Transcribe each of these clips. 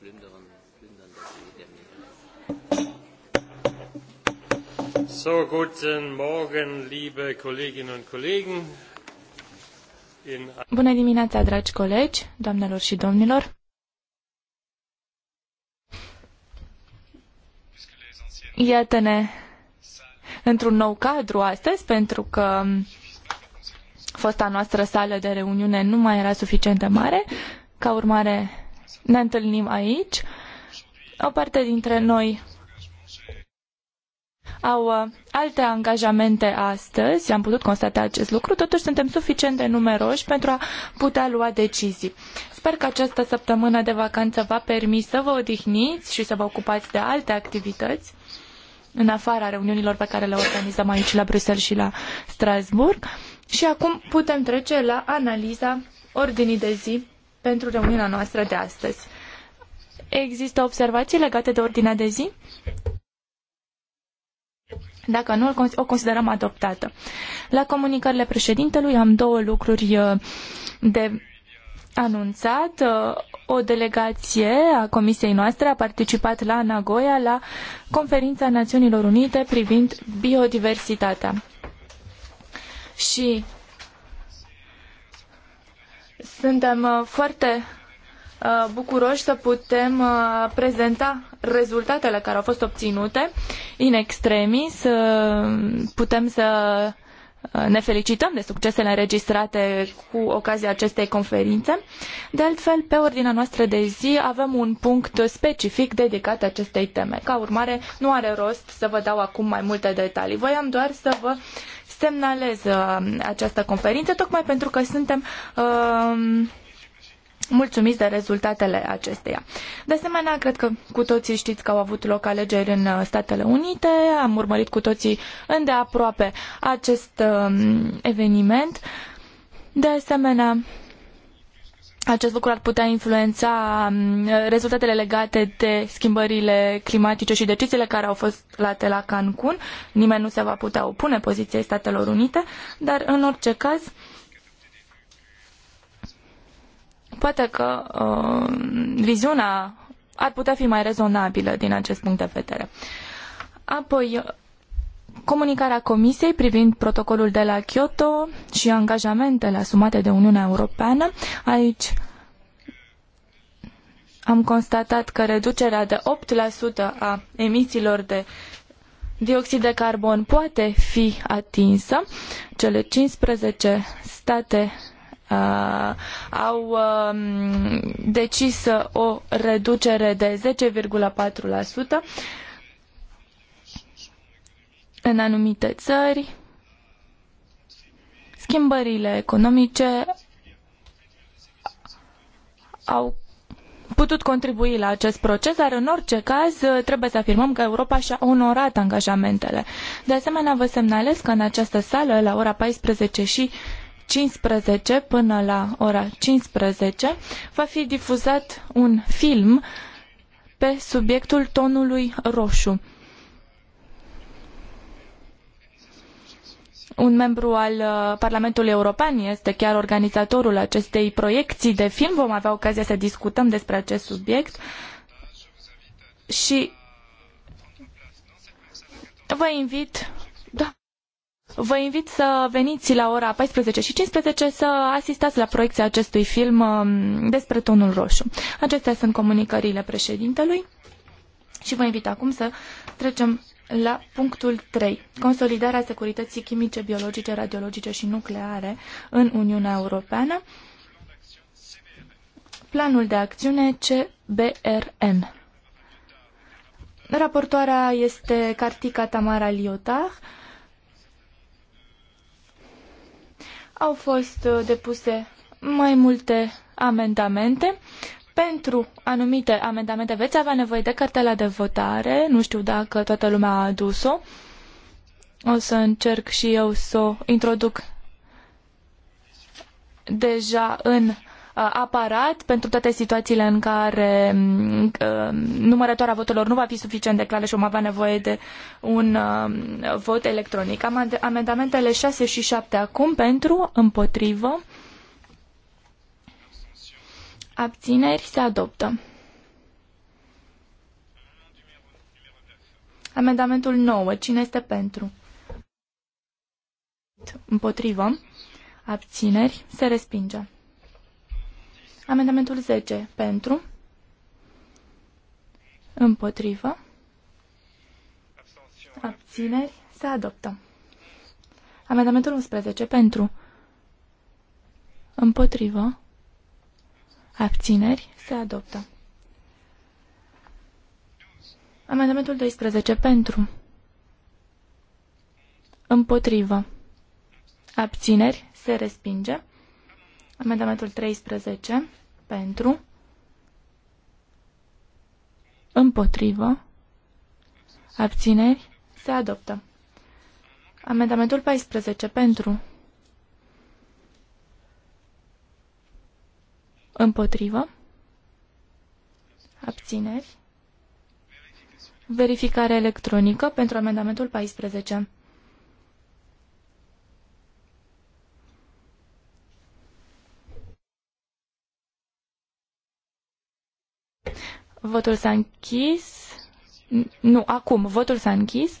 plündern, plündern das So, guten Morgen, liebe Kolleginnen und Kollegen. In... Bună dimineața, dragi colegi, doamnelor și domnilor. Iată-ne într-un nou cadru astăzi, pentru că fosta noastră sală de reuniune nu mai era suficient de mare. Ca urmare, ne întâlnim aici. O parte dintre noi au uh, alte angajamente astăzi, am putut constata acest lucru, totuși suntem suficient de numeroși pentru a putea lua decizii. Sper că această săptămână de vacanță va permis să vă odihniți și să vă ocupați de alte activități în afara reuniunilor pe care le organizăm aici la Bruxelles și la Strasbourg. Și acum putem trece la analiza ordinii de zi pentru reuniunea noastră de astăzi. Există observații legate de ordinea de zi? Dacă nu, o considerăm adoptată. La comunicările președintelui am două lucruri uh, de anunțat. Uh, o delegație a comisiei noastre a participat la Nagoya la conferința Națiunilor Unite privind biodiversitatea. Și suntem uh, foarte uh, bucuroși să putem uh, prezenta rezultatele care au fost obținute in extremis. Putem să ne felicităm de succesele înregistrate cu ocazia acestei conferințe. De altfel, pe ordinea noastră de zi avem un punct specific dedicat acestei teme. Ca urmare, nu are rost să vă dau acum mai multe detalii. Voiam doar să vă semnalez uh, această conferință, tocmai pentru că suntem uh, mulțumiți de rezultatele acesteia. De asemenea, cred că cu toții știți că au avut loc alegeri în uh, Statele Unite, am urmărit cu toții îndeaproape acest uh, eveniment. De asemenea, acest lucru ar putea influența mm, rezultatele legate de schimbările climatice și deciziile care au fost luate la Cancun. Nimeni nu se va putea opune poziției Statelor Unite, dar în orice caz poate că uh, viziunea ar putea fi mai rezonabilă din acest punct de vedere. Apoi, Comunicarea Comisiei privind protocolul de la Kyoto și angajamentele asumate de Uniunea Europeană. Aici am constatat că reducerea de 8% a emisiilor de dioxid de carbon poate fi atinsă. Cele 15 state uh, au uh, decis o reducere de 10,4% în anumite țări, schimbările economice au putut contribui la acest proces, dar în orice caz trebuie să afirmăm că Europa și-a onorat angajamentele. De asemenea, vă semnalez că în această sală, la ora 14 și 15 până la ora 15, va fi difuzat un film pe subiectul tonului roșu. un membru al uh, Parlamentului European este chiar organizatorul acestei proiecții de film. Vom avea ocazia să discutăm despre acest subiect și vă invit da, Vă invit să veniți la ora 14 și 15 să asistați la proiecția acestui film um, despre tonul roșu. Acestea sunt comunicările președintelui și vă invit acum să trecem la punctul 3, consolidarea securității chimice, biologice, radiologice și nucleare în Uniunea Europeană, planul de acțiune CBRN. Raportoarea este Cartica Tamara Liotar. Au fost uh, depuse mai multe amendamente pentru anumite amendamente veți avea nevoie de cartela de votare. Nu știu dacă toată lumea a adus-o. O să încerc și eu să o introduc deja în uh, aparat pentru toate situațiile în care um, uh, numărătoarea votelor nu va fi suficient de clară și om avea nevoie de un uh, vot electronic. Am amendamentele 6 și 7 acum pentru, împotrivă, Abțineri se adoptă. Amendamentul 9. Cine este pentru? Împotrivă. Abțineri. Se respinge. Amendamentul 10. Pentru. Împotrivă. Abțineri. Se adoptă. Amendamentul 11. Pentru. Împotrivă. Abțineri? Se adoptă. Amendamentul 12. Pentru. Împotrivă. Abțineri? Se respinge. Amendamentul 13. Pentru. Împotrivă. Abțineri? Se adoptă. Amendamentul 14. Pentru. Împotrivă. Abțineri. Verificare electronică pentru amendamentul 14. Votul s-a închis. Nu, acum. Votul s-a închis.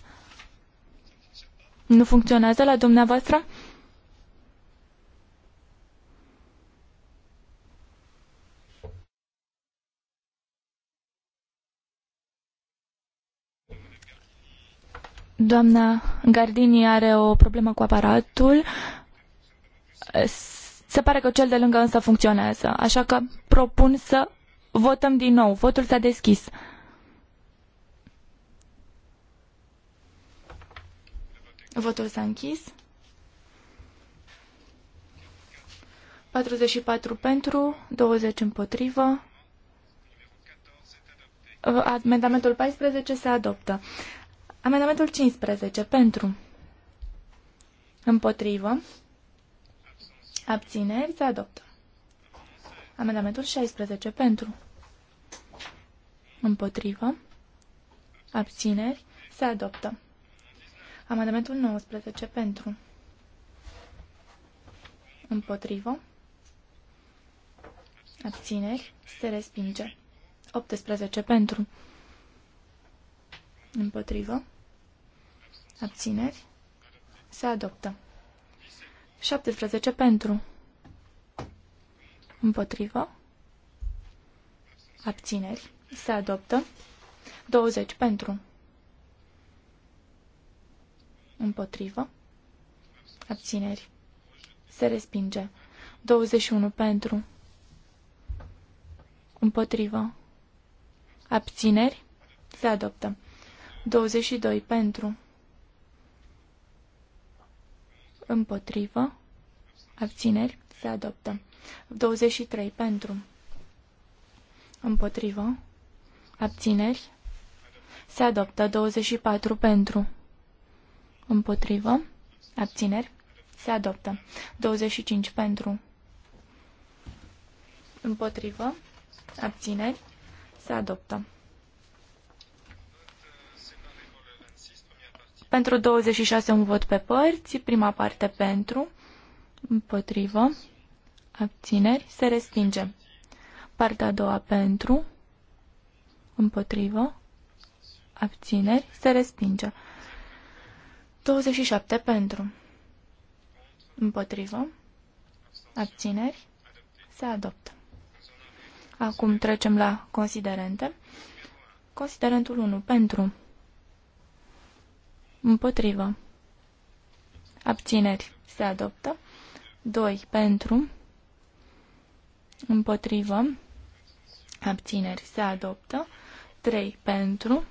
Nu funcționează la dumneavoastră? Doamna Gardini are o problemă cu aparatul. Se pare că cel de lângă însă funcționează, așa că propun să votăm din nou. Votul s-a deschis. Votul s-a închis. 44 pentru, 20 împotrivă. Amendamentul 14 se adoptă. Amendamentul 15. Pentru. Împotrivă. Abțineri. Se adoptă. Amendamentul 16. Pentru. Împotrivă. Abțineri. Se adoptă. Amendamentul 19. Pentru. Împotrivă. Abțineri. Se respinge. 18. Pentru. Împotrivă. Abțineri. Se adoptă. 17 pentru. Împotrivă. Abțineri. Se adoptă. 20 pentru. Împotrivă. Abțineri. Se respinge. 21 pentru. Împotrivă. Abțineri. Se adoptă. 22 pentru. Împotrivă. Abțineri. Se adoptă. 23. Pentru. Împotrivă. Abțineri. Se adoptă. 24. Pentru. Împotrivă. Abțineri. Se adoptă. 25. Pentru. Împotrivă. Abțineri. Se adoptă. Pentru 26 un vot pe părți, prima parte pentru, împotrivă, abțineri, se respinge. Partea a doua pentru, împotrivă, abțineri, se respinge. 27 pentru, împotrivă, abțineri, se adoptă. Acum trecem la considerente. Considerentul 1 pentru Împotrivă. Abțineri. Se adoptă. 2. Pentru. Împotrivă. Abțineri. Se adoptă. 3. Pentru.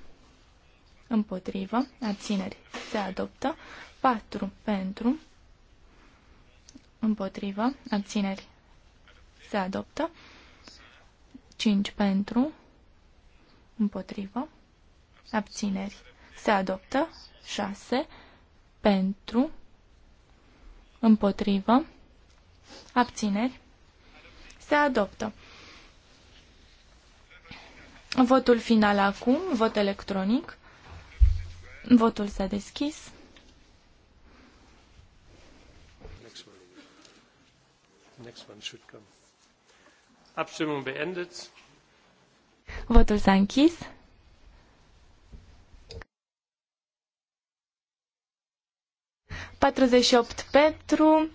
Împotrivă. Abțineri. Se adoptă. 4. Pentru. Împotrivă. Abțineri. Se adoptă. 5. Pentru. Împotrivă. Abțineri se adoptă. 6 pentru, împotrivă, abțineri, se adoptă. Votul final acum, vot electronic. Votul s-a deschis. Votul s-a închis. 48 pentru,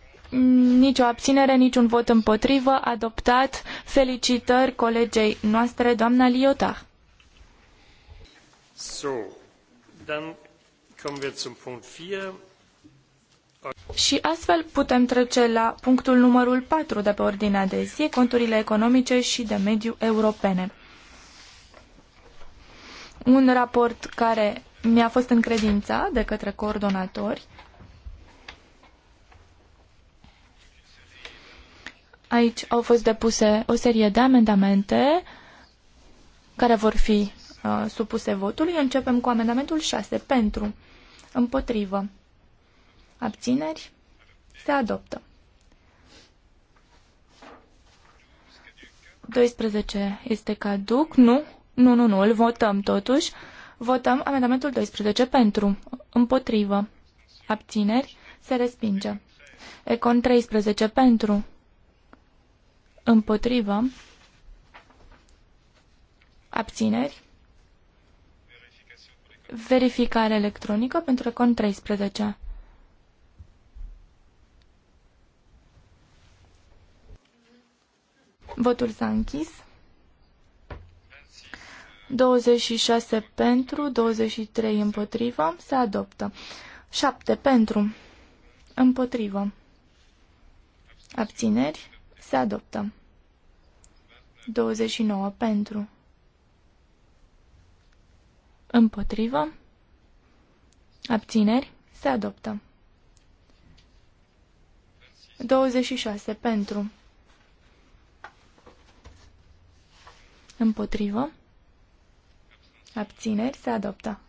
nicio abținere, niciun vot împotrivă, adoptat. Felicitări colegei noastre, doamna Liotard. So, kommen wir zum Punkt 4. Și astfel putem trece la punctul numărul 4 de pe ordinea de zi, conturile economice și de mediu europene. Un raport care mi-a fost încredințat de către coordonatori Aici au fost depuse o serie de amendamente care vor fi uh, supuse votului. Începem cu amendamentul 6. Pentru. Împotrivă. Abțineri. Se adoptă. 12 este caduc. Nu. Nu, nu, nu. Îl votăm totuși. Votăm amendamentul 12 pentru. Împotrivă. Abțineri. Se respinge. Econ 13 pentru. Împotrivă. Abțineri. Verificare electronică pentru con 13. Votul s-a închis. 26 pentru, 23 împotrivă, se adoptă. 7 pentru, împotrivă. Abțineri. Se adoptă. 29 pentru. Împotrivă. Abțineri. Se adoptă. 26 pentru. Împotrivă. Abțineri. Se adoptă.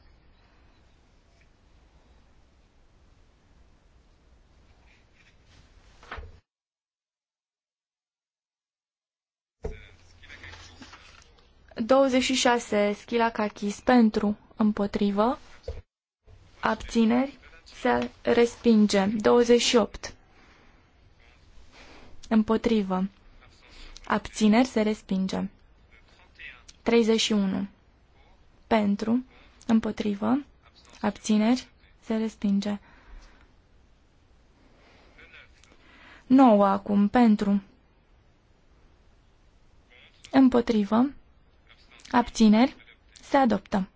26. Schilacachis pentru, împotrivă, abțineri, se respinge. 28. Împotrivă, abțineri, se respinge. 31. Pentru, împotrivă, abțineri, se respinge. 9 acum, pentru, împotrivă, Abțineri. Se adoptă.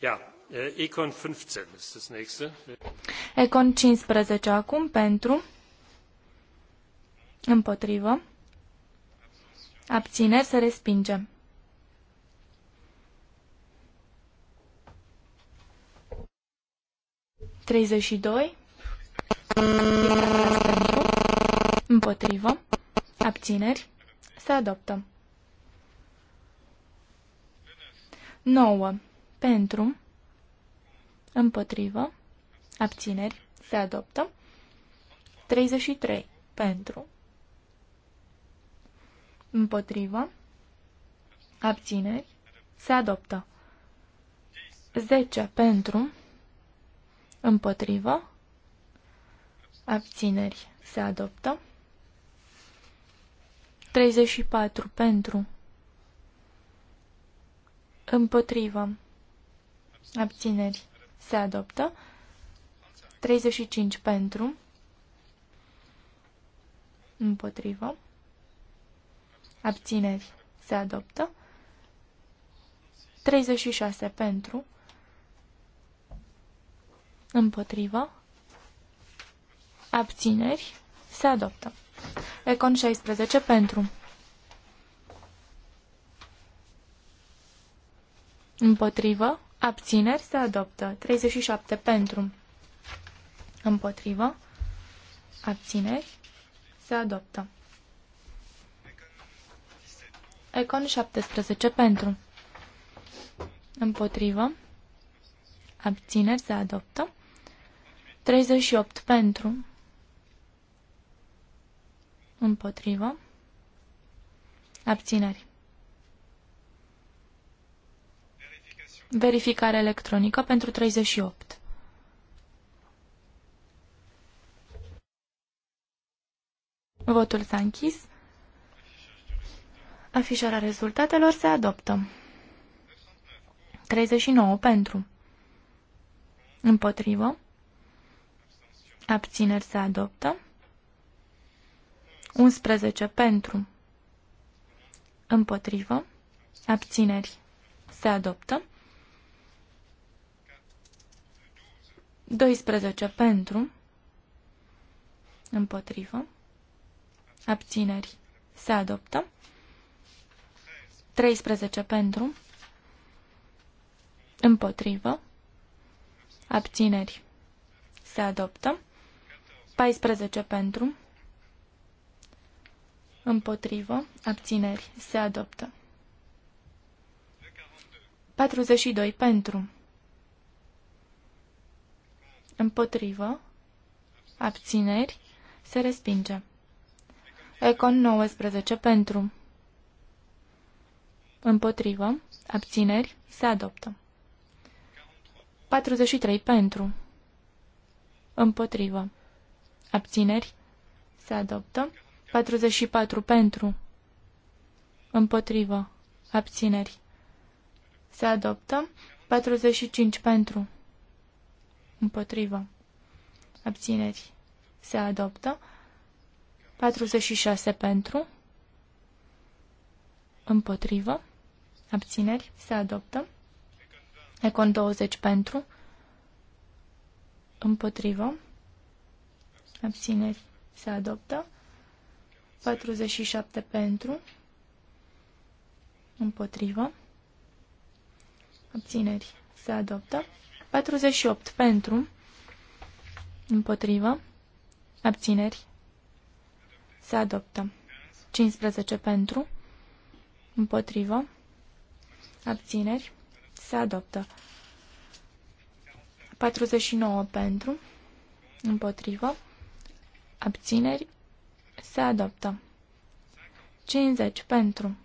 Ja, eh, Econ 15 ist das nächste. Econ 15 acum pentru împotrivă. Abțineri să respingem. Treizeci doi. Împotrivă. Abțineri. Se adoptă. 9. Pentru. Împotrivă. Abțineri. Se adoptă. 33. Pentru. Împotrivă. Abțineri. Se adoptă. 10 pentru. Împotrivă. Abțineri. Se adoptă. 34 pentru. Împotrivă. Abțineri. Se adoptă. 35 pentru. Împotrivă abțineri, se adoptă. 36 pentru, împotrivă, abțineri, se adoptă. Econ 16 pentru, împotrivă, abțineri, se adoptă. 37 pentru, împotrivă, abțineri, se adoptă. Econ 17 pentru. Împotrivă. Abțineri se adoptă. 38 pentru. Împotrivă. Abțineri. Verificare electronică pentru 38. Votul s-a închis. Afișarea rezultatelor se adoptă. 39 pentru. Împotrivă. Abțineri se adoptă. 11 pentru. Împotrivă. Abțineri se adoptă. 12 pentru. Împotrivă. Abțineri se adoptă. 13 pentru, împotrivă, abțineri, se adoptă. 14 pentru, împotrivă, abțineri, se adoptă. 42 pentru, împotrivă, abțineri, se respinge. Econ 19 pentru. Împotrivă. Abțineri. Se adoptă. 43 pentru. Împotrivă. Abțineri. Se adoptă. 44 pentru. Împotrivă. Abțineri. Se adoptă. 45 pentru. Împotrivă. Abțineri. Se adoptă. 46 pentru. Împotrivă. Abțineri? Se adoptă. Econ 20 pentru. Împotrivă. Abțineri? Se adoptă. 47 pentru. Împotrivă. Abțineri? Se adoptă. 48 pentru. Împotrivă. Abțineri? Se adoptă. 15 pentru. Împotrivă abțineri, se adoptă. 49 pentru, împotrivă, abțineri, se adoptă. 50 pentru,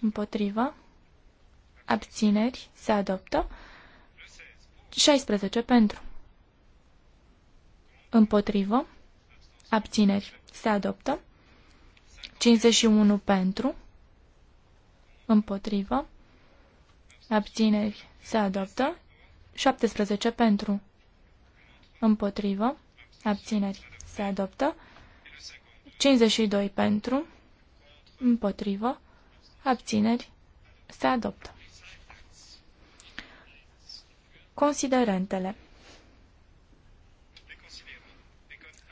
împotrivă, abțineri, se adoptă. 16 pentru, împotrivă, abțineri, se adoptă. 51 pentru, Împotrivă. Abțineri. Se adoptă. 17 pentru. Împotrivă. Abțineri. Se adoptă. 52 pentru. Împotrivă. Abțineri. Se adoptă. Considerentele.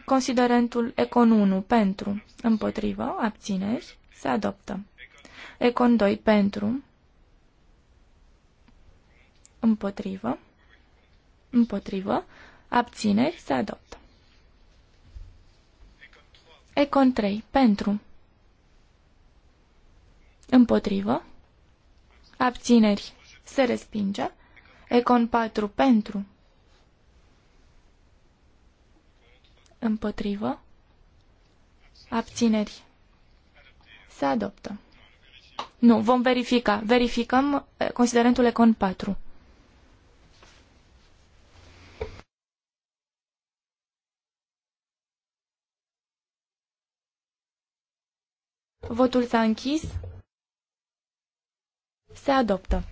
Considerentul Econ 1 pentru. Împotrivă. Abțineri. Se adoptă. Econ 2 pentru. Împotrivă. Împotrivă. Abțineri se adoptă. Econ 3 pentru. Împotrivă. Abțineri se respinge. Econ 4 pentru. Împotrivă. Abțineri. Se adoptă. Nu, vom verifica. Verificăm eh, considerentul Econ 4. Votul s-a închis. Se adoptă.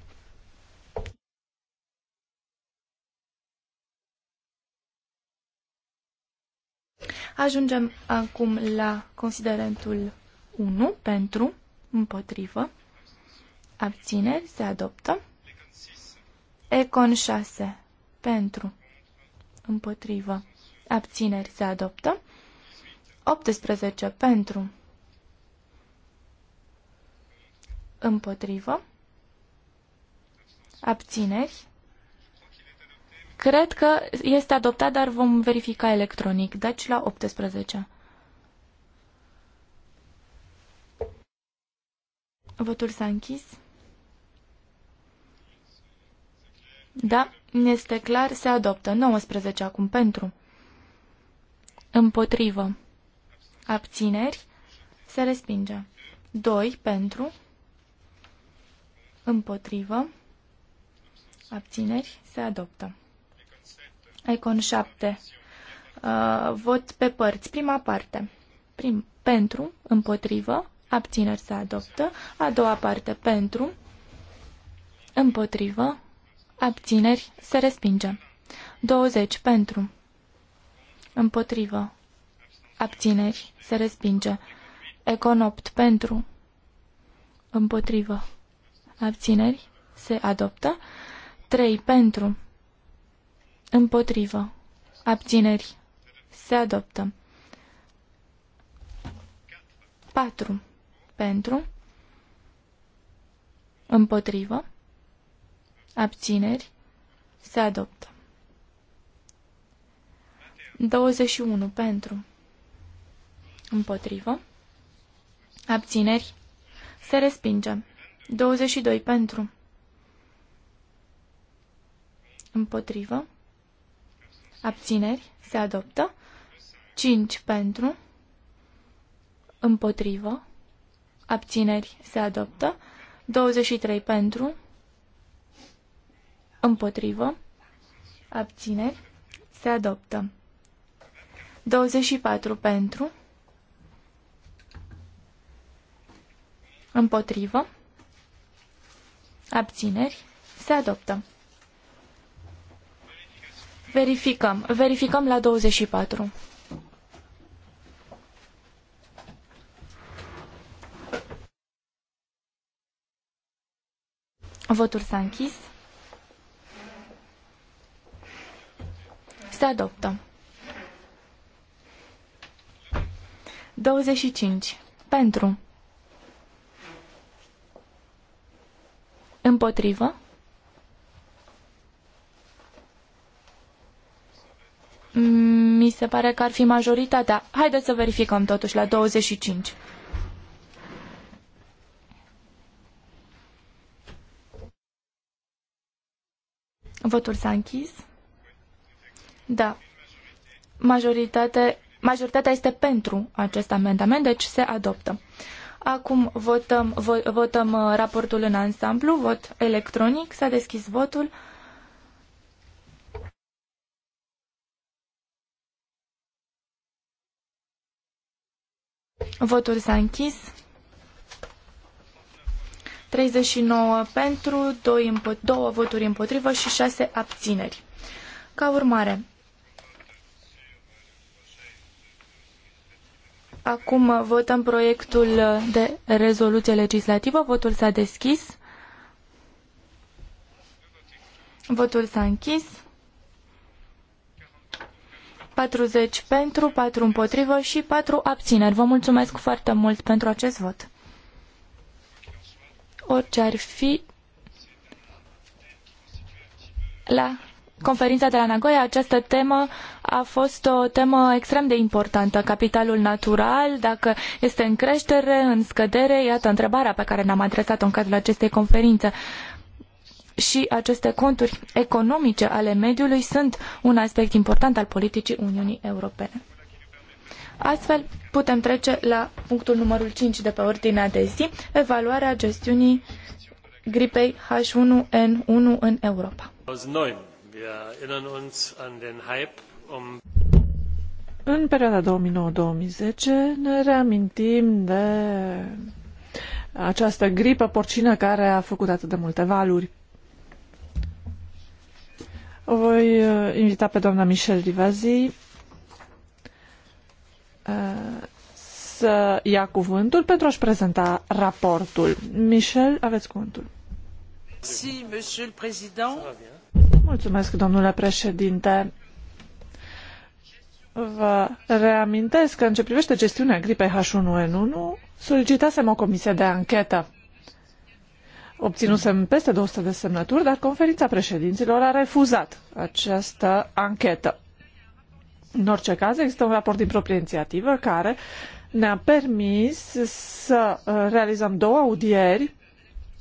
Ajungem acum la considerentul 1 pentru, împotrivă, Abțineri se adoptă. Econ 6. Pentru. Împotrivă. Abțineri se adoptă. 18. Pentru. Împotrivă. Abțineri. Cred că este adoptat, dar vom verifica electronic. Deci la 18. Votul s-a închis. Da, este clar, se adoptă. 19 acum pentru. Împotrivă. Abțineri. Se respinge. 2 pentru. Împotrivă. Abțineri. Se adoptă. Icon 7. Uh, vot pe părți. Prima parte. Prim, pentru, împotrivă, abțineri se adoptă. A doua parte pentru, împotrivă, Abțineri. Se respinge. 20. Pentru. Împotrivă. Abțineri. Se respinge. Econopt Pentru. Împotrivă. Abțineri. Se adoptă. 3. Pentru. Împotrivă. Abțineri. Se adoptă. 4. Pentru. Împotrivă abțineri, se adoptă. 21 pentru, împotrivă, abțineri, se respinge. 22 pentru, împotrivă, abțineri, se adoptă. 5 pentru, împotrivă, abțineri, se adoptă. 23 pentru, Împotrivă. Abțineri. Se adoptă. 24 pentru. Împotrivă. Abțineri. Se adoptă. Verificăm. Verificăm la 24. Votul s-a închis. se adoptă. 25. Pentru. Împotrivă. Mi se pare că ar fi majoritatea. Haideți să verificăm totuși la 25. Votul s-a închis. Da. Majoritatea, majoritatea este pentru acest amendament, deci se adoptă. Acum votăm, vo, votăm uh, raportul în ansamblu, vot electronic, s-a deschis votul. Votul s-a închis. 39 pentru, 2, 2 voturi împotrivă și 6 abțineri. Ca urmare, Acum votăm proiectul de rezoluție legislativă. Votul s-a deschis. Votul s-a închis. 40 pentru, 4 împotrivă și 4 abțineri. Vă mulțumesc foarte mult pentru acest vot. Orice ar fi, la conferința de la Nagoya, această temă a fost o temă extrem de importantă. Capitalul natural, dacă este în creștere, în scădere, iată întrebarea pe care ne-am adresat-o în cadrul acestei conferințe. Și aceste conturi economice ale mediului sunt un aspect important al politicii Uniunii Europene. Astfel, putem trece la punctul numărul 5 de pe ordinea de zi, evaluarea gestiunii gripei H1N1 în Europa. 9. Um În perioada 2009-2010 ne reamintim de această gripă porcină care a făcut atât de multe valuri. O voi uh, invita pe doamna Michelle Rivazi uh, să ia cuvântul pentru a-și prezenta raportul. Michel, aveți cuvântul. Merci, monsieur le président domnule președinte. Vă reamintesc că în ce privește gestiunea gripei H1N1, solicitasem o comisie de anchetă. Obținusem peste 200 de semnături, dar conferința președinților a refuzat această anchetă. În orice caz, există un raport din proprie inițiativă care ne-a permis să realizăm două audieri,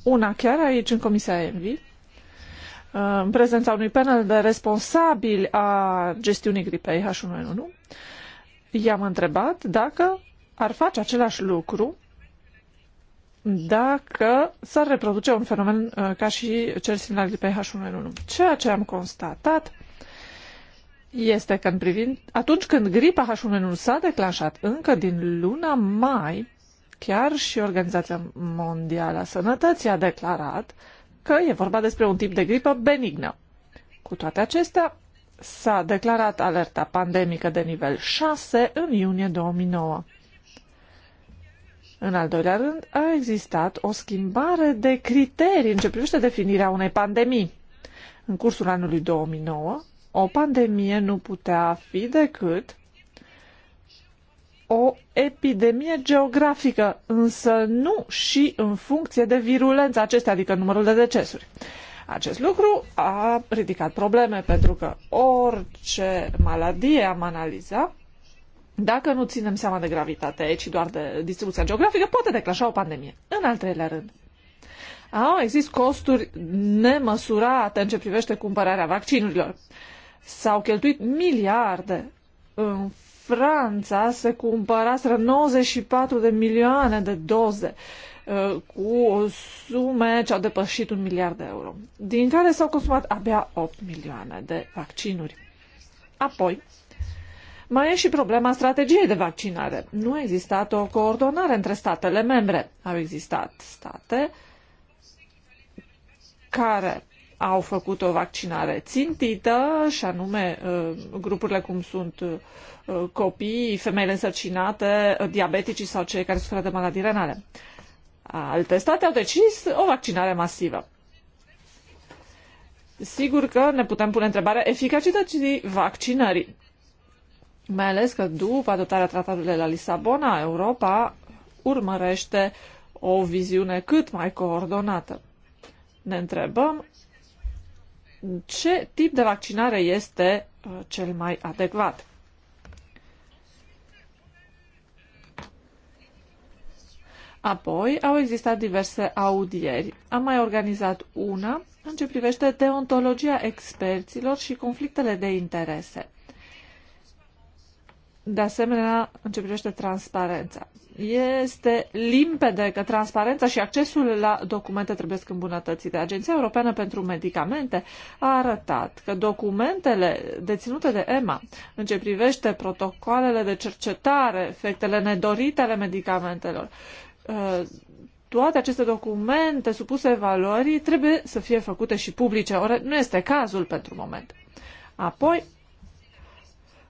una chiar aici în Comisia Envi Uh, în prezența unui panel de responsabili a gestiunii gripei H1N1, i-am întrebat dacă ar face același lucru dacă s-ar reproduce un fenomen uh, ca și cel similar gripei H1N1. Ceea ce am constatat este că în privind, atunci când gripa H1N1 s-a declanșat încă din luna mai, chiar și Organizația Mondială a Sănătății a declarat că e vorba despre un tip de gripă benignă. Cu toate acestea, s-a declarat alerta pandemică de nivel 6 în iunie 2009. În al doilea rând, a existat o schimbare de criterii în ce privește definirea unei pandemii. În cursul anului 2009, o pandemie nu putea fi decât o epidemie geografică, însă nu și în funcție de virulența acestea, adică numărul de decesuri. Acest lucru a ridicat probleme pentru că orice maladie am analizat, dacă nu ținem seama de gravitate, ei, ci doar de distribuția geografică, poate declanșa o pandemie. În al treilea rând, au, există costuri nemăsurate în ce privește cumpărarea vaccinurilor. S-au cheltuit miliarde în Franța se cumpăraseră 94 de milioane de doze uh, cu sume ce au depășit un miliard de euro, din care s-au consumat abia 8 milioane de vaccinuri. Apoi, mai e și problema strategiei de vaccinare. Nu a existat o coordonare între statele membre. Au existat state care au făcut o vaccinare țintită, și anume ă, grupurile cum sunt ă, copii, femeile însărcinate, ă, diabeticii sau cei care suferă de maladii renale. Alte state au decis o vaccinare masivă. Sigur că ne putem pune întrebarea eficacității vaccinării. Mai ales că după adoptarea tratatului la Lisabona, Europa urmărește o viziune cât mai coordonată. Ne întrebăm ce tip de vaccinare este uh, cel mai adecvat. Apoi au existat diverse audieri. Am mai organizat una în ce privește deontologia experților și conflictele de interese. De asemenea, în ce privește transparența. Este limpede că transparența și accesul la documente trebuie să îmbunătățite. Agenția Europeană pentru Medicamente a arătat că documentele deținute de EMA în ce privește protocoalele de cercetare, efectele nedorite ale medicamentelor, uh, toate aceste documente supuse evaluării, trebuie să fie făcute și publice. Ori nu este cazul pentru moment. Apoi,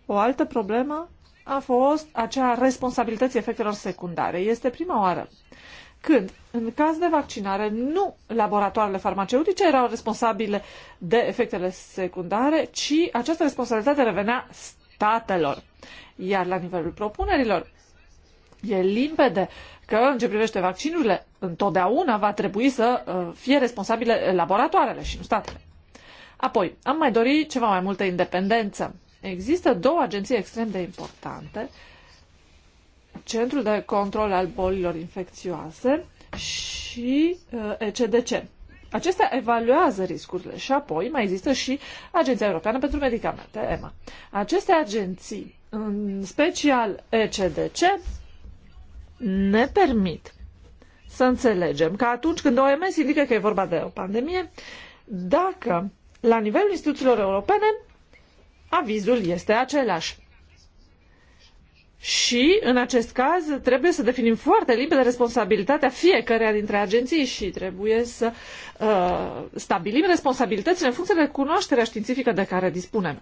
o altă problemă a fost acea responsabilității efectelor secundare. Este prima oară când, în caz de vaccinare, nu laboratoarele farmaceutice erau responsabile de efectele secundare, ci această responsabilitate revenea statelor. Iar la nivelul propunerilor, e limpede că, în ce privește vaccinurile, întotdeauna va trebui să uh, fie responsabile laboratoarele și nu statele. Apoi, am mai dorit ceva mai multă independență Există două agenții extrem de importante, Centrul de Control al Bolilor Infecțioase și uh, ECDC. Acestea evaluează riscurile și apoi mai există și Agenția Europeană pentru Medicamente, EMA. Aceste agenții, în special ECDC, ne permit să înțelegem că atunci când OMS indică că e vorba de o pandemie, dacă la nivelul instituțiilor europene avizul este același. Și, în acest caz, trebuie să definim foarte limpede responsabilitatea fiecăreia dintre agenții și trebuie să uh, stabilim responsabilitățile în funcție de cunoașterea științifică de care dispunem.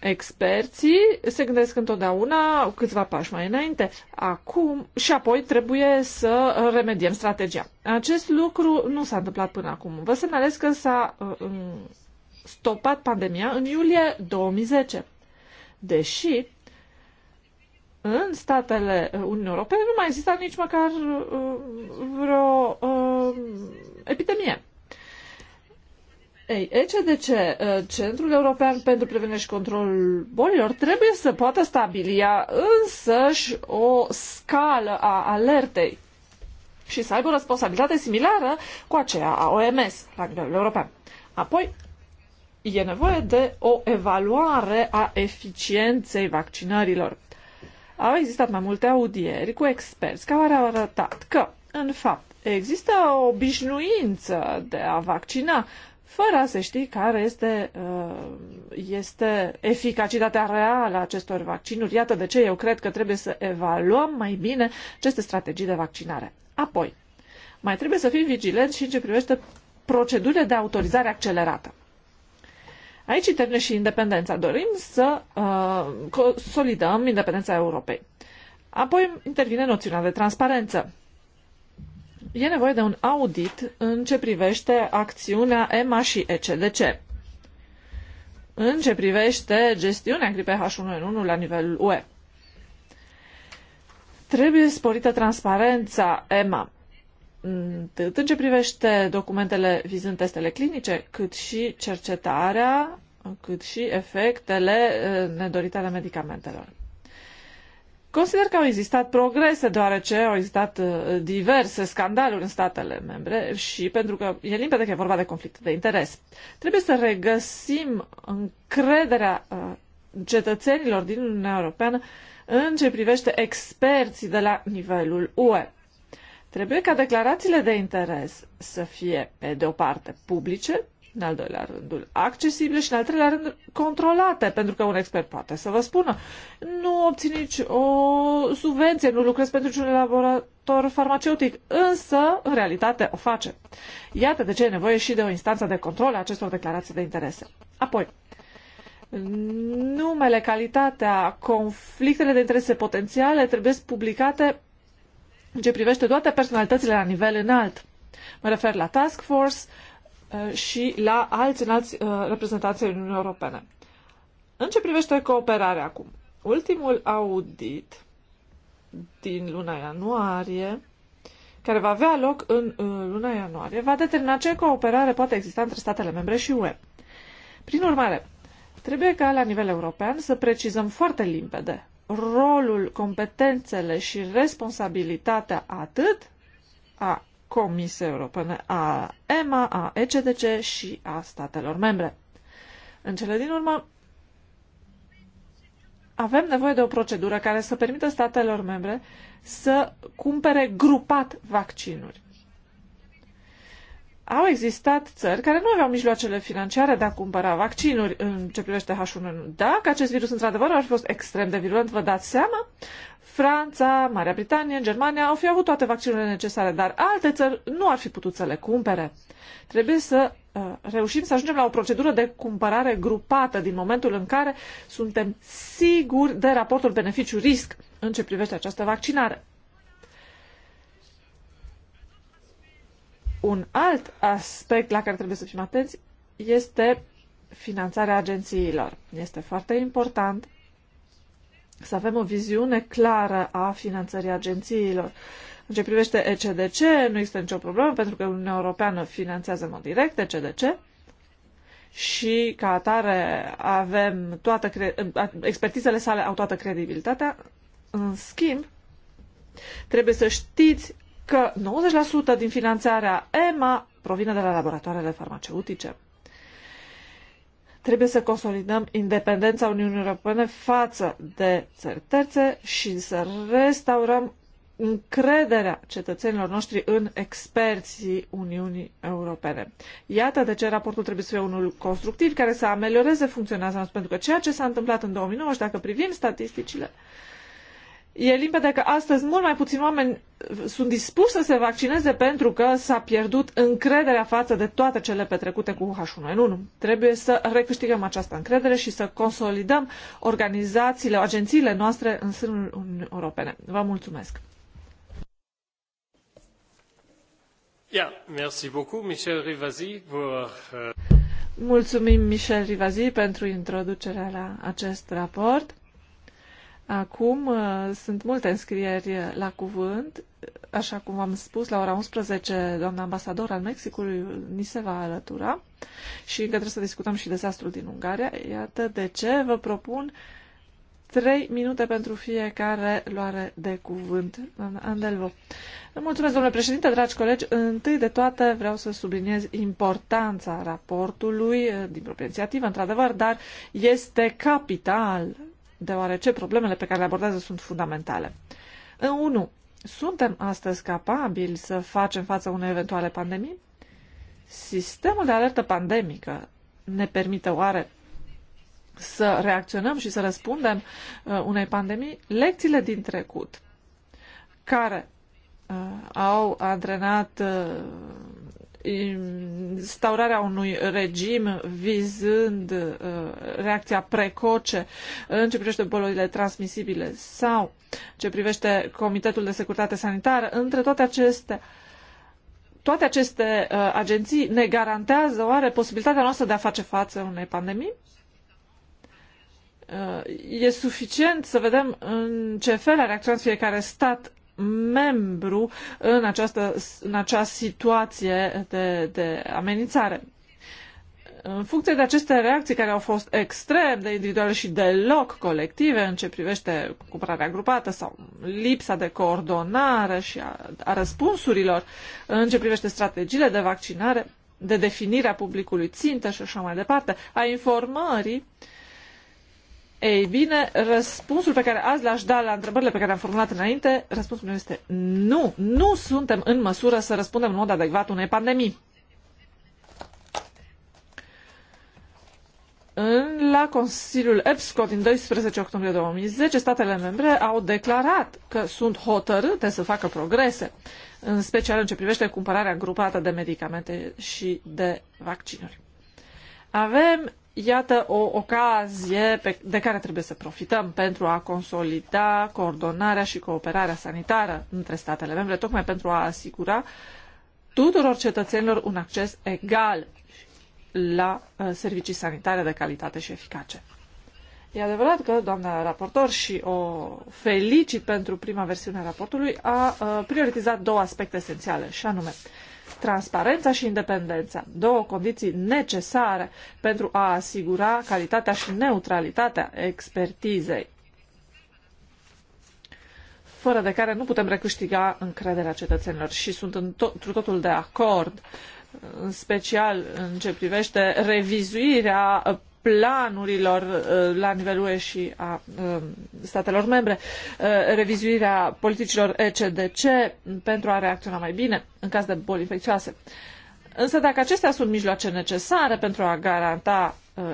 Experții se gândesc întotdeauna câțiva pași mai înainte acum și apoi trebuie să remediem strategia. Acest lucru nu s-a întâmplat până acum. Vă semnalez că s-a uh, stopat pandemia în iulie 2010. Deși în statele uh, Uniunii Europene nu mai exista nici măcar uh, vreo uh, epidemie. Ei, ECDC, uh, Centrul European pentru Prevenire și Controlul Bolilor, trebuie să poată stabili însăși o scală a alertei și să aibă o responsabilitate similară cu aceea a OMS la nivel european. Apoi, e nevoie de o evaluare a eficienței vaccinărilor. Au existat mai multe audieri cu experți care au arătat că, în fapt, există o obișnuință de a vaccina fără să știi ști care este, uh, este eficacitatea reală a acestor vaccinuri. Iată de ce eu cred că trebuie să evaluăm mai bine aceste strategii de vaccinare. Apoi, mai trebuie să fim vigilenți și în ce privește procedurile de autorizare accelerată. Aici intervine și independența. Dorim să uh, consolidăm independența Europei. Apoi intervine noțiunea de transparență. E nevoie de un audit în ce privește acțiunea EMA și ECDC. În ce privește gestiunea gripei H1N1 la nivelul UE. Trebuie sporită transparența EMA atât în ce privește documentele vizând testele clinice, cât și cercetarea, cât și efectele nedorite ale medicamentelor. Consider că au existat progrese, deoarece au existat diverse scandaluri în statele membre și pentru că e limpede că e vorba de conflict de interes. Trebuie să regăsim încrederea cetățenilor din Uniunea Europeană în ce privește experții de la nivelul UE. Trebuie ca declarațiile de interes să fie, pe de o parte, publice, în al doilea rândul accesibile și în al treilea rând controlate, pentru că un expert poate să vă spună nu obțin nici o subvenție, nu lucrez pentru niciun laborator farmaceutic, însă în realitate o face. Iată de ce e nevoie și de o instanță de control a acestor declarații de interese. Apoi, numele, calitatea, conflictele de interese potențiale trebuie publicate în ce privește toate personalitățile la nivel înalt. Mă refer la Task Force uh, și la alți înalți uh, reprezentanții Uniunii Europene. În ce privește cooperarea acum? Ultimul audit din luna ianuarie, care va avea loc în uh, luna ianuarie, va determina ce cooperare poate exista între statele membre și UE. Prin urmare, trebuie ca la nivel european să precizăm foarte limpede rolul, competențele și responsabilitatea atât a Comisiei Europene, a EMA, a ECDC și a statelor membre. În cele din urmă, avem nevoie de o procedură care să permită statelor membre să cumpere grupat vaccinuri au existat țări care nu aveau mijloacele financiare de a cumpăra vaccinuri în ce privește H1N1. Dacă acest virus într-adevăr ar fi fost extrem de virulent, vă dați seama, Franța, Marea Britanie, Germania au fi avut toate vaccinurile necesare, dar alte țări nu ar fi putut să le cumpere. Trebuie să uh, reușim să ajungem la o procedură de cumpărare grupată din momentul în care suntem siguri de raportul beneficiu-risc în ce privește această vaccinare. Un alt aspect la care trebuie să fim atenți este finanțarea agențiilor. Este foarte important să avem o viziune clară a finanțării agențiilor. În ce privește ECDC, nu există nicio problemă pentru că Uniunea Europeană finanțează în mod direct ECDC și ca atare avem toată cre... expertizele sale au toată credibilitatea. În schimb, trebuie să știți că 90% din finanțarea EMA provine de la laboratoarele farmaceutice. Trebuie să consolidăm independența Uniunii Europene față de țări terțe și să restaurăm încrederea cetățenilor noștri în experții Uniunii Europene. Iată de ce raportul trebuie să fie unul constructiv care să amelioreze funcționarea noastră, pentru că ceea ce s-a întâmplat în 2009 și dacă privim statisticile, uh, E limpede că astăzi mult mai puțini oameni sunt dispuși să se vaccineze pentru că s-a pierdut încrederea față de toate cele petrecute cu H1N1. Trebuie să recâștigăm această încredere și să consolidăm organizațiile, agențiile noastre în sânul Uniunii Europene. Vă mulțumesc! Yeah, merci beaucoup, Michel pour... Euh, Mulțumim, Michel Rivasi, pentru introducerea la acest raport. Acum uh, sunt multe înscrieri la cuvânt. Așa cum v-am spus, la ora 11, doamna ambasador al Mexicului ni se va alătura și încă trebuie să discutăm și dezastrul din Ungaria. Iată de ce vă propun 3 minute pentru fiecare luare de cuvânt. Doamna Andelvo. Mulțumesc, domnule președinte, dragi colegi. Întâi de toate vreau să subliniez importanța raportului uh, din propria inițiativă, într-adevăr, dar este capital deoarece problemele pe care le abordează sunt fundamentale. În 1. Suntem astăzi capabili să facem față unei eventuale pandemii? Sistemul de alertă pandemică ne permite oare să reacționăm și să răspundem uh, unei pandemii? Lecțiile din trecut, care uh, au adrenat uh, instaurarea unui regim vizând uh, reacția precoce în ce privește bolile transmisibile sau ce privește Comitetul de Securitate Sanitară, între toate acestea, toate aceste uh, agenții ne garantează oare posibilitatea noastră de a face față unei pandemii? Uh, e suficient să vedem în ce fel a reacționat fiecare stat membru în, această, în acea situație de, de amenințare. În funcție de aceste reacții care au fost extrem de individuale și deloc colective în ce privește cumpărarea grupată sau lipsa de coordonare și a, a răspunsurilor în ce privește strategiile de vaccinare, de definirea publicului țintă și așa mai departe, a informării uh, ei bine, răspunsul pe care azi l-aș da la întrebările pe care am formulat înainte, răspunsul meu este nu, nu suntem în măsură să răspundem în mod adecvat unei pandemii. În, la Consiliul EPSCO din 12 octombrie 2010, statele membre au declarat că sunt hotărâte să facă progrese, în special în ce privește cumpărarea grupată de medicamente și de vaccinuri. Avem Iată o ocazie pe, de care trebuie să profităm pentru a consolida coordonarea și cooperarea sanitară între statele membre, tocmai pentru a asigura tuturor cetățenilor un acces egal la uh, servicii sanitare de calitate și eficace. E adevărat că doamna raportor și o felicit pentru prima versiune a raportului a uh, prioritizat două aspecte esențiale, și anume transparența și independența, două condiții necesare pentru a asigura calitatea și neutralitatea expertizei, fără de care nu putem recâștiga încrederea cetățenilor și sunt întru totul de acord, în special în ce privește revizuirea planurilor uh, la nivelul UE și a um, statelor membre, uh, revizuirea politicilor ECDC pentru a reacționa mai bine în caz de boli infecțioase. Însă dacă acestea sunt mijloace necesare pentru a garanta uh,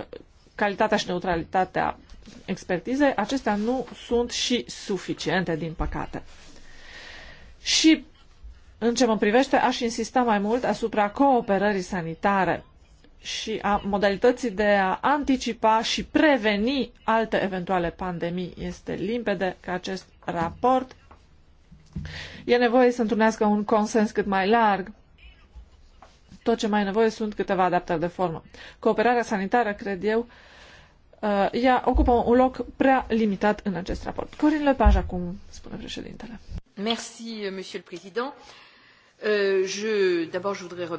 calitatea și neutralitatea expertizei, acestea nu sunt și suficiente, din păcate. Și în ce mă privește, aș insista mai mult asupra cooperării sanitare și a modalității de a anticipa și preveni alte eventuale pandemii. Este limpede că acest raport e nevoie să întrunească un consens cât mai larg. Tot ce mai e nevoie sunt câteva adaptări de formă. Cooperarea sanitară, cred eu, uh, ea ocupă un loc prea limitat în acest raport. Corin Lepage acum, spune președintele. Merci, monsieur le président. Euh, euh,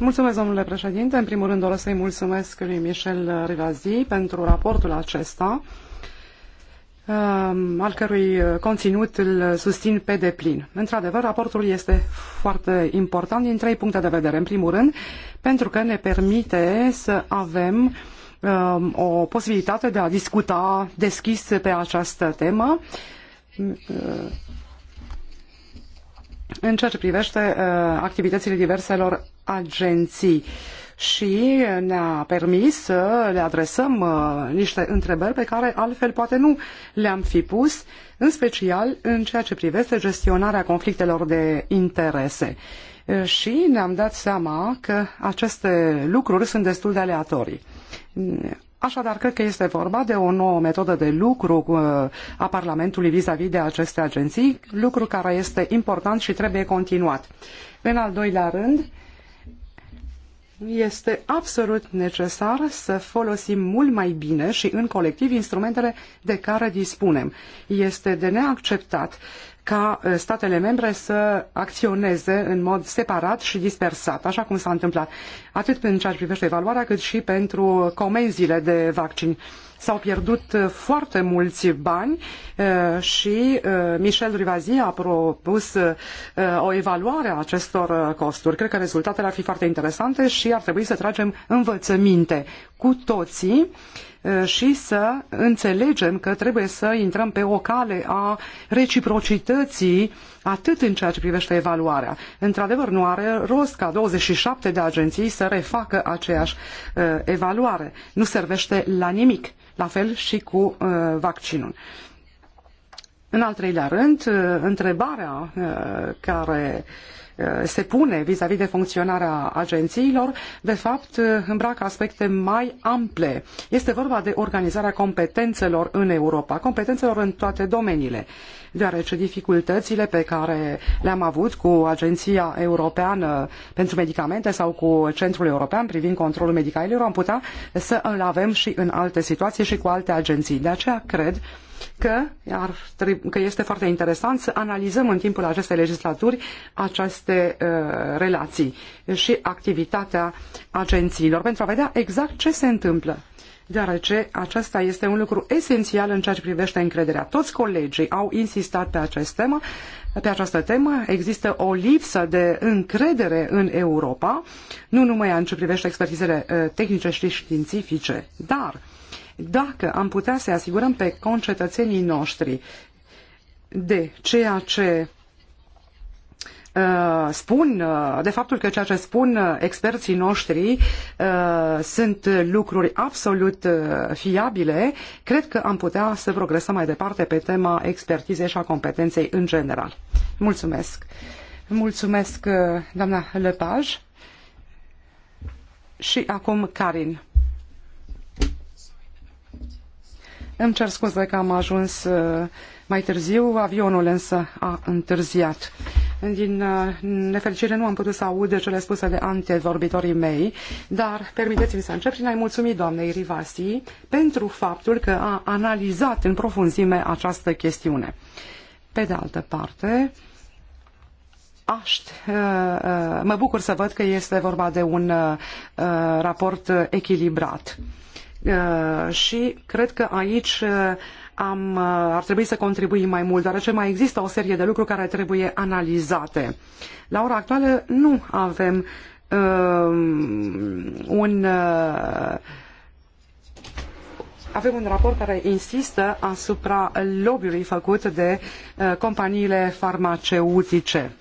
mulțumesc, domnule președinte. În primul rând doresc să îi mulțumesc lui Michel Rivasi pentru raportul acesta, um, al cărui uh, conținut îl susțin pe deplin. Într-adevăr, raportul este foarte important din trei puncte de vedere. În primul rând, pentru că ne permite să avem um, o posibilitate de a discuta deschis pe această temă în ceea ce privește uh, activitățile diverselor agenții și ne-a permis să le adresăm uh, niște întrebări pe care altfel poate nu le-am fi pus, în special în ceea ce privește gestionarea conflictelor de interese. Uh, și ne-am dat seama că aceste lucruri sunt destul de aleatorii. Așadar, cred că este vorba de o nouă metodă de lucru uh, a Parlamentului vis-a-vis -vis de aceste agenții, lucru care este important și trebuie continuat. În al doilea rând, este absolut necesar să folosim mult mai bine și în colectiv instrumentele de care dispunem. Este de neacceptat ca statele membre să acționeze în mod separat și dispersat, așa cum s-a întâmplat, atât în ceea ce privește evaluarea, cât și pentru comenzile de vaccin. S-au pierdut foarte mulți bani și Michel Rivazi a propus o evaluare a acestor costuri. Cred că rezultatele ar fi foarte interesante și ar trebui să tragem învățăminte cu toții și să înțelegem că trebuie să intrăm pe o cale a reciprocității atât în ceea ce privește evaluarea. Într-adevăr, nu are rost ca 27 de agenții să refacă aceeași uh, evaluare. Nu servește la nimic. La fel și cu uh, vaccinul. În al treilea rând, uh, întrebarea care uh, Uh, se pune vis-a-vis de funcționarea agențiilor, de fapt uh, îmbracă aspecte mai ample. Este vorba de organizarea competențelor în Europa, competențelor în toate domeniile deoarece dificultățile pe care le-am avut cu Agenția Europeană pentru Medicamente sau cu Centrul European privind controlul medicamentelor am putea să îl avem și în alte situații și cu alte agenții. De aceea cred că, ar, că este foarte interesant să analizăm în timpul acestei legislaturi aceste uh, relații și activitatea agențiilor pentru a vedea exact ce se întâmplă deoarece acesta este un lucru esențial în ceea ce privește încrederea. Toți colegii au insistat pe, acest temă, pe această temă. Există o lipsă de încredere în Europa, nu numai în ce privește expertizele uh, tehnice și științifice, dar dacă am putea să asigurăm pe concetățenii noștri de ceea ce Uh, spun, uh, de faptul că ceea ce spun uh, experții noștri sunt lucruri absolut fiabile, cred că am putea să progresăm mai departe pe tema expertizei și a competenței în general. Mulțumesc! Mulțumesc, doamna Lepaj. Și acum Karin. Îmi cer scuze că am ajuns uh, mai târziu. Avionul însă a întârziat. Din uh, nefericire nu am putut să aud cele spuse de antevorbitorii mei, dar permiteți-mi să încep prin a-i mulțumi doamnei Rivasi pentru faptul că a analizat în profunzime această chestiune. Pe de altă parte, aș, uh, uh, mă bucur să văd că este vorba de un raport echilibrat. Și cred că aici am, uh, ar trebui să contribuim mai mult, deoarece mai există o serie de lucruri care trebuie analizate. La ora actuală nu avem uh, un uh, avem un raport care insistă asupra lobby-ului făcut de uh, companiile farmaceutice.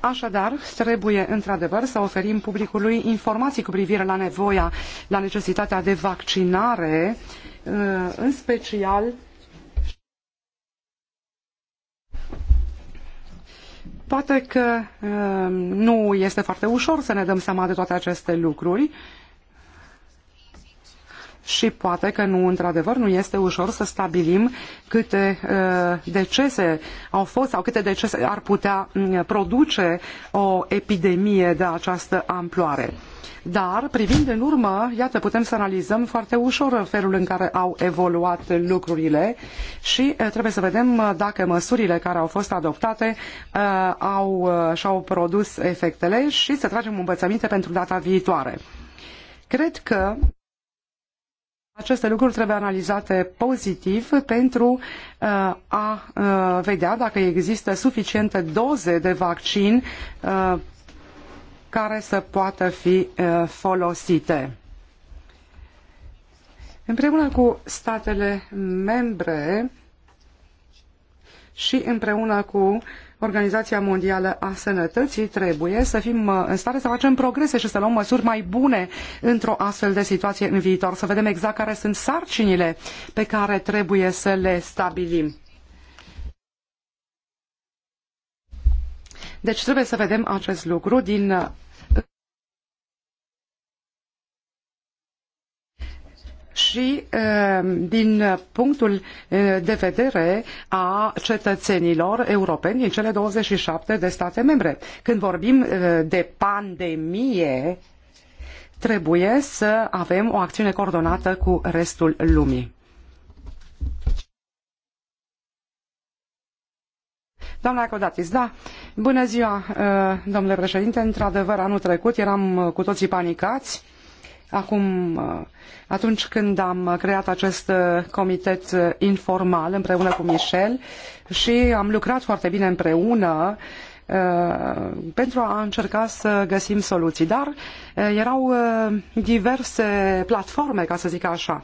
Așadar, trebuie într-adevăr să oferim publicului informații cu privire la nevoia, la necesitatea de vaccinare uh, Uh, în special Poate că uh, nu este foarte ușor să ne dăm seama de toate aceste lucruri și poate că nu, într-adevăr, nu este ușor să stabilim câte uh, decese au fost sau câte decese ar putea mm, produce o epidemie de această amploare. Dar, privind în urmă, iată, putem să analizăm foarte ușor felul în care au evoluat lucrurile și uh, trebuie să vedem uh, dacă măsurile care au fost adoptate uh, au, și-au produs efectele și să tragem învățăminte pentru data viitoare. Cred că aceste lucruri trebuie analizate pozitiv pentru uh, a uh, vedea dacă există suficiente doze de vaccin uh, care să poată fi folosite. Împreună cu statele membre și împreună cu uh, Organizația Mondială a Sănătății, trebuie să fim uh, în stare să facem progrese și să luăm măsuri mai bune într-o astfel de situație în viitor, să vedem exact care sunt sarcinile pe care trebuie să le stabilim. Deci trebuie să vedem acest lucru din și ehm, din punctul eh, de vedere a cetățenilor europeni din cele 27 de state membre. Când vorbim eh, de pandemie, trebuie să avem o acțiune coordonată cu restul lumii. Doamna Codatis, da, bună ziua, eh, domnule președinte. Într-adevăr, anul trecut eram cu toții panicați acum, uh, atunci când am creat acest uh, comitet uh, informal împreună cu Michel și am lucrat foarte bine împreună pentru a încerca să găsim soluții. Dar erau diverse platforme, ca să zic așa,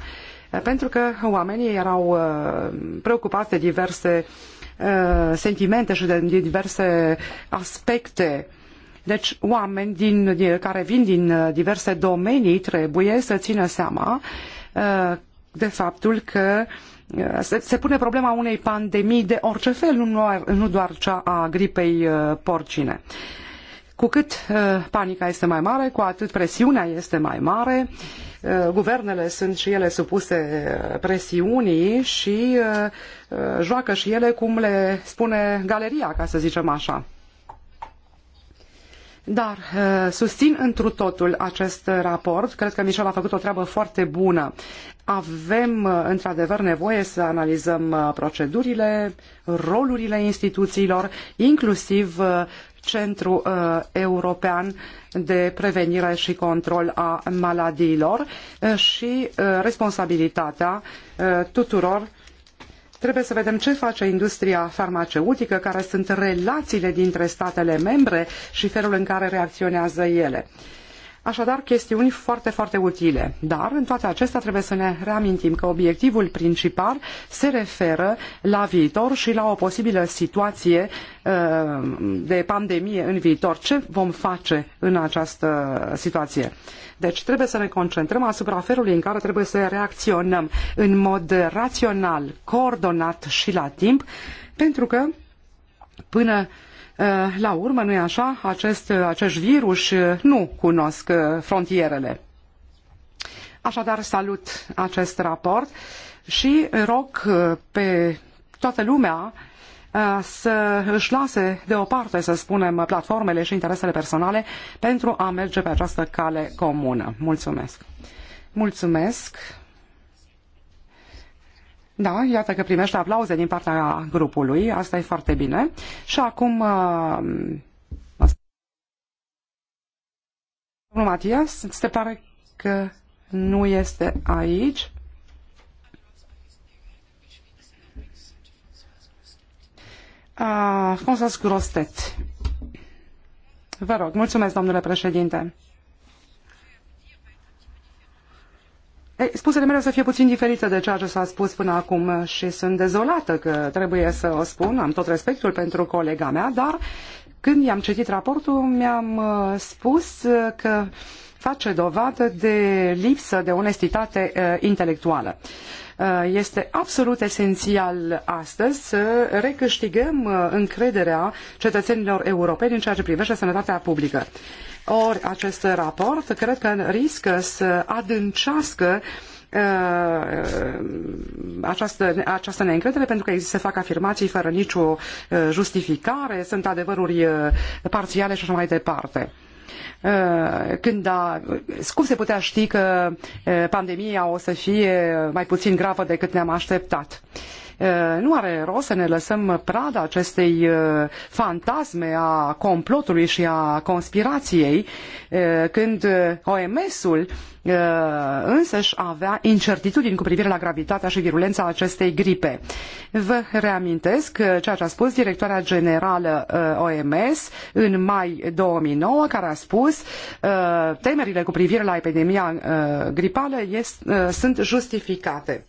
pentru că oamenii erau preocupați de diverse sentimente și de diverse aspecte deci oameni din, care vin din uh, diverse domenii trebuie să țină seama uh, de faptul că uh, se, se pune problema unei pandemii de orice fel, nu doar, nu doar cea a gripei porcine. Cu cât panica este mai mare, cu atât presiunea este mai mare, guvernele sunt și ele supuse presiunii și joacă și ele cum le spune galeria, ca să zicem așa. Dar uh, susțin întru totul acest raport. Cred că Michel a făcut o treabă foarte bună. Avem, uh, într-adevăr, nevoie să analizăm uh, procedurile, rolurile instituțiilor, inclusiv Centru European de Prevenire și Control a Maladiilor și responsabilitatea tuturor Trebuie să vedem ce face industria farmaceutică, care sunt relațiile dintre statele membre și felul în care reacționează ele. Așadar, chestiuni foarte, foarte utile. Dar, în toate acestea, trebuie să ne reamintim că obiectivul principal se referă la viitor și la o posibilă situație uh, de pandemie în viitor. Ce vom face în această situație? Deci trebuie să ne concentrăm asupra felului în care trebuie să reacționăm în mod rațional, coordonat și la timp, pentru că până Eh, la urmă, nu-i așa? Acest, acest virus eh, nu cunosc eh, frontierele. Așadar, salut acest raport și rog pe toată lumea să își lase deoparte, să spunem, platformele și interesele personale pentru a merge pe această cale comună. Mulțumesc! Mulțumesc! Da, iată că primește aplauze din partea grupului, asta e foarte bine. Și acum... Uh, domnul Matias, se pare că nu este aici. François uh, Grostet. Vă rog, mulțumesc, domnule președinte. Ei, spusele mele o să fie puțin diferite de ceea ce s-a spus până acum și sunt dezolată că trebuie să o spun, am tot respectul pentru colega mea, dar când i-am citit raportul mi-am uh, spus uh, că face dovadă de lipsă de onestitate uh, intelectuală. Este absolut esențial astăzi să recâștigăm încrederea cetățenilor europeni în ceea ce privește sănătatea publică. Ori acest raport cred că riscă să adâncească uh, această, această neîncredere pentru că se fac afirmații fără nicio uh, justificare, sunt adevăruri uh, parțiale și așa mai departe când a, cum se putea ști că pandemia o să fie mai puțin gravă decât ne-am așteptat. Uh, Eh, nu are rost să ne lăsăm prada acestei eh, fantasme a complotului și a conspirației, eh, când OMS-ul însăși avea incertitudini cu privire la gravitatea și virulența acestei gripe. Vă reamintesc ceea ce a spus directoarea generală OMS în mai 2009, care a spus temerile cu privire la epidemia gripală sunt justificate.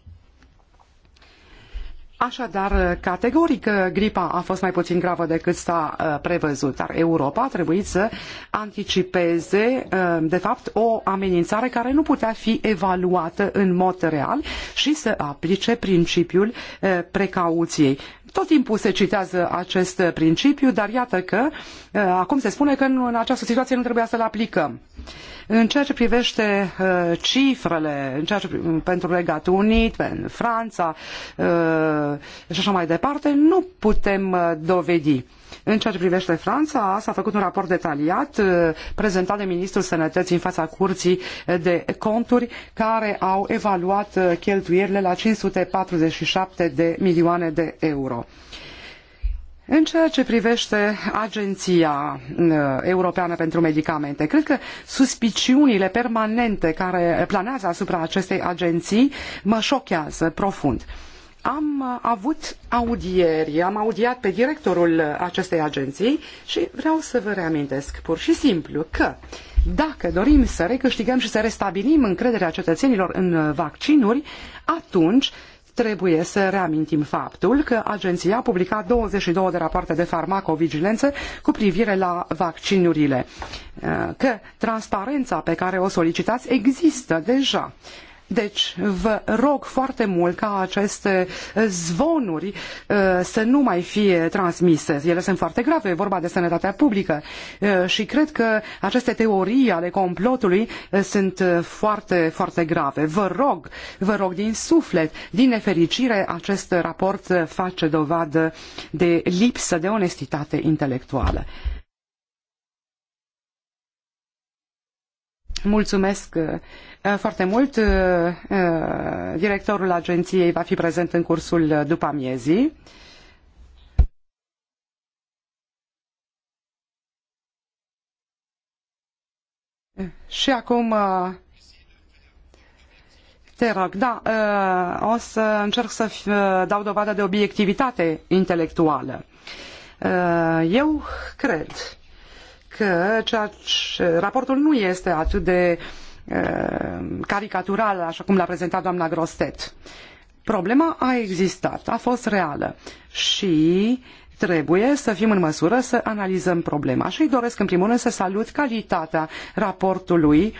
Așadar, categoric, gripa a fost mai puțin gravă decât s-a uh, prevăzut, dar Europa a trebuit să anticipeze, uh, de fapt, o amenințare care nu putea fi evaluată în mod real și să aplice principiul uh, precauției. Tot timpul se citează acest principiu, dar iată că uh, acum se spune că în această situație nu trebuia să-l aplicăm. În ceea ce privește uh, cifrele în ceea ce, uh, pentru Regatul Unit, în Franța și așa mai departe, nu putem dovedi în ceea ce privește Franța, s-a făcut un raport detaliat uh, prezentat de Ministrul Sănătății în fața Curții de Conturi, care au evaluat uh, cheltuierile la 547 de milioane de euro. În ceea ce privește Agenția uh, Europeană pentru Medicamente, cred că suspiciunile permanente care planează asupra acestei agenții mă șochează profund am uh, avut audieri, am audiat pe directorul uh, acestei agenții și vreau să vă reamintesc pur și simplu că dacă dorim să recâștigăm și să restabilim încrederea cetățenilor în uh, vaccinuri, atunci trebuie să reamintim faptul că agenția a publicat 22 de rapoarte de farmacovigilență cu privire la vaccinurile, că transparența pe care o solicitați există deja deci vă rog foarte mult ca aceste zvonuri uh, să nu mai fie transmise. Ele sunt foarte grave, e vorba de sănătatea publică uh, și cred că aceste teorii ale complotului uh, sunt foarte, foarte grave. Vă rog, vă rog din suflet, din nefericire, acest raport face dovadă de lipsă de onestitate intelectuală. Mulțumesc uh, uh, foarte mult. Uh, directorul agenției va fi prezent în cursul după amiezii. Și acum te rog, da, o să încerc să dau dovadă de obiectivitate intelectuală. Eu cred că ceea ce, raportul nu este atât de caricatural, așa cum l-a prezentat doamna Grostet. Problema a existat, a fost reală și trebuie să fim în măsură să analizăm problema. Și îi doresc în primul rând să salut calitatea raportului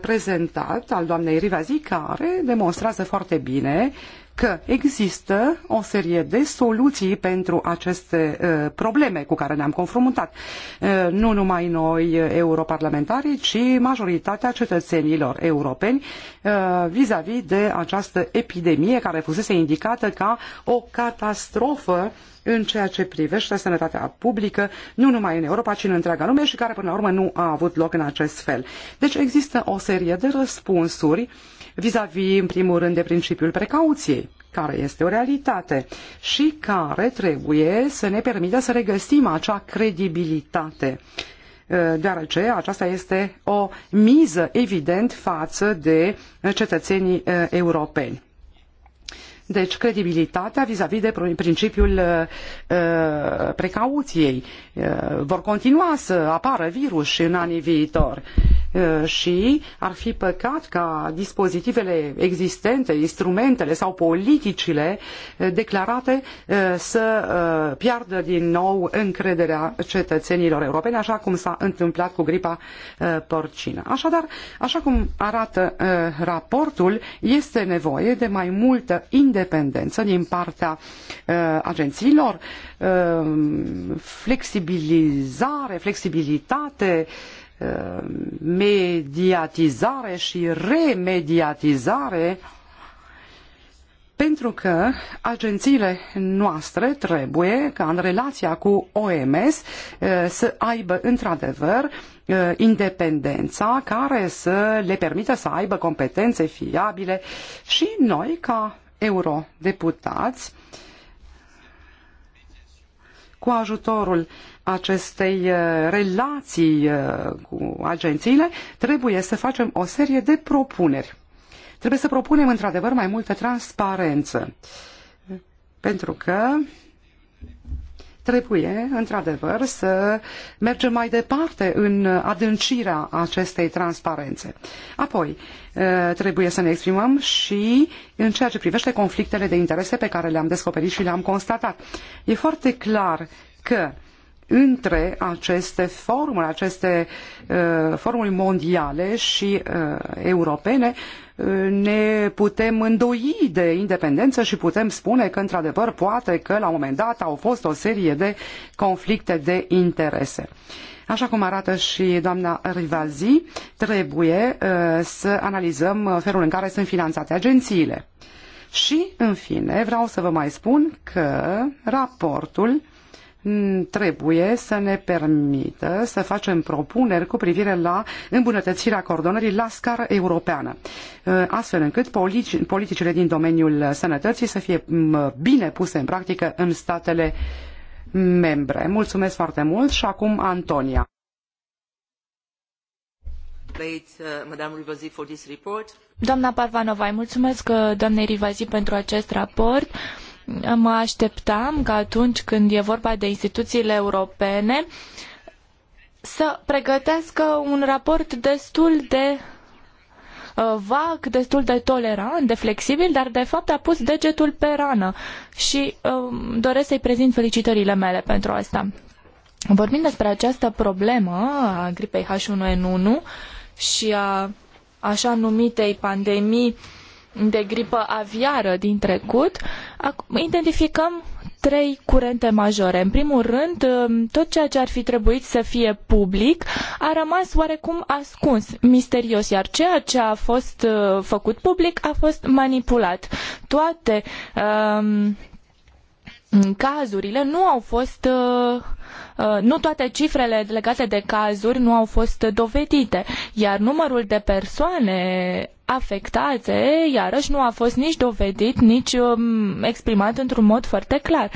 prezentat al doamnei Rivazi, care demonstrează foarte bine uh, că există o serie de soluții pentru aceste uh, probleme cu care ne-am confruntat. Uh, nu numai noi, uh, europarlamentarii, ci majoritatea cetățenilor europeni vis-a-vis -vis de această epidemie care fusese indicată ca o catastrofă în ceea ce privește sănătatea publică, nu numai în Europa, ci în întreaga lume și care până la urmă nu a avut loc în acest fel. Deci există o serie de răspunsuri uh, vis-a-vis, în primul rând, de principiul precauției, care este o realitate și care trebuie să ne permită să regăsim acea credibilitate ă, deoarece aceasta este o miză evident față de cetățenii ă, europeni. Deci credibilitatea vis-a-vis -vis de principiul uh, precauției uh, vor continua să apară virus și în anii viitori. Uh, și ar fi păcat ca dispozitivele existente, instrumentele sau politicile declarate să piardă din nou încrederea cetățenilor europeni, așa cum s-a întâmplat cu gripa porcină. Așadar, așa cum arată raportul, este nevoie de mai multă independență din partea agențiilor, flexibilizare, flexibilitate, Uh, mediatizare și remediatizare pentru că agențiile noastre trebuie ca în relația cu OMS uh, să aibă într-adevăr uh, independența care să le permită să aibă competențe fiabile și noi ca eurodeputați cu ajutorul uh, acestei uh, relații uh, cu agențiile, trebuie să facem o serie de propuneri. Trebuie să propunem într-adevăr mai multă transparență, pentru că trebuie într-adevăr să mergem mai departe în adâncirea acestei transparențe. Apoi, uh, trebuie să ne exprimăm și în ceea ce privește conflictele de interese pe care le-am descoperit și le-am constatat. E foarte clar că uh, între aceste formule, aceste uh, mondiale și uh, europene, uh, ne putem îndoi de independență și putem spune că, într-adevăr, poate că la un moment dat au fost o serie de conflicte de interese. Așa cum arată și doamna Rivalzi, trebuie uh, să analizăm felul în care sunt finanțate agențiile. Și, în fine, vreau să vă mai spun că raportul trebuie să ne permită să facem propuneri cu privire la îmbunătățirea coordonării la scară europeană, ă, astfel încât politicile din domeniul sănătății să fie bine puse în practică în statele membre. Mulțumesc foarte mult și acum Antonia. Doamna Parvanova, îi mulțumesc ă, doamnei Rivazi pentru acest raport mă așteptam că atunci când e vorba de instituțiile europene să pregătească un raport destul de uh, vag, destul de tolerant, de flexibil, dar de fapt a pus degetul pe rană și um, doresc să-i prezint felicitările mele pentru asta. Vorbind despre această problemă a gripei H1N1 și a așa numitei pandemii uh, de gripă aviară din trecut, identificăm trei curente majore. În primul rând, um, tot ceea ce ar fi trebuit să fie public a rămas oarecum ascuns, misterios, iar ceea ce a fost uh, făcut public a fost manipulat. Toate um, cazurile nu au fost uh, uh, nu toate cifrele legate de cazuri nu au fost dovedite, iar numărul de persoane afectate, iarăși nu a fost nici dovedit, nici um, exprimat într-un mod foarte clar.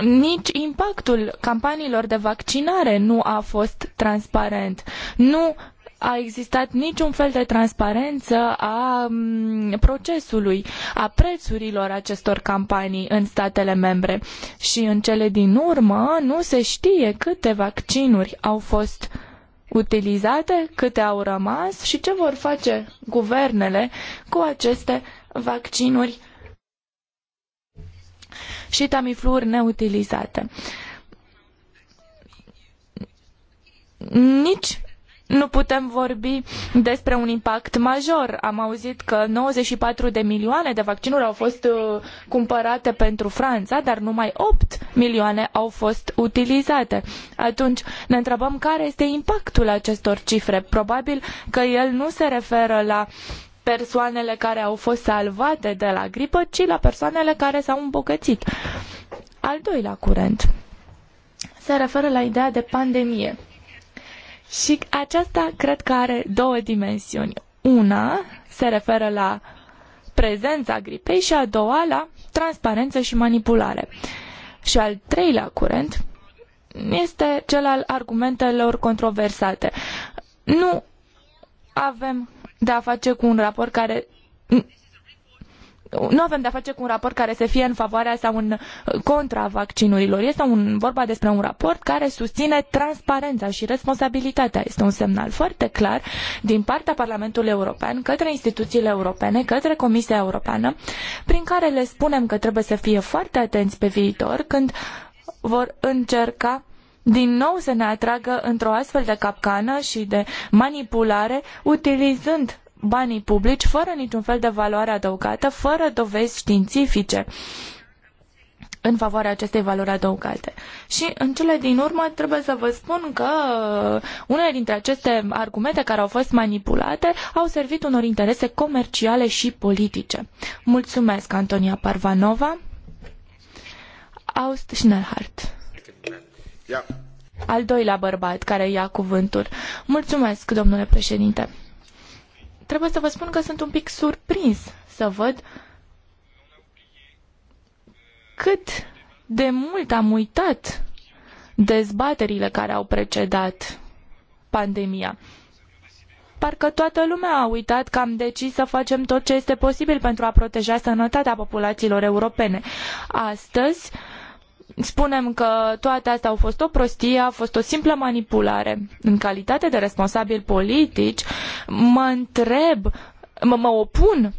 Nici impactul campaniilor de vaccinare nu a fost transparent. Nu a existat niciun fel de transparență a um, procesului, a prețurilor acestor campanii în statele membre. Și în cele din urmă nu se știe câte vaccinuri au fost utilizate, câte au rămas și ce vor face guvernele cu aceste vaccinuri și tamifluri neutilizate. Nici nu putem vorbi despre un impact major. Am auzit că 94 de milioane de vaccinuri au fost uh, cumpărate pentru Franța, dar numai 8 milioane au fost utilizate. Atunci ne întrebăm care este impactul acestor cifre. Probabil că el nu se referă la persoanele care au fost salvate de la gripă, ci la persoanele care s-au îmbogățit. Al doilea curent se referă la ideea de pandemie. Și aceasta cred că are două dimensiuni. Una se referă la prezența gripei și a doua la transparență și manipulare. Și al treilea curent este cel al argumentelor controversate. Nu avem de a face cu un raport care nu avem de-a face cu un raport care să fie în favoarea sau în uh, contra vaccinurilor. Este un, vorba despre un raport care susține transparența și responsabilitatea. Este un semnal foarte clar din partea Parlamentului European către instituțiile europene, către Comisia Europeană, prin care le spunem că trebuie să fie foarte atenți pe viitor când vor încerca din nou să ne atragă într-o astfel de capcană și de manipulare, utilizând banii publici fără niciun fel de valoare adăugată, fără dovezi științifice în favoarea acestei valori adăugate. Și în cele din urmă trebuie să vă spun că uh, unele dintre aceste argumente care au fost manipulate au servit unor interese comerciale și politice. Mulțumesc, Antonia Parvanova. Aust Schnellhardt. Al doilea bărbat care ia cuvântul. Mulțumesc, domnule președinte trebuie să vă spun că sunt un pic surprins să văd cât de mult am uitat dezbaterile care au precedat pandemia. Parcă toată lumea a uitat că am decis să facem tot ce este posibil pentru a proteja sănătatea populațiilor europene. Astăzi, uh, spunem că toate astea au fost o prostie, a fost o simplă manipulare. În calitate de responsabil politici, mă întreb, mă, mă opun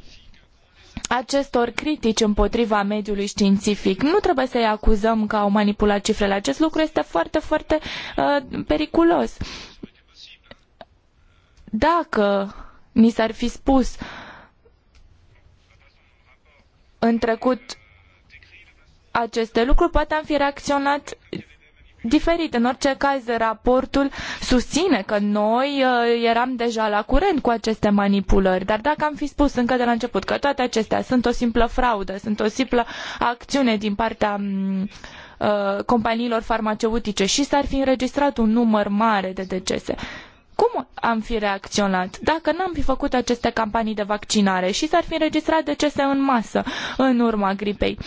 acestor critici împotriva mediului științific. Nu trebuie să-i acuzăm că au manipulat cifrele. Acest lucru este foarte, foarte uh, periculos. Dacă ni s-ar fi spus în trecut aceste lucruri, poate am fi reacționat diferit. În orice caz, raportul susține că noi uh, eram deja la curent cu aceste manipulări, dar dacă am fi spus încă de la început că toate acestea sunt o simplă fraudă, sunt o simplă acțiune din partea mm, uh, companiilor farmaceutice și s-ar fi înregistrat un număr mare de decese. Cum am fi reacționat dacă n-am fi făcut aceste campanii de vaccinare și s-ar fi înregistrat decese în masă în urma gripei?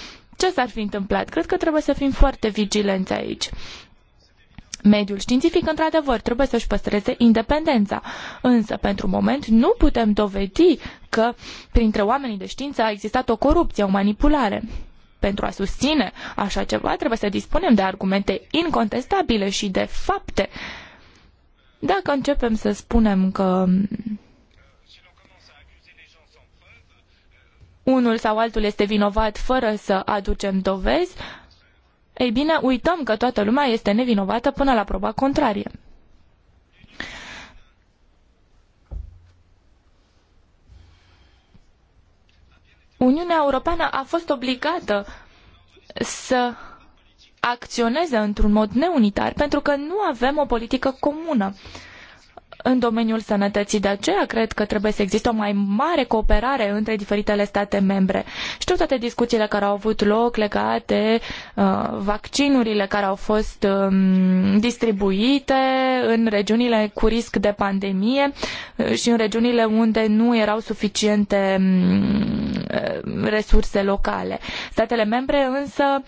ce s-ar fi întâmplat? Cred că trebuie să fim foarte vigilenți aici. Mediul științific, într-adevăr, trebuie să-și păstreze independența. Însă, pentru moment, nu putem dovedi că printre oamenii de știință a existat o corupție, o manipulare. Pentru a susține așa ceva, trebuie să dispunem de argumente incontestabile și de fapte. Dacă începem să spunem că unul sau altul este vinovat fără să aducem dovezi, ei bine, uităm că toată lumea este nevinovată până la proba contrarie. Uniunea Europeană a fost obligată să acționeze într-un mod neunitar pentru că nu avem o politică comună. Uh, în domeniul sănătății. De aceea cred că trebuie să existe o mai mare cooperare între diferitele state membre. Știu toate discuțiile care au avut loc legate uh, vaccinurile care au fost um, distribuite în regiunile cu risc de pandemie uh, și în regiunile unde nu erau suficiente um, uh, resurse locale. Statele membre însă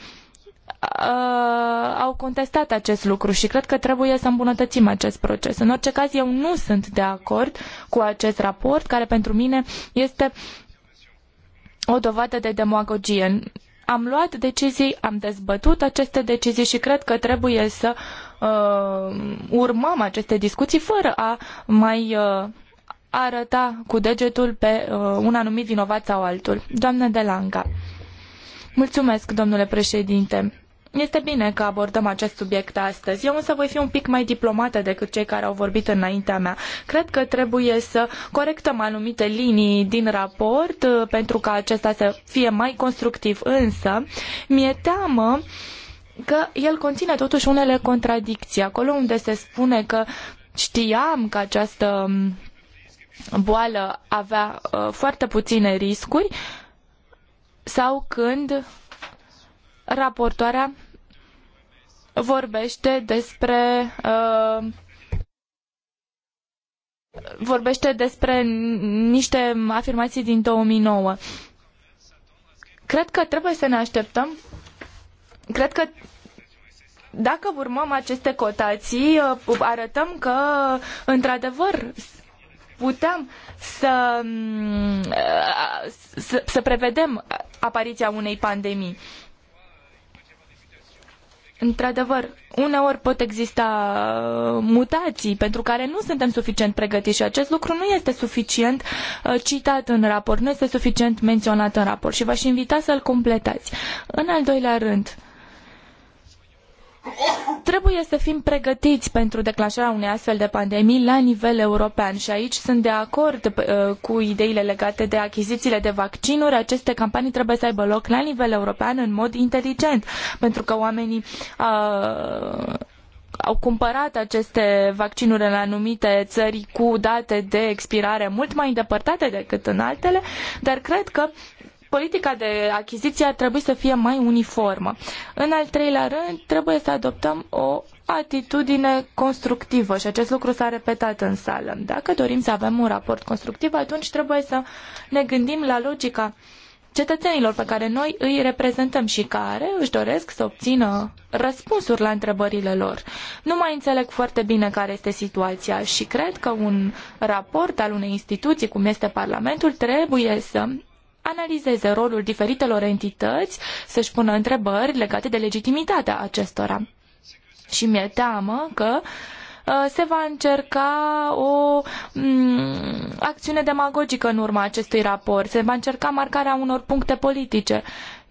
uh, au contestat acest lucru și cred că trebuie să îmbunătățim acest proces. În orice caz, eu nu sunt de acord cu acest raport, care pentru mine este o dovadă de demagogie. Am luat decizii, am dezbătut aceste decizii și cred că trebuie să uh, urmăm aceste discuții fără a mai uh, arăta cu degetul pe uh, un anumit vinovat sau altul. Doamnă Delanga. Mulțumesc, domnule președinte. Este bine că abordăm acest subiect astăzi. Eu însă voi fi un pic mai diplomată decât cei care au vorbit înaintea mea. Cred că trebuie să corectăm anumite linii din raport uh, pentru ca acesta să fie mai constructiv. Însă, mi-e teamă că el conține totuși unele contradicții. Acolo unde se spune că știam că această um, boală avea uh, foarte puține riscuri sau când raportoarea vorbește despre uh, vorbește despre niște afirmații din 2009. Cred că trebuie să ne așteptăm. Cred că dacă urmăm aceste cotații, uh, arătăm că într-adevăr putem să, mm, uh, să, să prevedem apariția unei pandemii. Într-adevăr, uneori pot exista uh, mutații pentru care nu suntem suficient pregătiți și acest lucru nu este suficient uh, citat în raport, nu este suficient menționat în raport și v-aș invita să-l completați. În al doilea rând, Trebuie să fim pregătiți pentru declanșarea unei astfel de pandemii la nivel european și aici sunt de acord uh, cu ideile legate de achizițiile de vaccinuri. Aceste campanii trebuie să aibă loc la nivel european în mod inteligent, pentru că oamenii uh, au cumpărat aceste vaccinuri în anumite țări cu date de expirare mult mai îndepărtate decât în altele, dar cred că politica de achiziție ar trebui să fie mai uniformă. În al treilea rând, trebuie să adoptăm o atitudine constructivă și acest lucru s-a repetat în sală. Dacă dorim să avem un raport constructiv, atunci trebuie să ne gândim la logica cetățenilor pe care noi îi reprezentăm și care își doresc să obțină răspunsuri la întrebările lor. Nu mai înțeleg foarte bine care este situația și cred că un raport al unei instituții cum este Parlamentul trebuie să analizeze rolul diferitelor entități, să-și pună întrebări legate de legitimitatea acestora. Și mi-e teamă că uh, se va încerca o mm, acțiune demagogică în urma acestui raport, se va încerca marcarea unor puncte politice.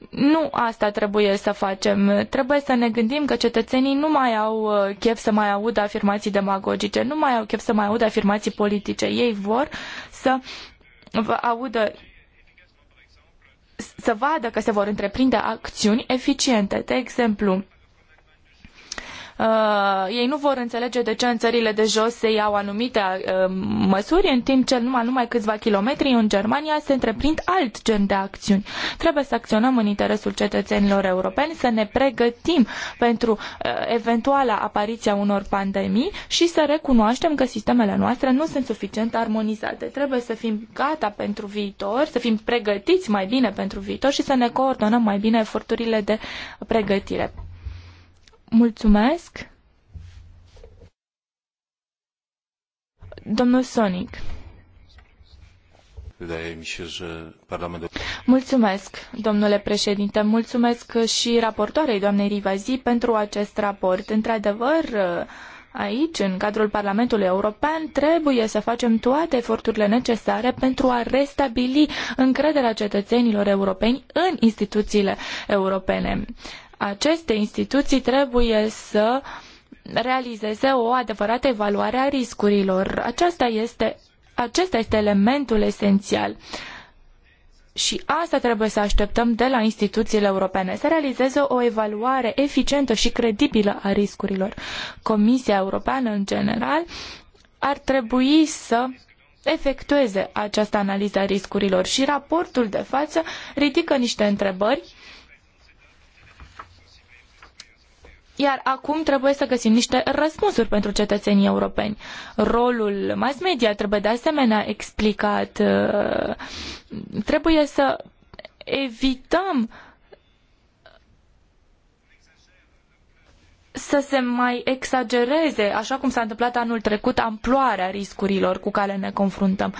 Nu asta trebuie să facem. Trebuie să ne gândim că cetățenii nu mai au uh, chef să mai audă afirmații demagogice, nu mai au chef să mai audă afirmații politice. Ei vor să audă să vadă că se vor întreprinde acțiuni eficiente. De exemplu, uh, ei nu vor înțelege de ce în țările de jos se iau anumite uh, măsuri, în timp ce numai, numai câțiva kilometri în Germania se întreprind alt gen de acțiuni. Trebuie să acționăm în interesul cetățenilor europeni, să ne pregătim pentru uh, eventuala apariția unor pandemii și să recunoaștem că sistemele noastre nu sunt suficient armonizate. Trebuie să fim gata pentru viitor, să fim pregătiți mai bine pentru viitor și să ne coordonăm mai bine eforturile de pregătire. Mulțumesc. Domnul Sonic. Mulțumesc, domnule președinte, mulțumesc și raportoarei doamnei Rivazi pentru acest raport. Într-adevăr, Aici, în cadrul Parlamentului European, trebuie să facem toate eforturile necesare pentru a restabili încrederea cetățenilor europeni în instituțiile europene aceste instituții trebuie să realizeze o adevărată evaluare a riscurilor. Aceasta este, acesta este elementul esențial. Și asta trebuie să așteptăm de la instituțiile europene, să realizeze o evaluare eficientă și credibilă a riscurilor. Comisia Europeană, în general, ar trebui să efectueze această analiză a riscurilor și raportul de față ridică niște întrebări Iar acum trebuie să găsim niște răspunsuri pentru cetățenii europeni. Rolul mass media trebuie de asemenea explicat. Uh, trebuie să evităm să se mai exagereze, așa cum s-a întâmplat anul trecut, amploarea riscurilor cu care ne confruntăm.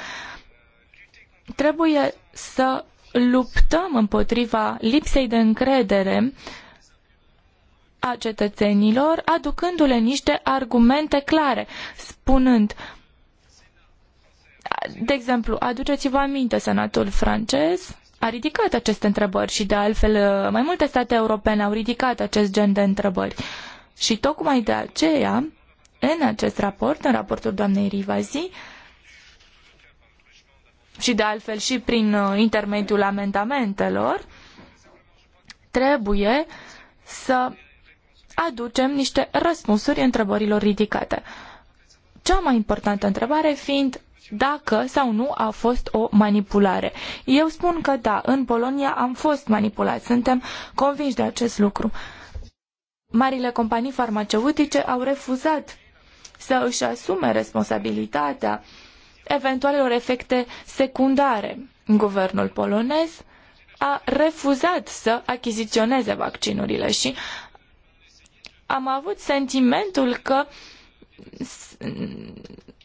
Trebuie să luptăm împotriva lipsei de încredere uh, a cetățenilor, aducându-le niște argumente clare, spunând de exemplu, aduceți-vă aminte, Senatul francez a ridicat aceste întrebări și, de altfel, mai multe state europene au ridicat acest gen de întrebări. Și tocmai de aceea, în acest raport, în raportul doamnei Rivazi, și de altfel și prin uh, intermediul amendamentelor, trebuie să aducem niște răspunsuri întrebărilor ridicate. Cea mai importantă întrebare fiind dacă sau nu a fost o manipulare. Eu spun că da, în Polonia am fost manipulați, suntem convinși de acest lucru. Marile companii farmaceutice au refuzat să își asume responsabilitatea eventualelor efecte secundare. Guvernul polonez a refuzat să achiziționeze vaccinurile și am avut sentimentul că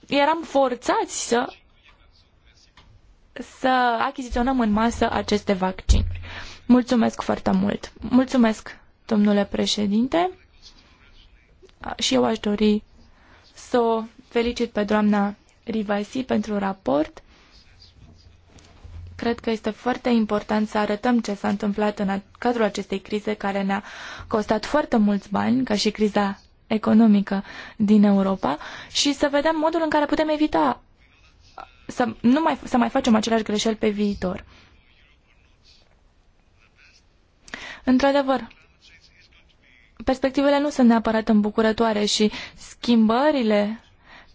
eram forțați să să achiziționăm în masă aceste vaccinuri. Mulțumesc foarte mult. Mulțumesc, domnule președinte. Și eu aș dori să o felicit pe doamna Rivasi pentru raport. Cred că este foarte important să arătăm ce s-a întâmplat în cadrul acestei crize care ne-a costat foarte mulți bani, ca și criza economică din Europa și să vedem modul în care putem evita să nu mai, să mai facem același greșeli pe viitor. Într-adevăr, perspectivele nu sunt neapărat îmbucurătoare și schimbările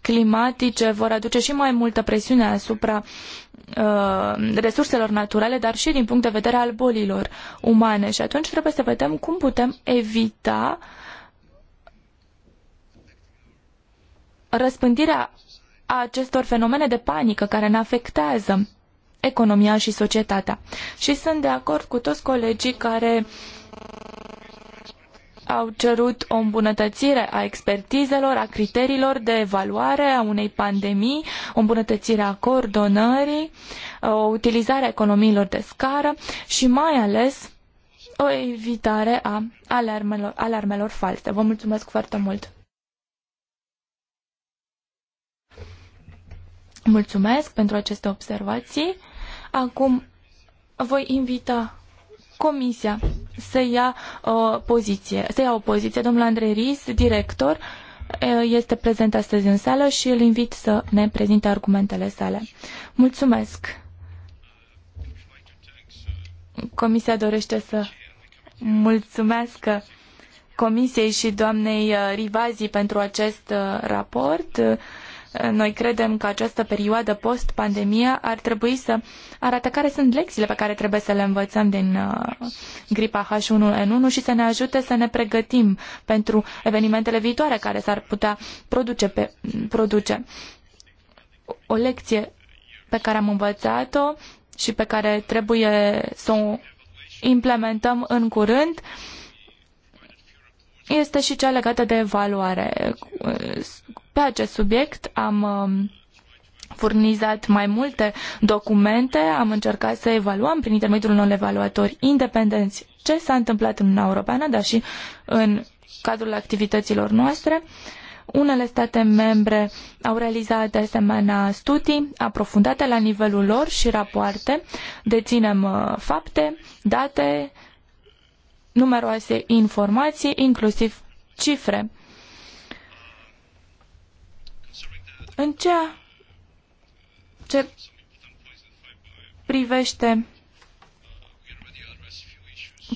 climatice vor aduce și mai multă presiune asupra Uh, resurselor naturale, dar și din punct de vedere al bolilor umane. Și atunci trebuie să vedem cum putem evita răspândirea acestor fenomene de panică care ne afectează economia și societatea. Și sunt de acord cu toți colegii care au cerut o îmbunătățire a expertizelor, a criteriilor de evaluare a unei pandemii, o îmbunătățire a coordonării, o utilizare a economiilor de scară și mai ales o evitare a alarmelor, alarmelor false. Vă mulțumesc foarte mult! Mulțumesc pentru aceste observații. Acum voi invita Comisia să ia o uh, poziție. Să ia o poziție. Domnul Andrei Riz, director, uh, este prezent astăzi în sală și îl invit să ne prezinte argumentele sale. Mulțumesc! Comisia dorește să mulțumesc Comisiei și doamnei uh, Rivazi pentru acest raport. Noi credem că această perioadă post-pandemie ar trebui să arate care sunt lecțiile pe care trebuie să le învățăm din uh, gripa H1N1 și să ne ajute să ne pregătim pentru evenimentele viitoare care s-ar putea produce. Pe, produce. O lecție pe care am învățat-o și pe care trebuie să o implementăm în curând este și cea legată de evaluare. Pe acest subiect am um, furnizat mai multe documente, am încercat să evaluăm prin intermediul unor evaluatori independenți ce s-a întâmplat în Uniunea Europeană, dar și în cadrul activităților noastre. Unele state membre au realizat de asemenea studii aprofundate la nivelul lor și rapoarte. Deținem uh, fapte, date, numeroase informații, inclusiv cifre. În ceea ce privește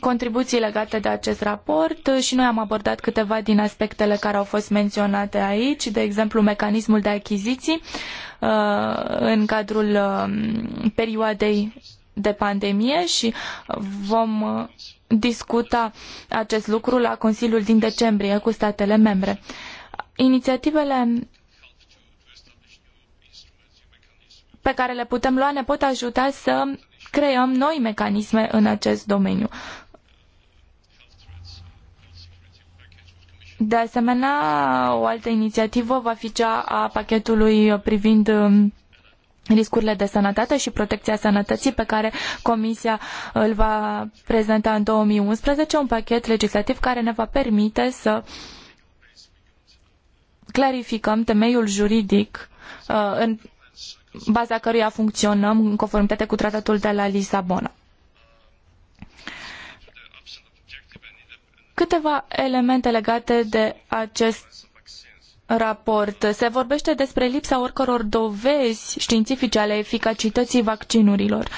contribuții legate de acest raport și noi am abordat câteva din aspectele care au fost menționate aici, de exemplu mecanismul de achiziții uh, în cadrul uh, perioadei de pandemie și vom uh, discuta acest lucru la Consiliul din decembrie cu statele membre. Inițiativele pe care le putem lua ne pot ajuta să creăm noi mecanisme în acest domeniu. De asemenea, o altă inițiativă va fi cea a pachetului privind um, riscurile de sănătate și protecția sănătății pe care Comisia uh, îl va prezenta în 2011, un pachet legislativ care ne va permite să clarificăm temeiul juridic uh, în baza căruia funcționăm în conformitate cu tratatul de la Lisabona. Câteva elemente legate de acest raport. Se vorbește despre lipsa oricăror dovezi științifice ale eficacității vaccinurilor.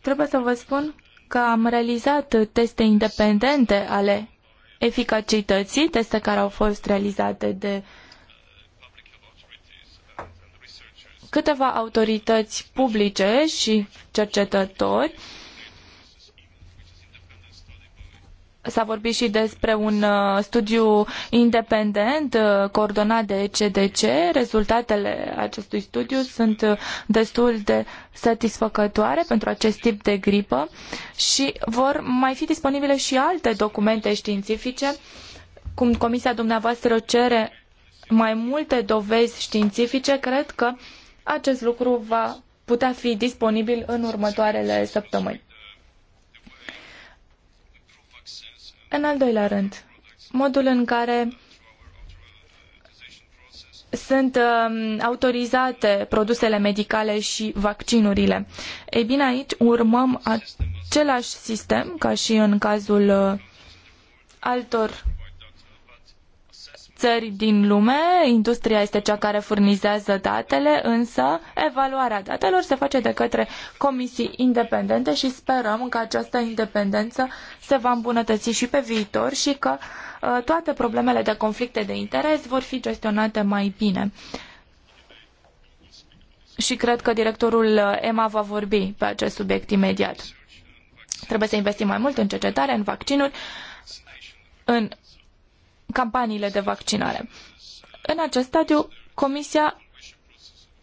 Trebuie să vă spun că am realizat teste independente ale eficacității, teste care au fost realizate de uh, câteva autorități publice și cercetători. S-a vorbit și despre un uh, studiu independent uh, coordonat de CDC. Rezultatele acestui studiu sunt uh, destul de satisfăcătoare pentru acest tip de gripă și vor mai fi disponibile și alte documente științifice, cum comisia dumneavoastră cere mai multe dovezi științifice, cred că uh, acest lucru va putea fi disponibil în următoarele săptămâni. În al doilea rând, modul în care sunt um, autorizate produsele medicale și vaccinurile. Ei bine, aici urmăm același sistem ca și în cazul uh, altor țări din lume, industria este cea care furnizează datele, însă evaluarea datelor se face de către comisii independente și sperăm că această independență se va îmbunătăți și pe viitor și că uh, toate problemele de conflicte de interes vor fi gestionate mai bine. Și cred că directorul uh, EMA va vorbi pe acest subiect imediat. Trebuie să investim mai mult în cercetare, în vaccinuri, în campaniile de vaccinare. În acest stadiu, Comisia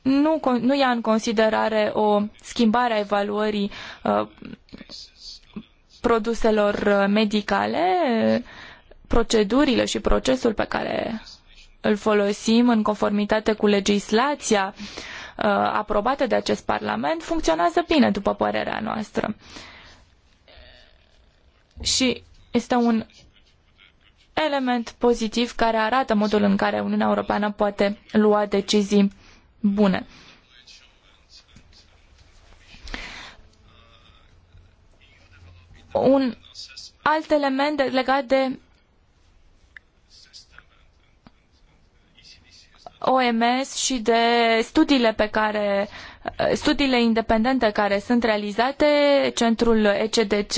nu, nu ia în considerare o schimbare a evaluării uh, produselor uh, medicale, procedurile și procesul pe care îl folosim în conformitate cu legislația uh, aprobată de acest Parlament funcționează bine, după părerea noastră. Și este un element pozitiv care arată modul în care Uniunea Europeană poate lua decizii bune. Un alt element legat de OMS și de studiile pe care studiile independente care sunt realizate, centrul ECDC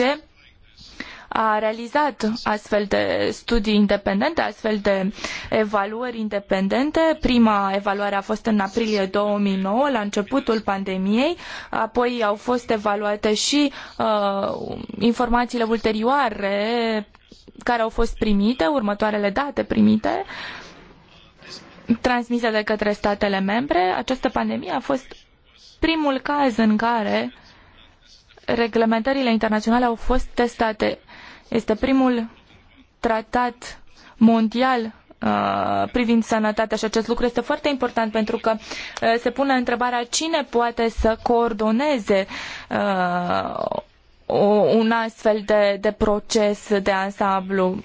a realizat astfel de studii independente, astfel de evaluări independente. Prima evaluare a fost în aprilie 2009, la începutul pandemiei, apoi au fost evaluate și uh, informațiile ulterioare care au fost primite, următoarele date primite transmise de către statele membre. Această pandemie a fost primul caz în care reglementările internaționale au fost testate este primul tratat mondial uh, privind sănătatea și acest lucru este foarte important pentru că uh, se pune întrebarea cine poate să coordoneze uh, un astfel de, de proces de ansamblu.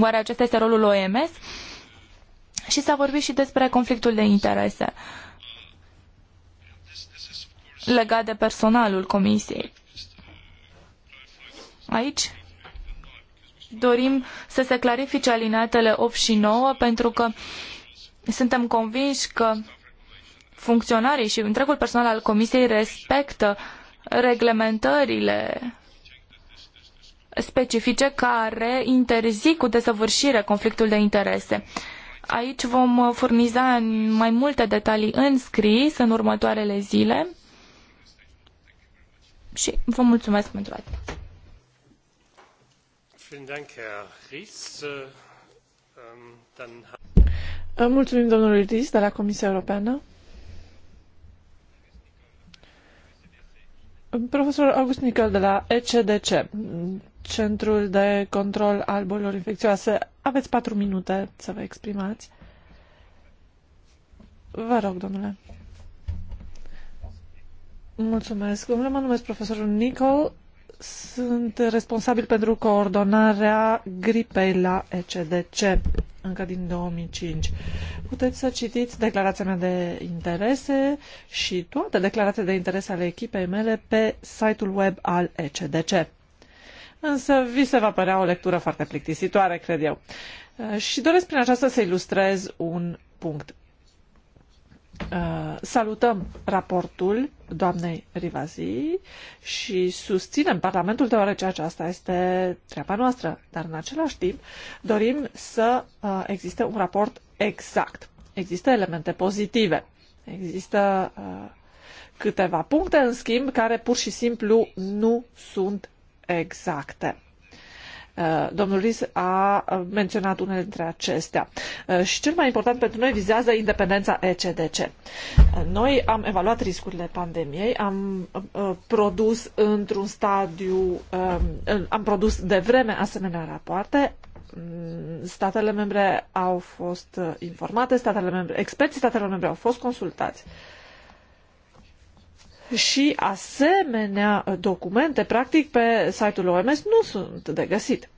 Oare acesta este rolul OMS? Și s-a vorbit și despre conflictul de interese legat de personalul comisiei. Aici dorim să se clarifice alineatele opt și 9 pentru că suntem convinși că funcționarii și întregul personal al Comisiei respectă reglementările specifice care interzic cu desăvârșire conflictul de interese. Aici vom furniza mai multe detalii în scris în următoarele zile și vă mulțumesc pentru atenție. Äh, ähm, mulțumim domnului Ries de la Comisia Europeană. Profesor August Nicol de la ECDC, Centrul de Control al Bolilor Infecțioase, aveți patru minute să vă exprimați. Vă rog, domnule. Mulțumesc. Domnule, mă numesc profesorul Nicol sunt responsabil pentru coordonarea gripei la ECDC încă din 2005. Puteți să citiți declarația mea de interese și toate declarațiile de interese ale echipei mele pe site-ul web al ECDC. Însă vi se va părea o lectură foarte plictisitoare, cred eu. Și doresc prin aceasta să ilustrez un punct. Uh, salutăm raportul doamnei Rivazi și susținem Parlamentul deoarece aceasta este treaba noastră, dar în același timp dorim să uh, existe un raport exact. Există elemente pozitive, există uh, câteva puncte, în schimb, care pur și simplu nu sunt exacte. Uh, domnul Ries a uh, menționat unele dintre acestea. Uh, și cel mai important pentru noi vizează independența ECDC. Noi am evaluat riscurile pandemiei, am produs într-un stadiu, um, am produs de vreme asemenea rapoarte, mm, statele membre au fost informate, statele membre, experții statelor membre au fost consultați și asemenea uh, documente, practic, pe site-ul OMS nu sunt de găsit.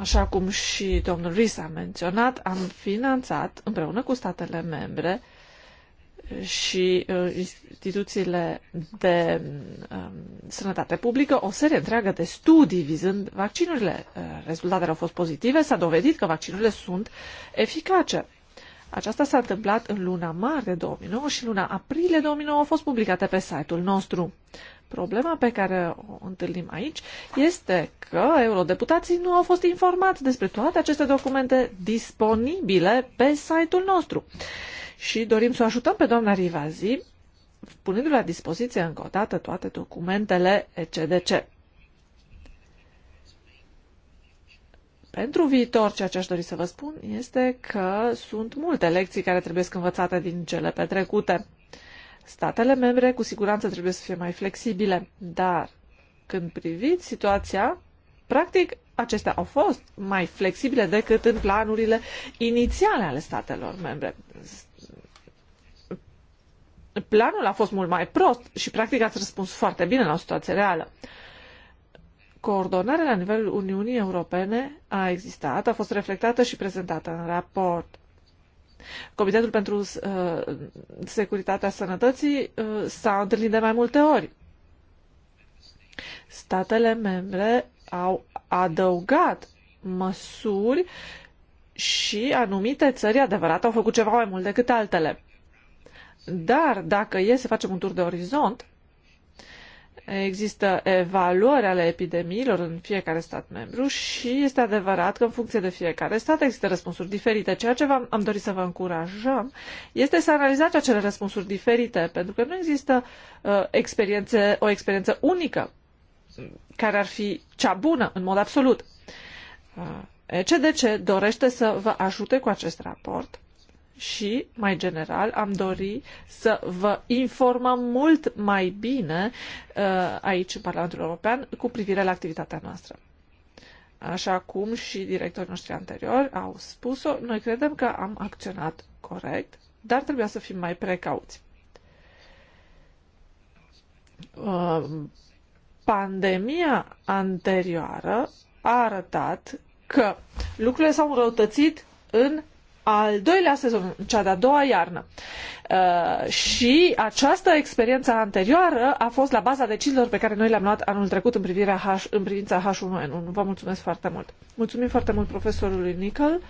Așa cum și domnul Ris a menționat, am finanțat împreună cu statele membre și uh, instituțiile de uh, sănătate publică o serie întreagă de studii vizând vaccinurile. Uh, rezultatele au fost pozitive, s-a dovedit că vaccinurile sunt eficace. Aceasta s-a întâmplat în luna martie 2009 și luna aprilie 2009 au fost publicate pe site-ul nostru. Problema pe care o întâlnim aici este că eurodeputații nu au fost informați despre toate aceste documente disponibile pe site-ul nostru. Și dorim să o ajutăm pe doamna Rivazi punându le la dispoziție încă o dată toate documentele ECDC. Pentru viitor, ceea ce aș dori să vă spun este că sunt multe lecții care trebuie învățate din cele petrecute. Statele membre cu siguranță trebuie să fie mai flexibile, dar când priviți situația, practic acestea au fost mai flexibile decât în planurile inițiale ale statelor membre. Planul a fost mult mai prost și practic ați răspuns foarte bine la o situație reală coordonarea la nivelul Uniunii Europene a existat, a fost reflectată și prezentată în raport. Comitetul pentru uh, Securitatea Sănătății uh, s-a întâlnit de mai multe ori. Statele membre au adăugat măsuri și anumite țări, adevărat, au făcut ceva mai mult decât altele. Dar dacă e să facem un tur de orizont, Există evaluări ale epidemiilor în fiecare stat membru și este adevărat că în funcție de fiecare stat există răspunsuri diferite. Ceea ce am dorit să vă încurajăm este să analizați acele răspunsuri diferite, pentru că nu există uh, experiențe, o experiență unică care ar fi cea bună în mod absolut. Uh, ECDC dorește să vă ajute cu acest raport și, mai general, am dori să vă informăm mult mai bine uh, aici, în Parlamentul European, cu privire la activitatea noastră. Așa cum și directorii noștri anteriori au spus-o, noi credem că am acționat corect, dar trebuia să fim mai precauți. Uh, pandemia anterioară a arătat că lucrurile s-au înrăutățit în al doilea sezon, cea de-a doua iarnă. Uh, și această experiență anterioară a fost la baza deciziilor pe care noi le-am luat anul trecut în, privirea H, în privința H1N1. Vă mulțumesc foarte mult. Mulțumim foarte mult profesorului Nicol.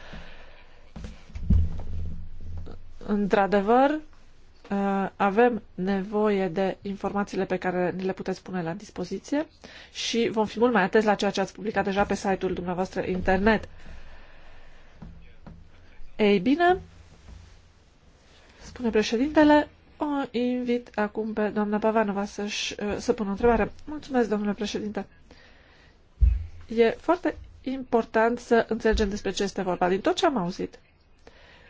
Într-adevăr, uh, avem nevoie de informațiile pe care ni le puteți pune la dispoziție și vom fi mult mai atenți la ceea ce ați publicat deja pe site-ul dumneavoastră internet. Ei bine, spune președintele, o invit acum pe doamna Pavanova să uh, să pună o întrebare. Mulțumesc, domnule președinte. E foarte important să înțelegem despre ce este vorba. Din tot ce am auzit,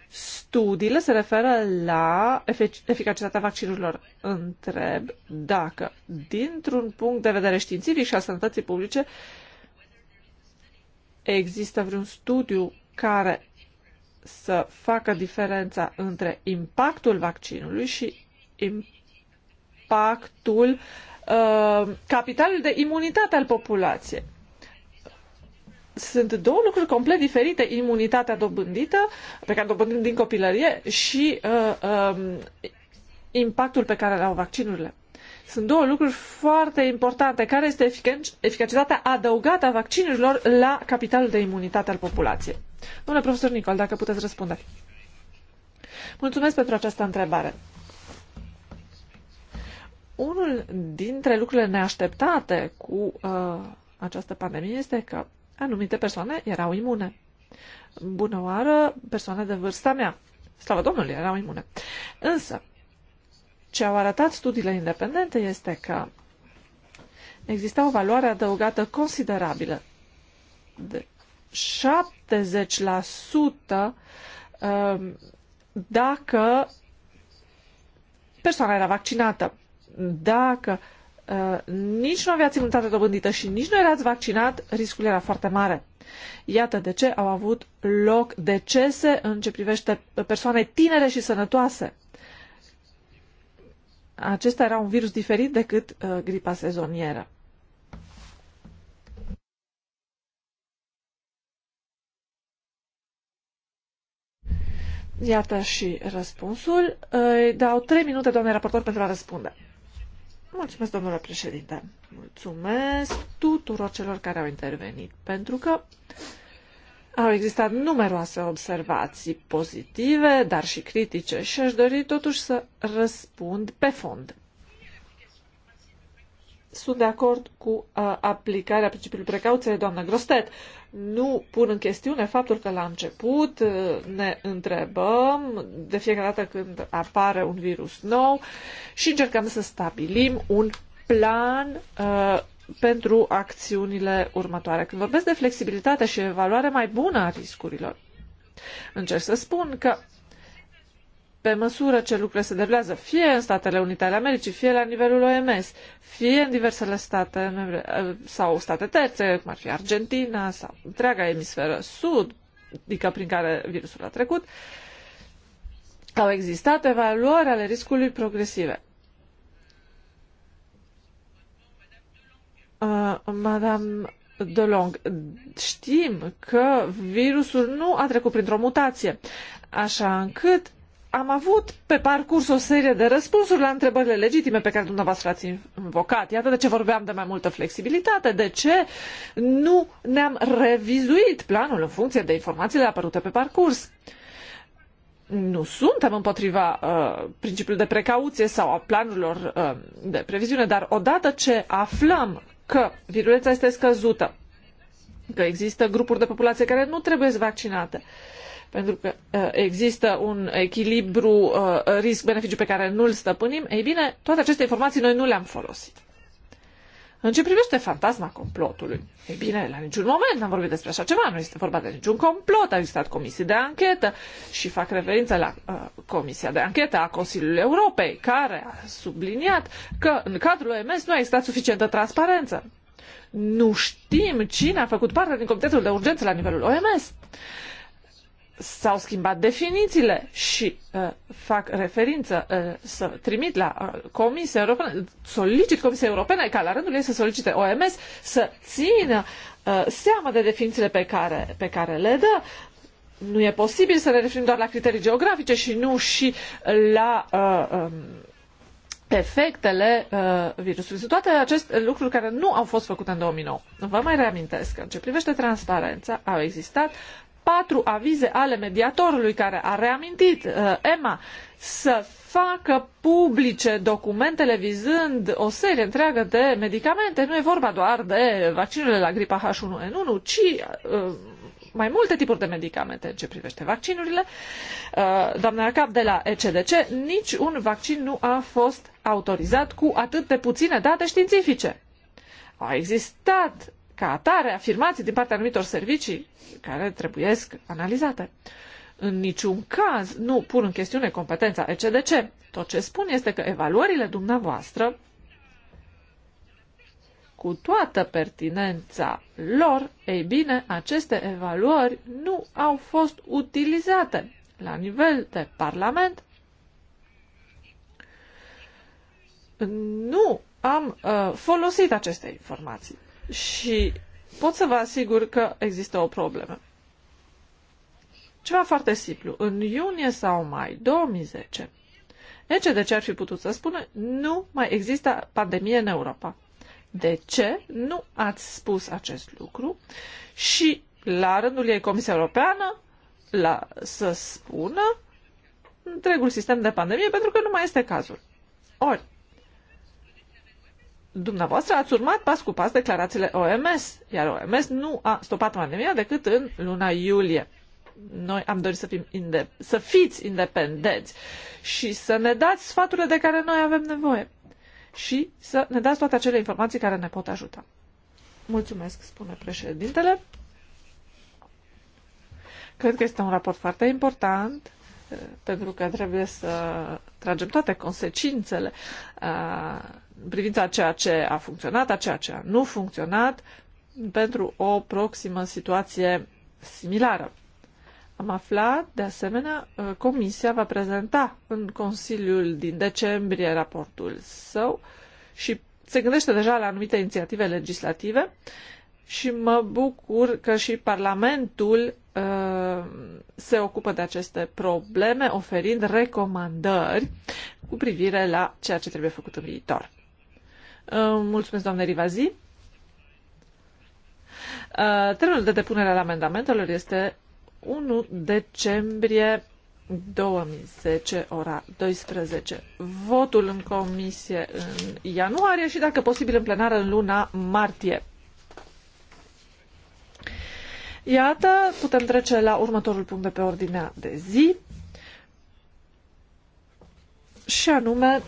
studiile se referă la efic eficacitatea vaccinurilor. Întreb dacă, dintr-un punct de vedere științific și al sănătății publice, există vreun studiu care să facă diferența între impactul vaccinului și impactul uh, capitalul capitalului de imunitate al populației. Sunt două lucruri complet diferite, imunitatea dobândită, pe care dobândim din copilărie, și uh, um, impactul pe care le au vaccinurile. Sunt două lucruri foarte importante. Care este efic- eficacitatea adăugată a vaccinurilor la capitalul de imunitate al populației? Domnule profesor Nicol, dacă puteți răspunde. Mulțumesc pentru această întrebare. Unul dintre lucrurile neașteptate cu uh, această pandemie este că anumite persoane erau imune. Bună oară, persoane de vârsta mea. Slavă Domnului, erau imune. Însă, ce au arătat studiile independente este că exista o valoare adăugată considerabilă de 70% um, dacă persoana era vaccinată. Dacă uh, nici nu avea imunitate dobândită și nici nu erați vaccinat, riscul era foarte mare. Iată de ce au avut loc decese în ce privește persoane tinere și sănătoase. Acesta era un virus diferit decât uh, gripa sezonieră. Iată și răspunsul. Îi dau trei minute, doamne raportor, pentru a răspunde. Mulțumesc, domnule președinte. Mulțumesc tuturor celor care au intervenit, pentru că au existat numeroase observații pozitive, dar și critice și aș dori totuși să răspund pe fond. Sunt de acord cu uh, aplicarea principiului precauției, doamnă Grostet. Nu pun în chestiune faptul că la început uh, ne întrebăm de fiecare dată când apare un virus nou și încercăm să stabilim un plan uh, pentru acțiunile următoare. Când vorbesc de flexibilitate și evaluare mai bună a riscurilor, încerc să spun că pe măsură ce lucrurile se derulează, fie în Statele Unite ale Americii, fie la nivelul OMS, fie în diversele state membre, eh, sau state terțe, cum ar fi Argentina sau întreaga emisferă sud, adică prin care virusul a trecut, au existat evaluări ale riscului progresive. Uh, Madame DeLong, știm că virusul nu a trecut printr-o mutație, așa încât am avut pe parcurs o serie de răspunsuri la întrebările legitime pe care dumneavoastră le-ați invocat. Iată de ce vorbeam de mai multă flexibilitate, de ce nu ne-am revizuit planul în funcție de informațiile apărute pe parcurs. Nu suntem împotriva uh, principiului de precauție sau a planurilor uh, de previziune, dar odată ce aflăm că virulența este scăzută, că există grupuri de populație care nu trebuie vaccinate, uh, pentru că uh, există un echilibru uh, risc-beneficiu pe care nu-l stăpânim, ei bine, toate aceste informații noi nu le-am folosit. În ce privește fantasma complotului? Ei bine, la niciun moment n-am vorbit despre așa ceva, nu este vorba de niciun complot, A existat comisii de anchetă și fac referință la uh, Comisia de anchetă a Consiliului Europei, care a subliniat că în cadrul OMS nu a existat suficientă transparență. Nu știm cine a făcut parte din Comitetul de Urgență la nivelul OMS s-au schimbat definițiile și uh, fac referință uh, să trimit la uh, Comisia Europeană, solicit Comisia Europeană ca la rândul ei să solicite OMS să țină uh, seama de definițiile pe care, pe care le dă. Nu e posibil să ne referim doar la criterii geografice și nu și la uh, um, efectele uh, virusului. Sunt toate aceste uh, lucruri care nu au fost făcute în 2009. Vă mai reamintesc că în ce privește transparența au existat patru avize ale mediatorului care a reamintit uh, să facă publice documentele vizând o serie întreagă de medicamente. Nu e vorba doar de vaccinurile la gripa H1N1, ci uh, mai multe tipuri de medicamente în ce privește vaccinurile. Uh, doamna Cap de la ECDC, nici un vaccin nu a fost autorizat cu atât de puține date științifice. Au existat ca atare afirmații din partea anumitor servicii care trebuiesc analizate. În niciun caz nu pun în chestiune competența ECDC. Tot ce spun este că evaluările dumneavoastră, cu toată pertinența lor, ei bine, aceste evaluări nu au fost utilizate la nivel de Parlament. Nu am uh, folosit aceste informații și pot să vă asigur că există o problemă. Ceva foarte simplu. În iunie sau mai 2010, de ce ar fi putut să spună nu mai există pandemie în Europa. De ce nu ați spus acest lucru? Și la rândul ei Comisia Europeană la, să spună întregul sistem de pandemie pentru că nu mai este cazul. Ori, Dumneavoastră ați urmat pas cu pas declarațiile OMS, iar OMS nu a stopat pandemia decât în luna iulie. Noi am dorit să, fim inde- să fiți independenți și să ne dați sfaturile de care noi avem nevoie și să ne dați toate acele informații care ne pot ajuta. Mulțumesc, spune președintele. Cred că este un raport foarte important eh, pentru că trebuie să tragem toate consecințele eh, în privința ceea ce a funcționat, a ceea ce a nu funcționat, pentru o proximă situație similară. Am aflat, de asemenea, uh, Comisia va prezenta în Consiliul din decembrie raportul său și se gândește deja la anumite inițiative legislative și mă bucur că și Parlamentul uh, se ocupă de aceste probleme, oferind recomandări cu privire la ceea ce trebuie făcut în viitor. Uh, mulțumesc, doamne Rivazi. Uh, termenul de depunere al amendamentelor este 1 decembrie 2010, ora 12. Votul în comisie în ianuarie și, dacă posibil, în plenară în luna martie. Iată, putem trece la următorul punct de pe ordinea de zi și anume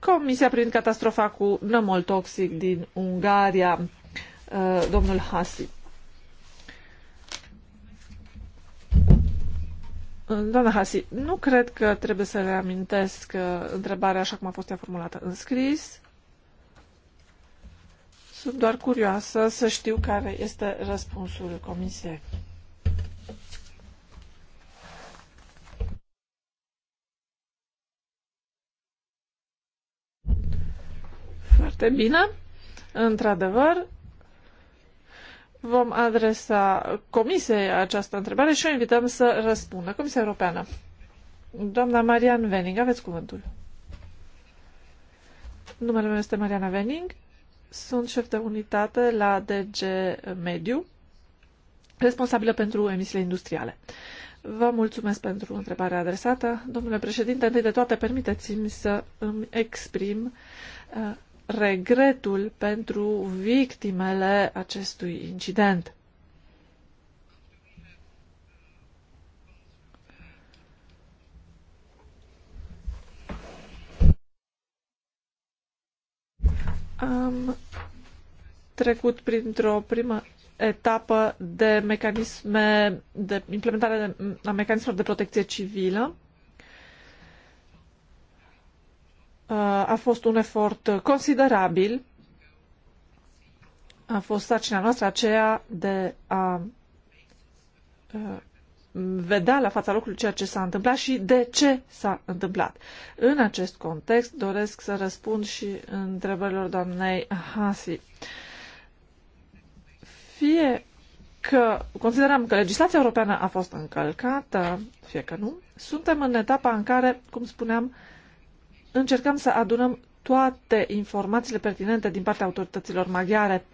Comisia privind catastrofa cu nămol toxic din Ungaria, uh, domnul Hasi. Uh, doamna Hasi, nu cred că trebuie să reamintesc uh, întrebarea așa cum a fost ea formulată în scris. Sunt doar curioasă să știu care este răspunsul Comisiei. Foarte bine. Într-adevăr, vom adresa Comisiei această întrebare și o invităm să răspundă. Comisia Europeană. Doamna Marian Venning, aveți cuvântul. Numele meu este Mariana Venning, sunt șef de unitate la DG Mediu, responsabilă pentru emisiile industriale. Vă mulțumesc pentru întrebarea adresată. Domnule președinte, întâi de toate, permiteți-mi să îmi exprim uh, regretul pentru victimele acestui incident. Am trecut printr-o primă etapă de mecanisme de implementare a mecanismelor de protecție civilă Uh, a fost un efort considerabil. A fost sarcina noastră aceea de a uh, vedea la fața locului ceea ce s-a întâmplat și de ce s-a întâmplat. În acest context doresc să răspund și întrebărilor doamnei Hasi. Fie că considerăm că legislația europeană a fost încălcată, fie că nu, suntem în etapa în care, cum spuneam, uh, încercăm să adunăm toate informațiile pertinente din partea autorităților maghiare,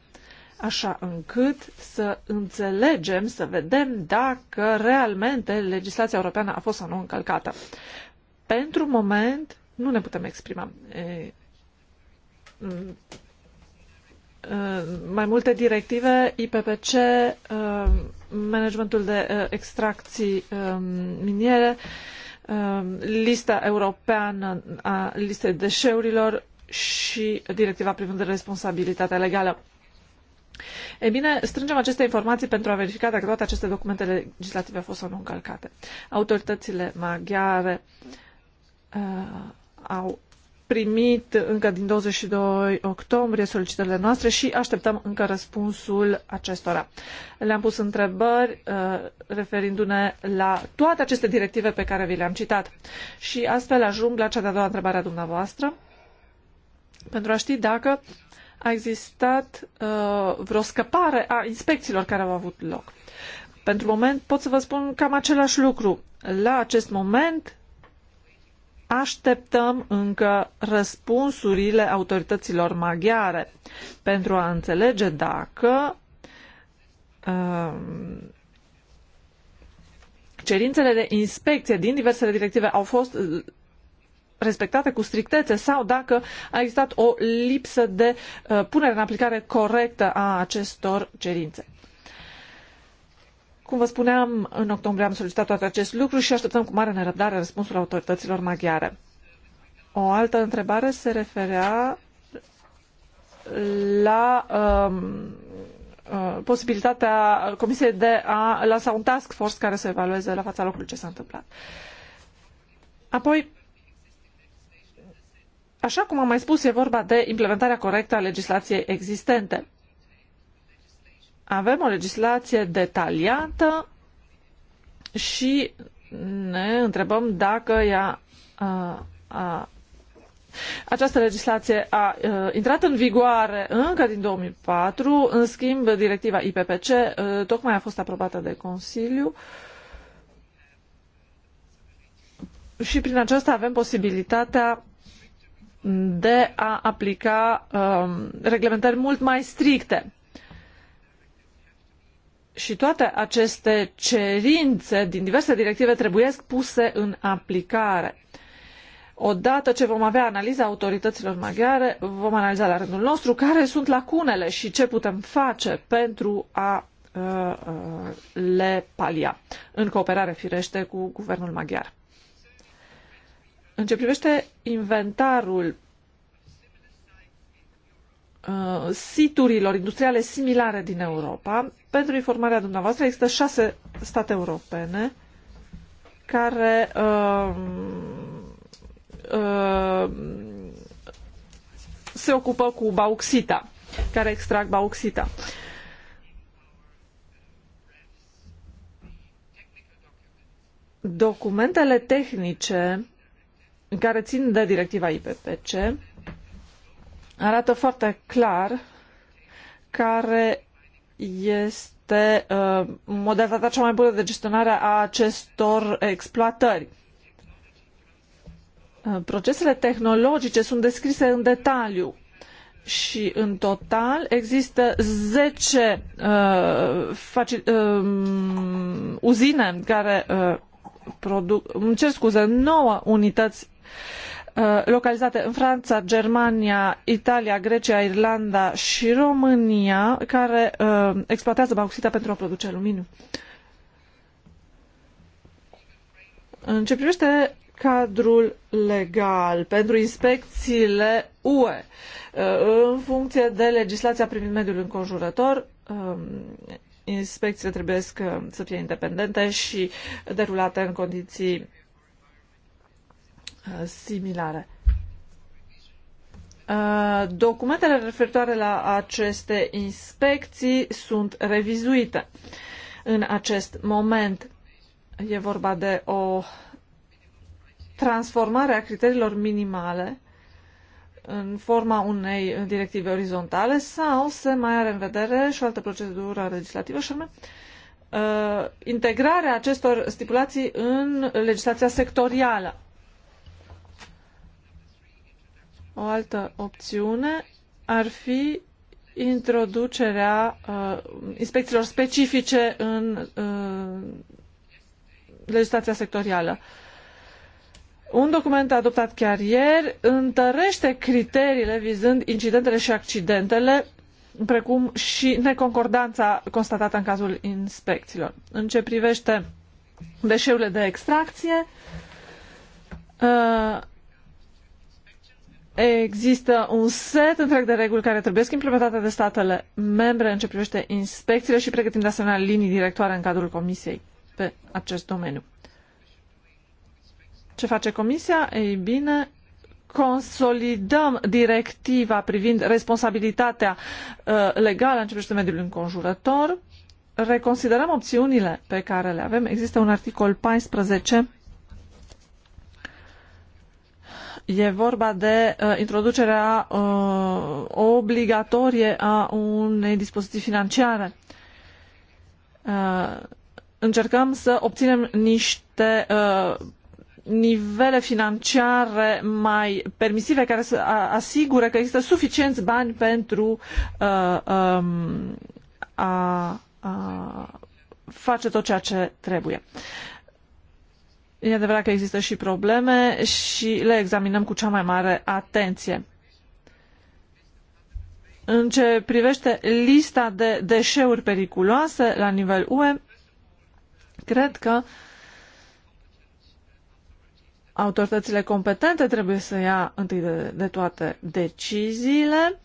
așa încât să înțelegem, să vedem dacă realmente legislația europeană a fost sau nu încălcată. Pentru moment nu ne putem exprima. E, mm, mai multe directive, IPPC, managementul de extracții miniere, Um, lista europeană a listei deșeurilor și directiva privind responsabilitatea legală. Ei bine, strângem aceste informații pentru a verifica dacă toate aceste documente legislative au fost sau nu încălcate. Autoritățile maghiare uh, au primit încă din 22 octombrie solicitările noastre și așteptăm încă răspunsul acestora. Le-am pus întrebări uh, referindu-ne la toate aceste directive pe care vi le-am citat. Și astfel ajung la cea de-a doua întrebare a dumneavoastră pentru a ști dacă a existat uh, vreo scăpare a inspecțiilor care au avut loc. Pentru moment pot să vă spun cam același lucru. La acest moment Așteptăm încă răspunsurile autorităților maghiare pentru a înțelege dacă um, cerințele de inspecție din diversele directive au fost uh, respectate cu strictețe sau dacă a existat o lipsă de uh, punere în aplicare corectă a acestor cerințe. Cum vă spuneam, în octombrie am solicitat toate acest lucru și așteptăm cu mare nerăbdare răspunsul autorităților maghiare. O altă întrebare se referea la um, uh, posibilitatea Comisiei de a lansa un task force care să evalueze la fața locului ce s-a întâmplat. Apoi, așa cum am mai spus, e vorba de implementarea corectă a legislației existente. Avem o legislație detaliată și ne întrebăm dacă ea a, a, această legislație a, a intrat în vigoare încă din 2004, în schimb directiva IPPC a, tocmai a fost aprobată de Consiliu și prin aceasta avem posibilitatea de a aplica a, um, reglementări mult mai stricte și toate aceste cerințe din diverse directive trebuie puse în aplicare. Odată ce vom avea analiza autorităților maghiare, vom analiza la rândul nostru care sunt lacunele și ce putem face pentru a uh, uh le palia, în cooperare firește cu guvernul maghiar. În ce privește inventarul uh, siturilor industriale similare din Europa. Pentru informarea dumneavoastră există șase state europene care uh, uh, se ocupă cu bauxita, care extrag bauxita. Documentele tehnice care țin de directiva IPPC arată foarte clar care este uh, modalitatea cea mai bună de gestionare a acestor exploatări. Uh, procesele tehnologice sunt descrise în detaliu și în total există zece uh, uh, uzine care uh, produc, îmi cer scuze, 9 unități Uh, localizate în Franța, Germania, Italia, Grecia, Irlanda și România, care uh, exploatează bauxita pentru a produce aluminiu. În ce privește cadrul legal pentru inspecțiile UE, uh, în funcție de legislația privind mediul înconjurător, um, inspecțiile trebuie să fie independente și derulate în condiții Uh, similare. Uh, documentele referitoare la aceste inspecții sunt revizuite în acest moment. E vorba de o transformare a criteriilor minimale în forma unei directive orizontale sau se mai are în vedere și o altă procedură legislativă și anume uh, integrarea acestor stipulații în legislația sectorială. O altă opțiune ar fi introducerea uh, inspecțiilor specifice în uh, legislația sectorială. Un document adoptat chiar ieri întărește criteriile vizând incidentele și accidentele, precum și neconcordanța constatată în cazul inspecțiilor. În ce privește deșeurile de extracție, uh, Există un set întreg de reguli care trebuie implementate de statele membre în ce privește inspecțiile și pregătim de asemenea linii directoare în cadrul Comisiei pe acest domeniu. Ce face Comisia? Ei bine, consolidăm directiva privind responsabilitatea uh, legală în ce privește mediul înconjurător, reconsiderăm opțiunile pe care le avem. Există un articol 14 E vorba de uh, introducerea uh, obligatorie a unei dispoziții financiare. Uh, încercăm să obținem niște uh, nivele financiare mai permisive care să asigure că există suficienți bani pentru uh, um, a, a face tot ceea ce trebuie. E adevărat că există și probleme și le examinăm cu cea mai mare atenție. În ce privește lista de deșeuri periculoase la nivel UE, cred că autoritățile competente trebuie să ia întâi de, de toate deciziile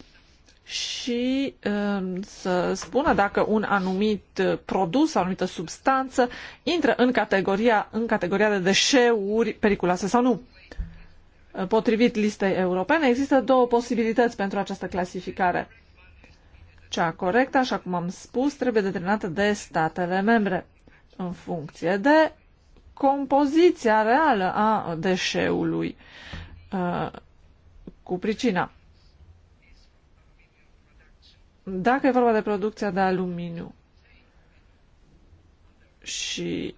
și um, să spună dacă un anumit uh, produs, o anumită substanță intră în categoria, în categoria de deșeuri periculoase sau nu. Uh, potrivit listei europene, există două posibilități pentru această clasificare. Cea corectă, așa cum am spus, trebuie determinată de statele membre în funcție de compoziția reală a deșeului uh, cu pricina dacă e vorba de producția de aluminiu și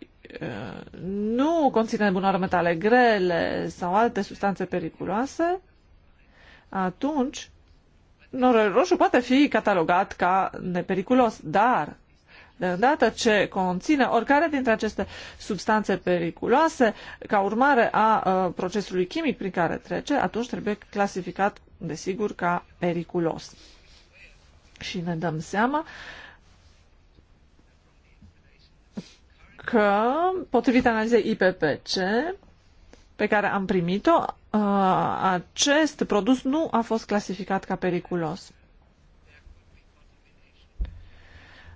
nu conține bunoare metale grele sau alte substanțe periculoase, atunci noroi roșu poate fi catalogat ca nepericulos, dar de îndată ce conține oricare dintre aceste substanțe periculoase, ca urmare a uh, procesului chimic prin care trece, atunci trebuie clasificat, desigur, ca periculos. Și ne dăm seama că, potrivit analizei IPPC pe care am primit-o, uh, acest produs nu a fost clasificat ca periculos.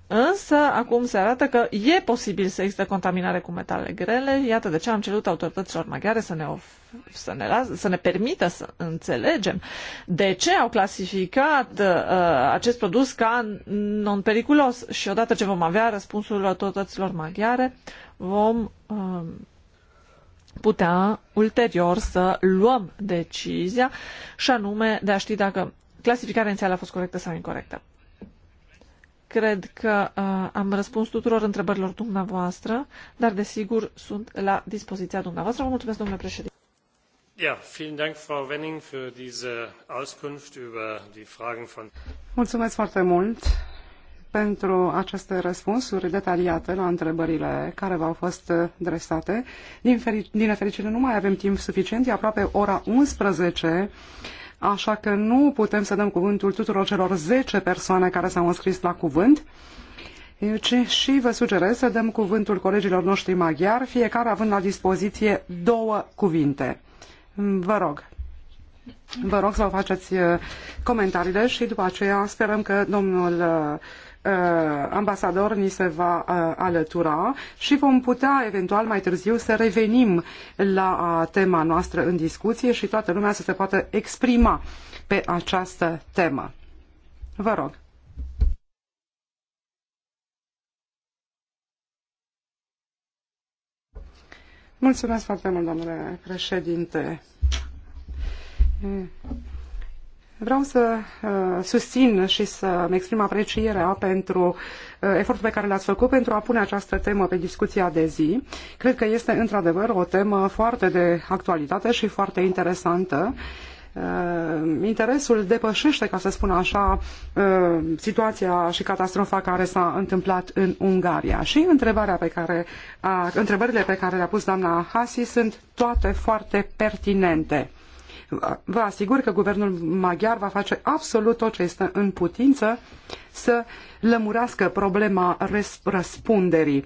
Însă, acum se arată că e posibil să existe contaminare cu metale grele. Iată de ce am cerut autorităților maghiare să ne, of- să ne, las- să ne permită să înțelegem de ce au clasificat uh, acest produs ca non-periculos. Și odată ce vom avea răspunsul autorităților maghiare, vom uh, putea ulterior să luăm decizia și anume de a ști dacă clasificarea inițială a fost corectă sau incorrectă. Cred că uh, am răspuns tuturor întrebărilor dumneavoastră, dar desigur sunt la dispoziția dumneavoastră. Vă mulțumesc, domnule președinte. Ja, vielen Dank, Frau Wenning, für diese Auskunft über die Fragen von... Mulțumesc foarte mult pentru aceste răspunsuri detaliate la întrebările care v-au fost adresate. Din, feric- din nefericire, nu mai avem timp suficient, e aproape ora 11 așa că nu putem să dăm cuvântul tuturor celor 10 persoane care s-au înscris la cuvânt, ci și vă sugerez să dăm cuvântul colegilor noștri maghiari, fiecare având la dispoziție două cuvinte. Vă rog, vă rog să vă faceți uh, comentariile și după aceea sperăm că domnul uh, Uh, ambasador ni se va uh, alătura și vom putea eventual mai târziu să revenim la uh, tema noastră în discuție și toată lumea să se poată exprima pe această temă. Vă rog. Mulțumesc foarte mult, domnule președinte. Vreau să uh, susțin și să-mi exprim aprecierea pentru uh, efortul pe care l-ați făcut pentru a pune această temă pe discuția de zi. Cred că este într-adevăr o temă foarte de actualitate și foarte interesantă. Uh, interesul depășește, ca să spun așa, uh, situația și catastrofa care s-a întâmplat în Ungaria. Și întrebarea pe care, uh, întrebările pe care le-a pus doamna Hasi sunt toate foarte pertinente. Uh, Vă asigur că guvernul maghiar va face absolut tot ce este în putință să lămurească problema răspunderii.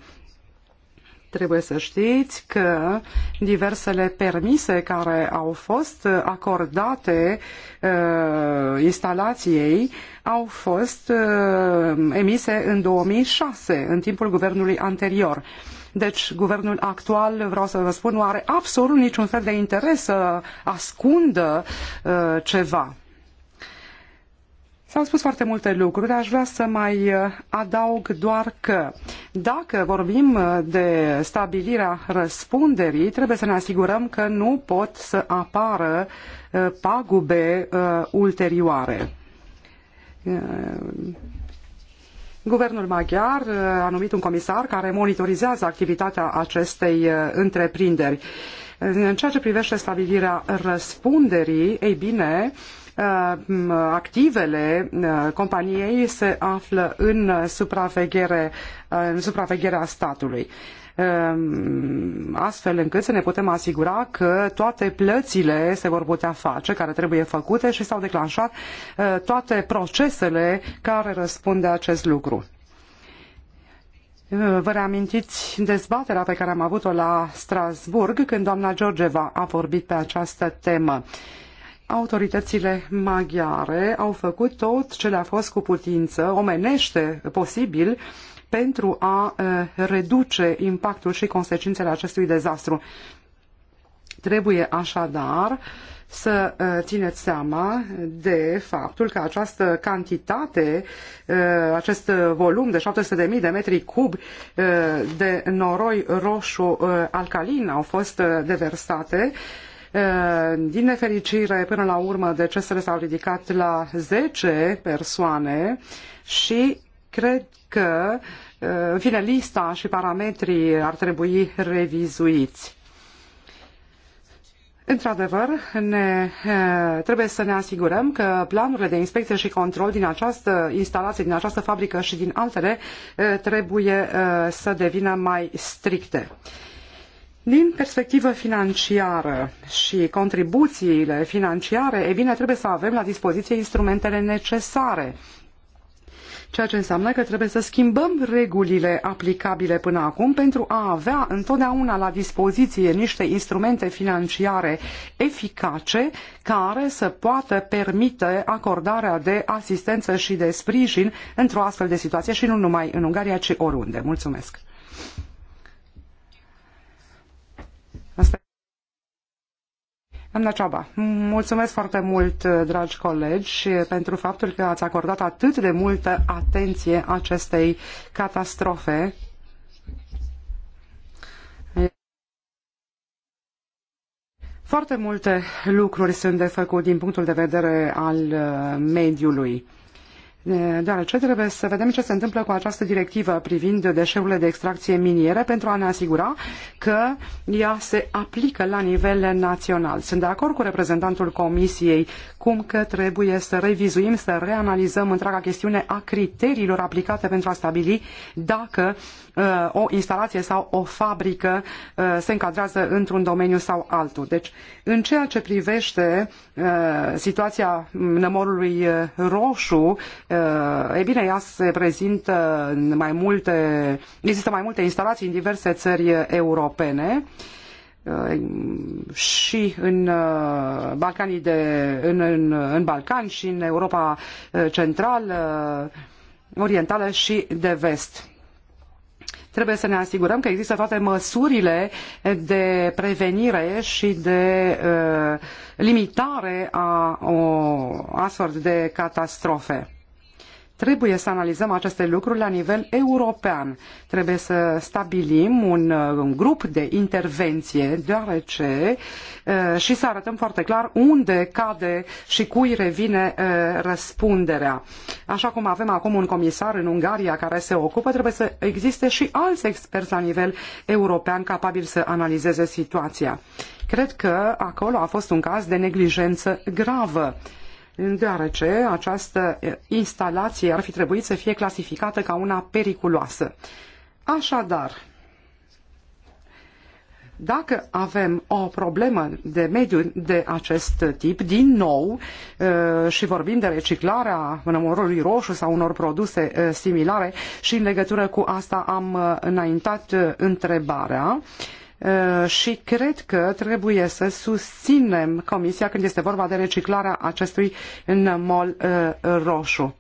Trebuie să știți că diversele permise care au fost acordate uh, instalației au fost uh, emise în 2006, în timpul guvernului anterior. Uh, deci, guvernul actual, vreau să vă spun, nu are absolut niciun fel de interes să ascundă uh, ceva. S-au spus foarte multe lucruri, aș vrea să mai uh, adaug doar că dacă vorbim uh, de stabilirea răspunderii, trebuie să ne asigurăm că nu pot să apară uh, pagube ulterioare. Guvernul maghiar uh, a numit un comisar care monitorizează activitatea acestei uh, întreprinderi. În ceea ce privește stabilirea răspunderii, ei bine, uh, activele companiei se află în supraveghere, în supravegherea statului. Ehm, astfel încât să ne putem asigura că toate plățile se vor putea face, care trebuie făcute și s-au declanșat eh, toate procesele care răspund de acest lucru. Eh, vă reamintiți dezbaterea pe care am avut-o la Strasburg când doamna Georgeva a vorbit pe această temă. Autoritățile maghiare au făcut tot ce le-a fost cu putință, omenește posibil, uh, pentru a reduce impactul și consecințele acestui dezastru. Trebuie așadar să țineți seama de faptul că această cantitate, acest volum de 700.000 de metri cub de noroi roșu alcalin au fost deversate din nefericire, până la urmă, decesele s-au ridicat la zece persoane și cred că, uh, în fine, lista și parametrii ar trebui revizuiți. Într-adevăr, ne, uh, trebuie să ne asigurăm că planurile de inspecție și control din această instalație, din această fabrică și din altele uh, trebuie să devină mai stricte. Din perspectivă financiară și contribuțiile financiare, e bine, trebuie să avem la dispoziție instrumentele necesare ceea ce înseamnă că trebuie să schimbăm regulile aplicabile până acum pentru a avea întotdeauna la dispoziție niște instrumente financiare eficace care să poată permite acordarea de asistență și de sprijin într-o astfel de situație și nu numai în Ungaria, ci oriunde. Mulțumesc! Doamna Ceaba, mulțumesc foarte mult, eh, dragi colegi, pentru faptul că ați acordat atât de multă atenție acestei catastrofe. Foarte multe lucruri sunt de făcut din punctul de vedere al eh, mediului deoarece trebuie să vedem ce se întâmplă cu această directivă privind deșeurile de extracție miniere pentru a ne asigura că ea se aplică la nivel național. Sunt de acord cu reprezentantul Comisiei cum că trebuie să revizuim, să reanalizăm întreaga chestiune a criteriilor aplicate pentru a stabili dacă uh, o instalație sau o fabrică uh, se încadrează într-un domeniu sau altul. Deci, în ceea ce privește uh, situația nămorului uh, roșu, uh, Uh, e bine, ea se prezintă mai multe, există mai multe instalații în diverse țări europene uh, și în uh, Balcanii de, în, în, în Balcani și în Europa Centrală, Orientală și de Vest trebuie să ne asigurăm că există toate măsurile de prevenire și de uh, limitare a o astfel de catastrofe. Trebuie să analizăm aceste lucruri la nivel european. Trebuie să stabilim un, uh, un grup de intervenție, deoarece uh, și să arătăm foarte clar unde cade și cui revine uh, răspunderea. Așa cum avem acum un comisar în Ungaria care se ocupă, trebuie să existe și alți experți la nivel european capabili să analizeze situația. Cred că acolo a fost un caz de neglijență gravă deoarece această instalație ar fi trebuit să fie clasificată ca una periculoasă. Așadar, dacă avem o problemă de mediu de acest tip, din nou, și vorbim de reciclarea mănămorului roșu sau unor produse similare și în legătură cu asta am înaintat întrebarea, Uh, și cred că trebuie să susținem Comisia când este vorba de reciclarea acestui nămol uh, roșu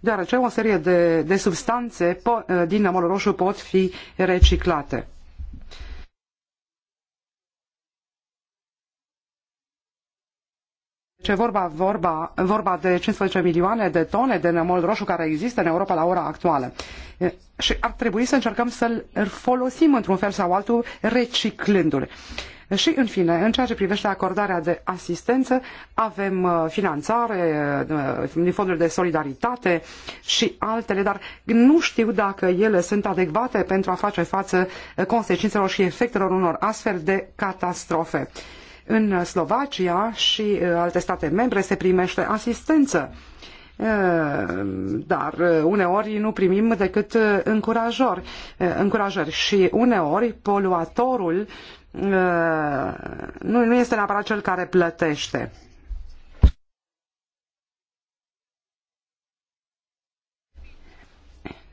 deoarece o serie de, de substanțe po, uh, din nămolul roșu pot fi reciclate. ce vorba, vorba, vorba de 15 milioane de tone de nemol roșu care există în Europa la ora actuală. Și ar trebui să încercăm să-l folosim într-un fel sau altul, reciclându-l. Și, în fine, în ceea ce privește acordarea de asistență, avem uh, finanțare uh, din fonduri de solidaritate și altele, dar nu știu dacă ele sunt adecvate pentru a face față uh, consecințelor și efectelor unor astfel de catastrofe. În Slovacia și uh, alte state membre se primește asistență uh, dar uh, uneori nu primim decât încurajări, încurajări și uneori poluatorul nu, nu este neapărat cel care plătește.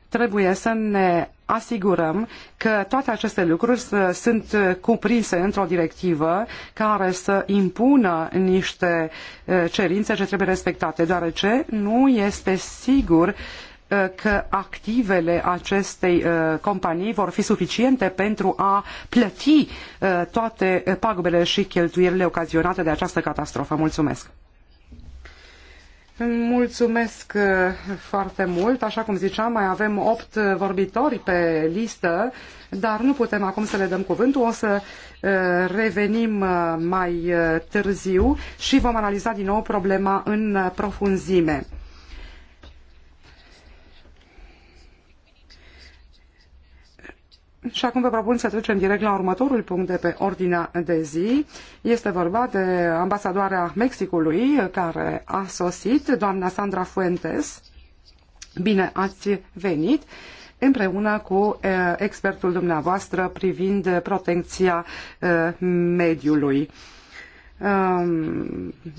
Trebuie să ne asigurăm că toate aceste lucruri sunt uh, cuprinse într-o directivă care să impună niște uh, cerințe ce trebuie respectate, deoarece nu este sigur uh, că activele acestei companii vor fi suficiente pentru a plăti toate pagubele și cheltuielile ocazionate de această catastrofă. Mulțumesc! Mulțumesc uh, foarte mult. Așa cum ziceam, mai avem opt vorbitori pe listă, dar nu putem acum să le dăm cuvântul. O să uh, revenim uh, mai târziu și vom analiza din nou problema în profunzime. Și acum vă propun să trecem direct la următorul punct de pe ordinea de zi. Este vorba de ambasadoarea Mexicului care a sosit, doamna Sandra Fuentes. Bine ați venit! împreună cu eh, expertul dumneavoastră privind protecția eh, mediului.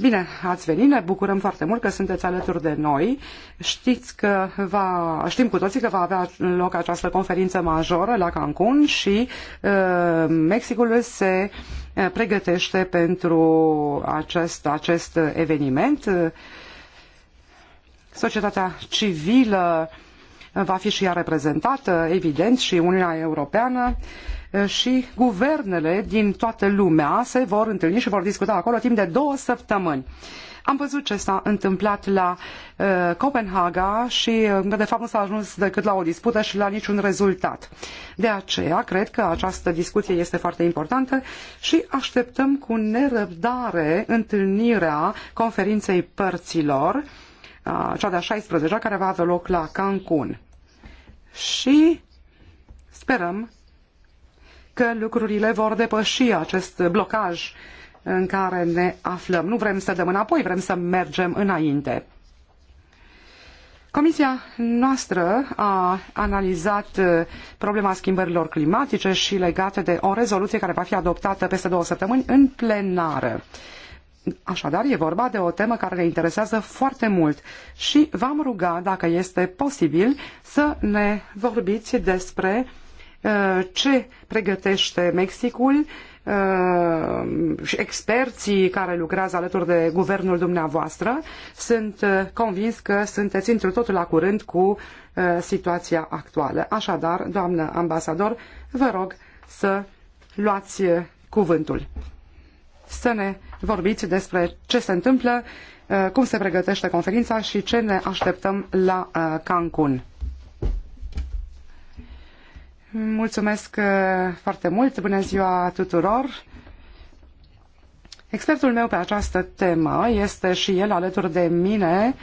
Bine, ați venit, ne bucurăm foarte mult că sunteți alături de noi. Știți că va, știm cu toții că va avea loc această conferință majoră la Cancun și uh, Mexicul se uh, pregătește pentru acest, acest eveniment. Uh, societatea civilă va fi și ea reprezentată, evident, și Uniunea Europeană. Uh, și guvernele din toată lumea se vor întâlni și vor discuta acolo timp de două săptămâni. Am văzut ce s-a întâmplat la uh, Copenhaga și, uh, de fapt, nu s-a ajuns decât la o dispută și la niciun rezultat. De aceea, cred că această discuție este foarte importantă și așteptăm cu nerăbdare întâlnirea conferinței părților, uh, cea de-a 16-a, care va avea loc la Cancun. Și sperăm că lucrurile vor depăși acest blocaj în care ne aflăm. Nu vrem să dăm înapoi, vrem să mergem înainte. Comisia noastră a analizat problema schimbărilor climatice și legate de o rezoluție care va fi adoptată peste două săptămâni în plenară. Așadar, e vorba de o temă care ne interesează foarte mult și v-am ruga, dacă este posibil, să ne vorbiți despre uh, Uh, ce pregătește Mexicul, uh, și experții care lucrează alături de guvernul dumneavoastră. Sunt uh, convins că sunteți într totul la curând cu situația actuală. Așadar, doamnă ambasador, vă rog să luați cuvântul. Să ne vorbiți despre ce se întâmplă, cum se pregătește conferința și ce ne așteptăm la Cancun. Mulțumesc uh, foarte mult. Bună ziua tuturor. Expertul meu pe această temă este și el alături de mine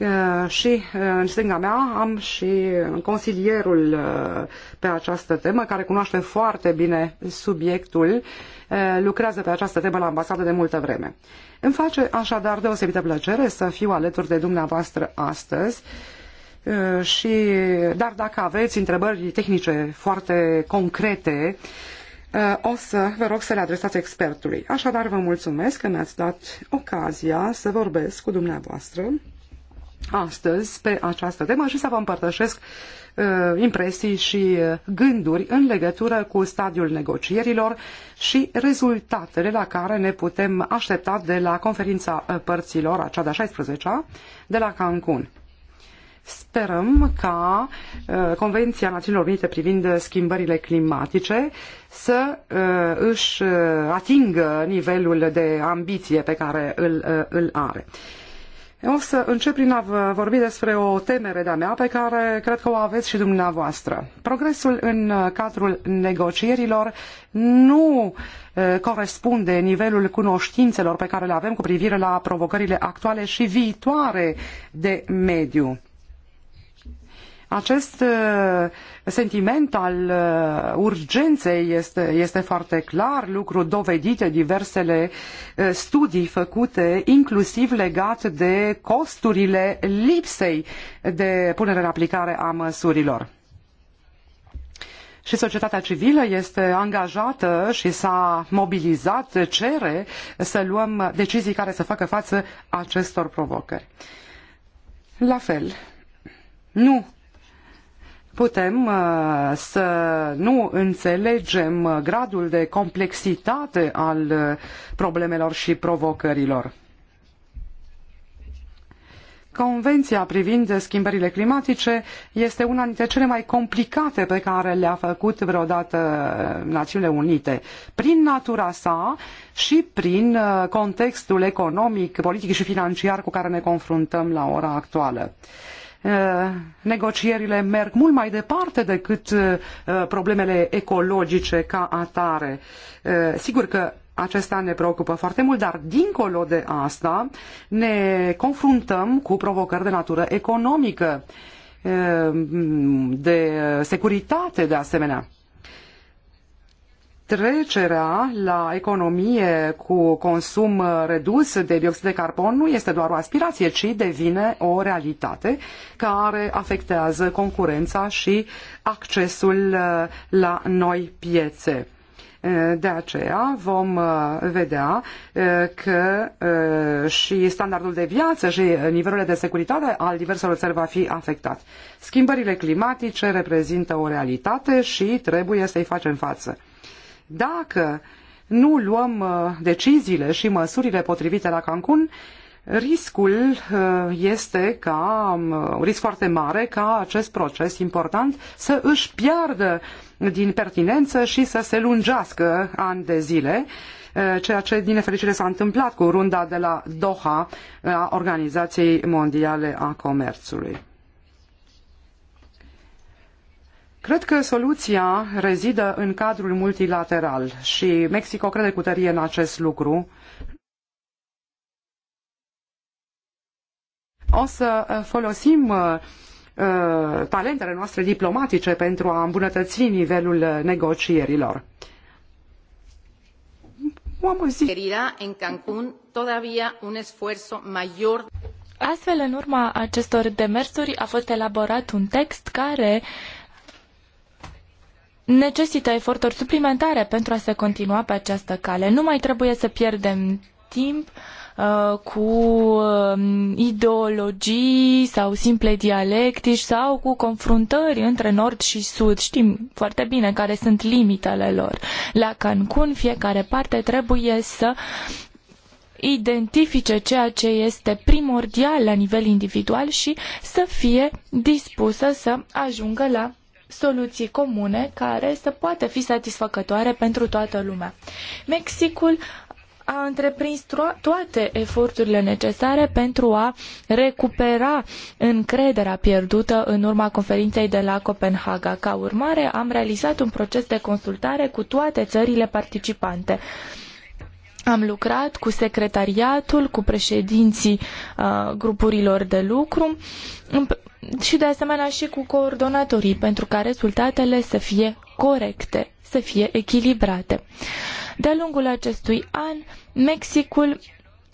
uh, și uh, în stânga mea am și consilierul pe această temă, care cunoaște foarte bine subiectul, lucrează pe această temă la ambasadă de multă vreme. Îmi face așadar deosebită plăcere să fiu alături de dumneavoastră astăzi Uh, și, dar dacă aveți întrebări tehnice foarte concrete, uh, o să vă rog să le adresați expertului. Așadar, vă mulțumesc că mi-ați dat ocazia să vorbesc cu dumneavoastră astăzi pe această temă și să vă împărtășesc uh, impresii și gânduri în legătură cu stadiul negocierilor și rezultatele la care ne putem aștepta de la conferința părților, acea de-a 16-a, de la Cancun. Sperăm ca uh, Convenția Națiunilor Unite privind schimbările climatice să uh, își uh, atingă nivelul de ambiție pe care îl, îl are. o să încep prin a vorbi despre o temere de-a mea pe care cred că o aveți și dumneavoastră. Progresul în cadrul negocierilor nu corespunde nivelul cunoștințelor pe care le avem cu privire la provocările actuale și viitoare de mediu. Acest uh, sentiment al uh, urgenței este, este foarte clar, lucru dovedit de diversele uh, studii făcute, inclusiv legat de costurile lipsei de punere în aplicare a măsurilor și societatea civilă este angajată și s-a mobilizat, cere să luăm decizii care să facă față acestor provocări. La fel, nu putem uh, să nu înțelegem uh, gradul de complexitate al uh, problemelor și provocărilor. Convenția privind schimbările climatice este una dintre cele mai complicate pe care le-a făcut vreodată Națiunile Unite, prin natura sa și prin contextul economic, politic și financiar cu care ne confruntăm la ora actuală. Uh, negocierile merg mult mai departe decât uh, problemele ecologice ca atare. Uh, sigur că acesta ne preocupă foarte mult, dar dincolo de asta ne confruntăm cu provocări de natură economică, de securitate de asemenea trecerea la economie cu consum redus de dioxid de carbon nu este doar o aspirație, ci devine o realitate care afectează concurența și accesul uh, la noi piețe. Uh, de aceea vom uh, vedea că și standardul de viață și nivelurile de securitate al diverselor țări va fi afectat. Schimbările climatice reprezintă o realitate și trebuie să-i facem față dacă nu luăm uh, deciziile și măsurile potrivite la Cancun, riscul uh, este ca, um, un risc foarte mare ca acest proces important să își piardă din pertinență și să se lungească ani de zile, uh, ceea ce din nefericire s-a întâmplat cu runda de la Doha a Organizației Mondiale a Comerțului. Cred că soluția rezidă în cadrul multilateral și Mexico crede cu tărie în acest lucru. O să uh, folosim uh, uh, talentele noastre diplomatice pentru a îmbunătăți nivelul negocierilor. Querida en Cancún todavía un esfuerzo mayor. Astfel, în urma acestor demersuri, a fost elaborat un text care necesită eforturi suplimentare pentru a se continua pe această cale. Nu mai trebuie să pierdem timp uh, cu um, ideologii sau simple dialectici sau cu confruntări între nord și sud. Știm foarte bine care sunt limitele lor. La Cancun fiecare parte trebuie să identifice ceea ce este primordial la nivel individual și să fie dispusă să ajungă la soluții comune care să poată fi satisfăcătoare pentru toată lumea. Mexicul a întreprins toate eforturile necesare pentru a recupera încrederea pierdută în urma conferinței de la Copenhaga. Ca urmare, am realizat un proces de consultare cu toate țările participante. Am lucrat cu secretariatul, cu președinții uh, grupurilor de lucru și de asemenea și cu coordonatorii pentru ca rezultatele să fie corecte, să fie echilibrate. De-a lungul acestui an, Mexicul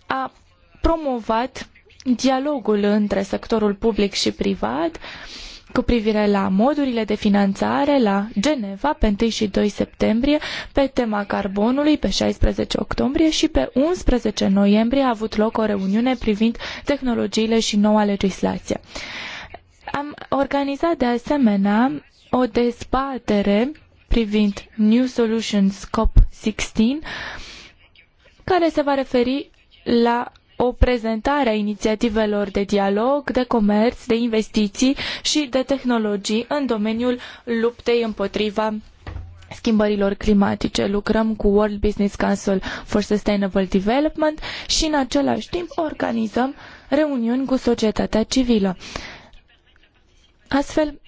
a promovat dialogul între sectorul public și privat uh, cu privire la modurile de finanțare la Geneva pe 1 și 2 septembrie pe tema carbonului pe 16 octombrie și pe 11 noiembrie a avut loc o reuniune privind tehnologiile și noua legislație. Am organizat de asemenea o dezbatere privind New Solutions COP16 care se va referi la o prezentare a inițiativelor de dialog, de comerț, de investiții și de tehnologii în domeniul luptei împotriva schimbărilor climatice. Lucrăm cu World Business Council for Sustainable Development și în același timp organizăm reuniuni cu societatea civilă. Astfel,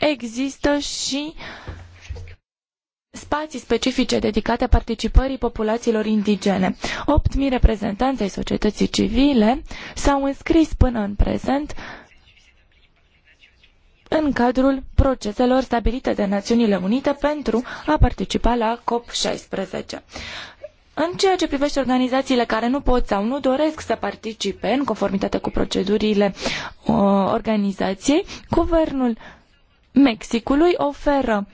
există și spaii specifice dedicate participării populațiilor indigene. 8.000 reprezentanți ai societății civile s-au înscris până în prezent în cadrul proceselor stabilite de Națiunile Unite pentru a participa la COP16. În ceea ce privește organizațiile care nu pot sau nu doresc să participe în conformitate cu procedurile uh, organizației, guvernul Mexicului oferă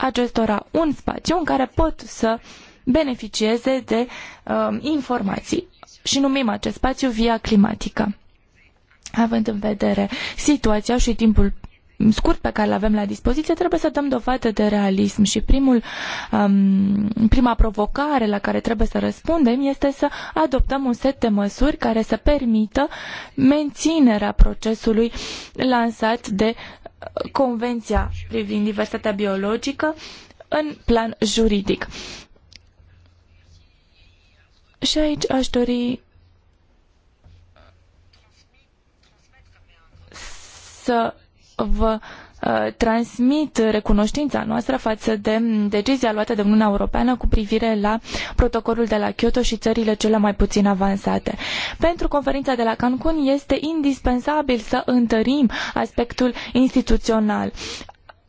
acestora un spațiu în care pot să beneficieze de uh, informații și numim acest spațiu via climatică. Având în vedere situația și timpul scurt pe care îl avem la dispoziție, trebuie să dăm dovadă de realism și primul, um, prima provocare la care trebuie să răspundem este să adoptăm un set de măsuri care să permită menținerea procesului lansat de Convenția privind diversitatea biologică în plan juridic. Și aici aș dori să vă Uh, transmit recunoștința noastră față de decizia luată de Uniunea Europeană cu privire la protocolul de la Kyoto și țările cele mai puțin avansate. Pentru conferința de la Cancun este indispensabil să întărim aspectul instituțional,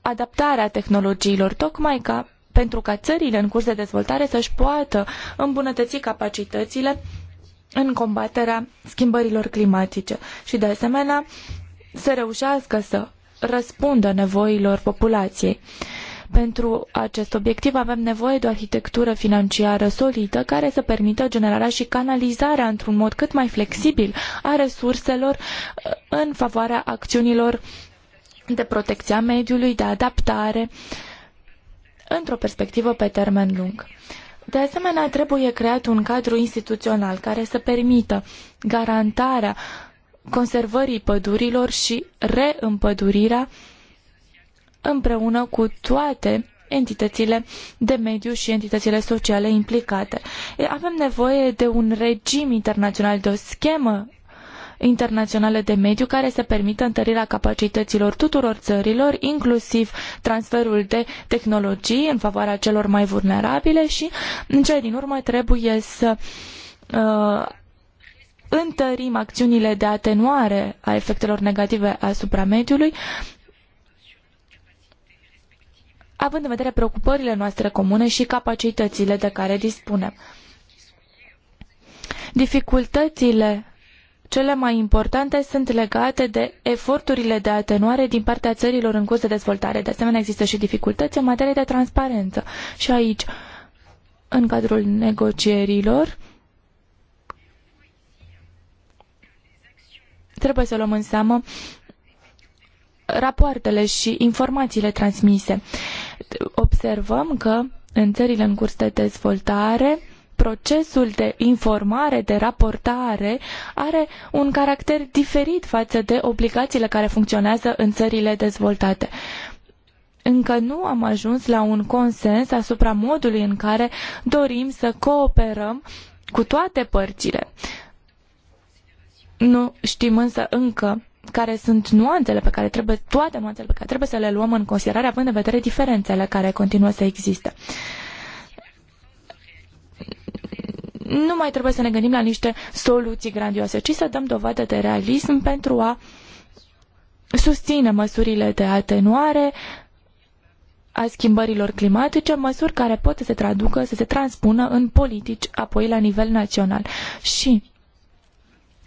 adaptarea tehnologiilor, tocmai ca pentru ca țările în curs de dezvoltare să-și poată îmbunătăți capacitățile în combaterea schimbărilor climatice și, de asemenea, să reușească să răspundă nevoilor populației. Pentru acest obiectiv avem nevoie de o arhitectură financiară solidă care să permită generarea și canalizarea într-un mod cât mai flexibil a resurselor uh, în favoarea acțiunilor de protecție a mediului, de adaptare, într-o perspectivă pe termen lung. De asemenea, trebuie creat un cadru instituțional care să permită garantarea conservării pădurilor și reîmpădurirea împreună cu toate entitățile de mediu și entitățile sociale implicate. Avem nevoie de un regim internațional, de o schemă internațională de mediu care să permită întărirea capacităților tuturor țărilor, inclusiv transferul de tehnologii în favoarea celor mai vulnerabile și, în cele din urmă, trebuie să uh, întărim acțiunile de atenuare a efectelor negative asupra mediului, având în vedere preocupările noastre comune și capacitățile de care dispunem. Dificultățile cele mai importante sunt legate de eforturile de atenuare din partea țărilor în curs de dezvoltare. De asemenea, există și dificultăți în materie de transparență. Și aici, în cadrul negocierilor, trebuie să luăm în seamă rapoartele și informațiile transmise. Observăm că în țările în curs de dezvoltare, procesul de informare, de raportare, are un caracter diferit față de obligațiile care funcționează în țările dezvoltate. Încă nu am ajuns la un consens asupra modului în care dorim să cooperăm cu toate părțile nu știm însă încă care sunt nuanțele pe care trebuie, toate nuanțele pe care trebuie să le luăm în considerare, având în vedere diferențele care continuă să existe. Nu mai trebuie să ne gândim la niște soluții grandioase, ci să dăm dovadă de realism pentru a susține măsurile de atenuare a schimbărilor climatice, măsuri care pot să se traducă, să se transpună în politici apoi la nivel național. Și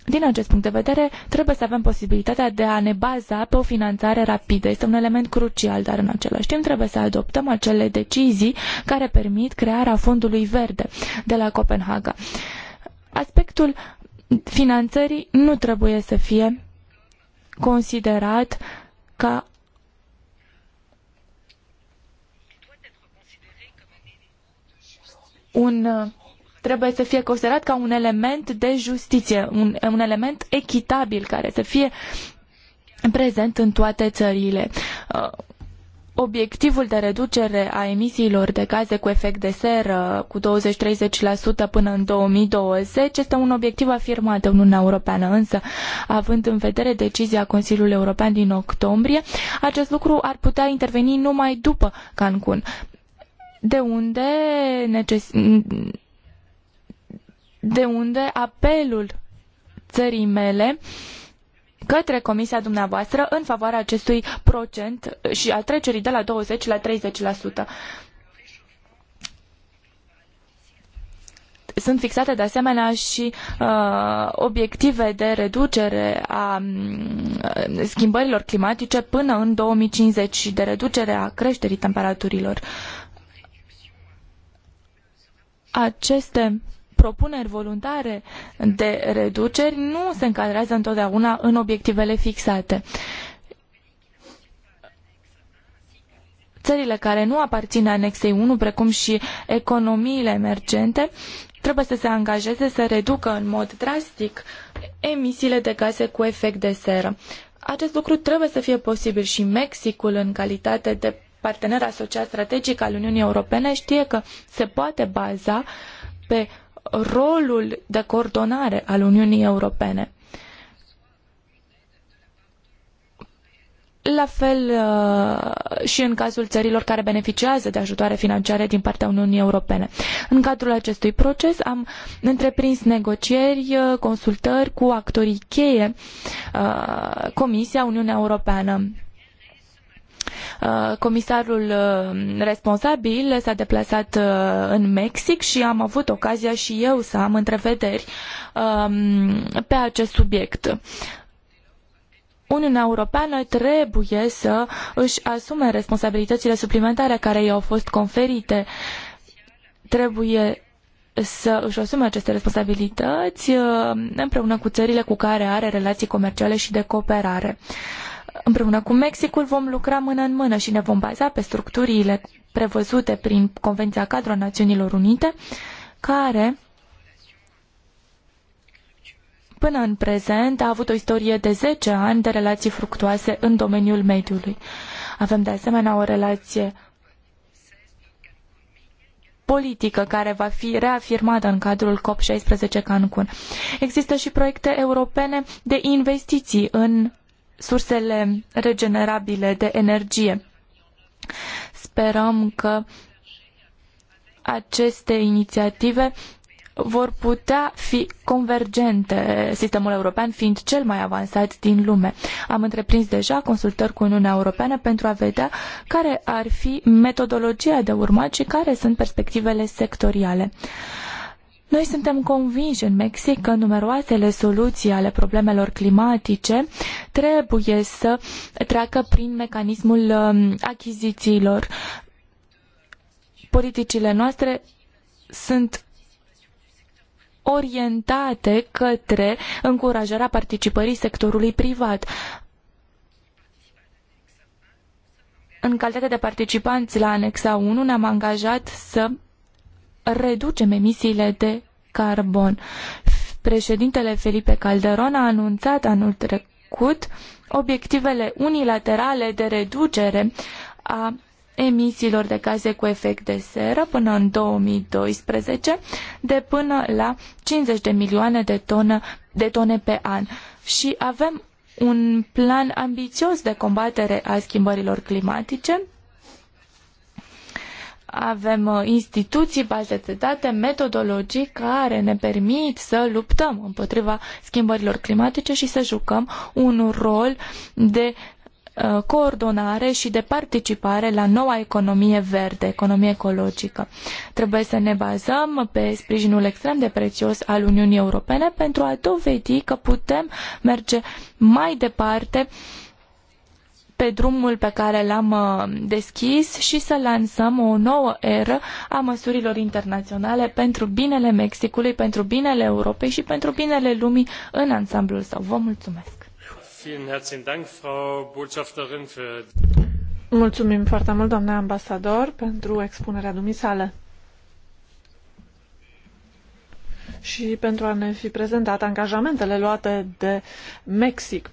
din acest punct de vedere, trebuie să avem posibilitatea de a ne baza pe o finanțare rapidă. Este un element crucial, dar în același timp trebuie să adoptăm acele decizii care permit crearea fondului verde de la Copenhaga. Aspectul finanțării nu trebuie să fie considerat ca un trebuie să fie considerat ca un element de justiție, un, un element echitabil care să fie prezent în toate țările. Uh, obiectivul de reducere a emisiilor de gaze cu efect de seră cu 20-30% până în 2020 este un obiectiv afirmat de Uniunea Europeană, însă, având în vedere decizia Consiliului European din octombrie, acest lucru ar putea interveni numai după Cancun, de unde de unde apelul țării mele către comisia dumneavoastră în favoarea acestui procent și a trecerii de la 20 la 30%. Sunt fixate de asemenea și uh, obiective de reducere a uh, schimbărilor climatice până în 2050 și de reducere a creșterii temperaturilor. Aceste propuneri voluntare de reduceri nu se încadrează întotdeauna în obiectivele fixate. Țările care nu aparțin anexei 1, precum și economiile emergente, trebuie să se angajeze să reducă în mod drastic emisiile de gaze cu efect de seră. Acest lucru trebuie să fie posibil și Mexicul, în calitate de partener asociat strategic al Uniunii Europene, știe că se poate baza pe rolul de coordonare al Uniunii Europene. La fel uh, și în cazul țărilor care beneficiază de ajutoare financiare din partea Uniunii Europene. În cadrul acestui proces am întreprins negocieri, uh, consultări cu actorii cheie, uh, Comisia, Uniunea Europeană. Uh, comisarul uh, responsabil s-a deplasat uh, în Mexic și am avut ocazia și eu să am întrevederi um, pe acest subiect. Uniunea Europeană trebuie să își asume responsabilitățile suplimentare care i-au fost conferite. Trebuie să își asume aceste responsabilități împreună cu țările cu care are relații comerciale și de cooperare. Uh, Împreună cu Mexicul vom lucra mână în mână și ne vom baza pe structurile prevăzute prin Convenția Cadru a Națiunilor Unite, care până în prezent a avut o istorie de 10 ani de relații fructuoase în domeniul mediului. Avem de asemenea o relație politică care va fi reafirmată în cadrul COP16 Cancun. Există și proiecte europene de investiții în sursele regenerabile de energie. Sperăm că aceste inițiative vor putea fi convergente, sistemul european fiind cel mai avansat din lume. Am întreprins deja consultări cu Uniunea Europeană pentru a vedea care ar fi metodologia de urmat și care sunt perspectivele sectoriale. Noi suntem convinși în Mexic că numeroasele soluții ale problemelor climatice trebuie să treacă prin mecanismul um, achizițiilor. Politicile noastre sunt orientate către încurajarea participării sectorului privat. În calitate de participanți la Anexa 1 ne-am angajat să reducem emisiile de carbon. Președintele Felipe Calderon a anunțat anul trecut obiectivele unilaterale de reducere a emisiilor de gaze cu efect de seră până în 2012 de până la 50 de milioane de, tonă, de tone pe an. Și avem un plan ambițios de combatere a schimbărilor climatice avem uh, instituții, baze de date, metodologii care ne permit să luptăm împotriva schimbărilor climatice și să jucăm un rol de uh, coordonare și de participare la noua economie verde, economie ecologică. Trebuie să ne bazăm pe sprijinul extrem de prețios al Uniunii Europene pentru a dovedi că putem merge mai departe uh, pe drumul pe care l-am uh, deschis și să lansăm o nouă eră a măsurilor internaționale pentru binele Mexicului, pentru binele Europei și pentru binele lumii în ansamblul său. Vă mulțumesc! Mulțumim foarte mult, doamna ambasador, pentru expunerea dumisale. și pentru a ne fi prezentat angajamentele luate de Mexic,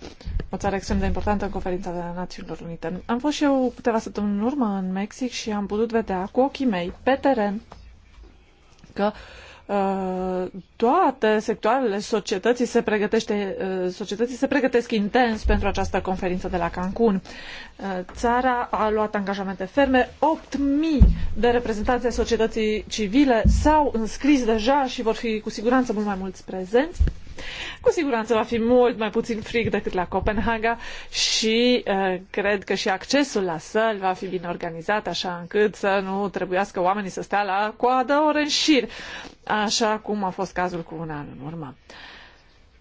o țară extrem de importantă în conferința de Națiunilor Unite. Am fost și eu câteva săptămâni în urmă în Mexic și am putut vedea cu ochii mei, pe teren, că uh, Uh, toate sectoarele societății se, pregătește, uh, societății se pregătesc intens pentru această conferință de la Cancun. Uh, țara a luat angajamente ferme, 8.000 de reprezentanți ai societății civile s-au înscris deja și vor fi cu siguranță mult mai mulți prezenți. Cu siguranță va fi mult mai puțin frig decât la Copenhaga și uh, cred că și accesul la săl va fi bine organizat așa încât să nu trebuiască oamenii să stea la coadă ore în șir, așa cum a fost cazul cu un an în urmă.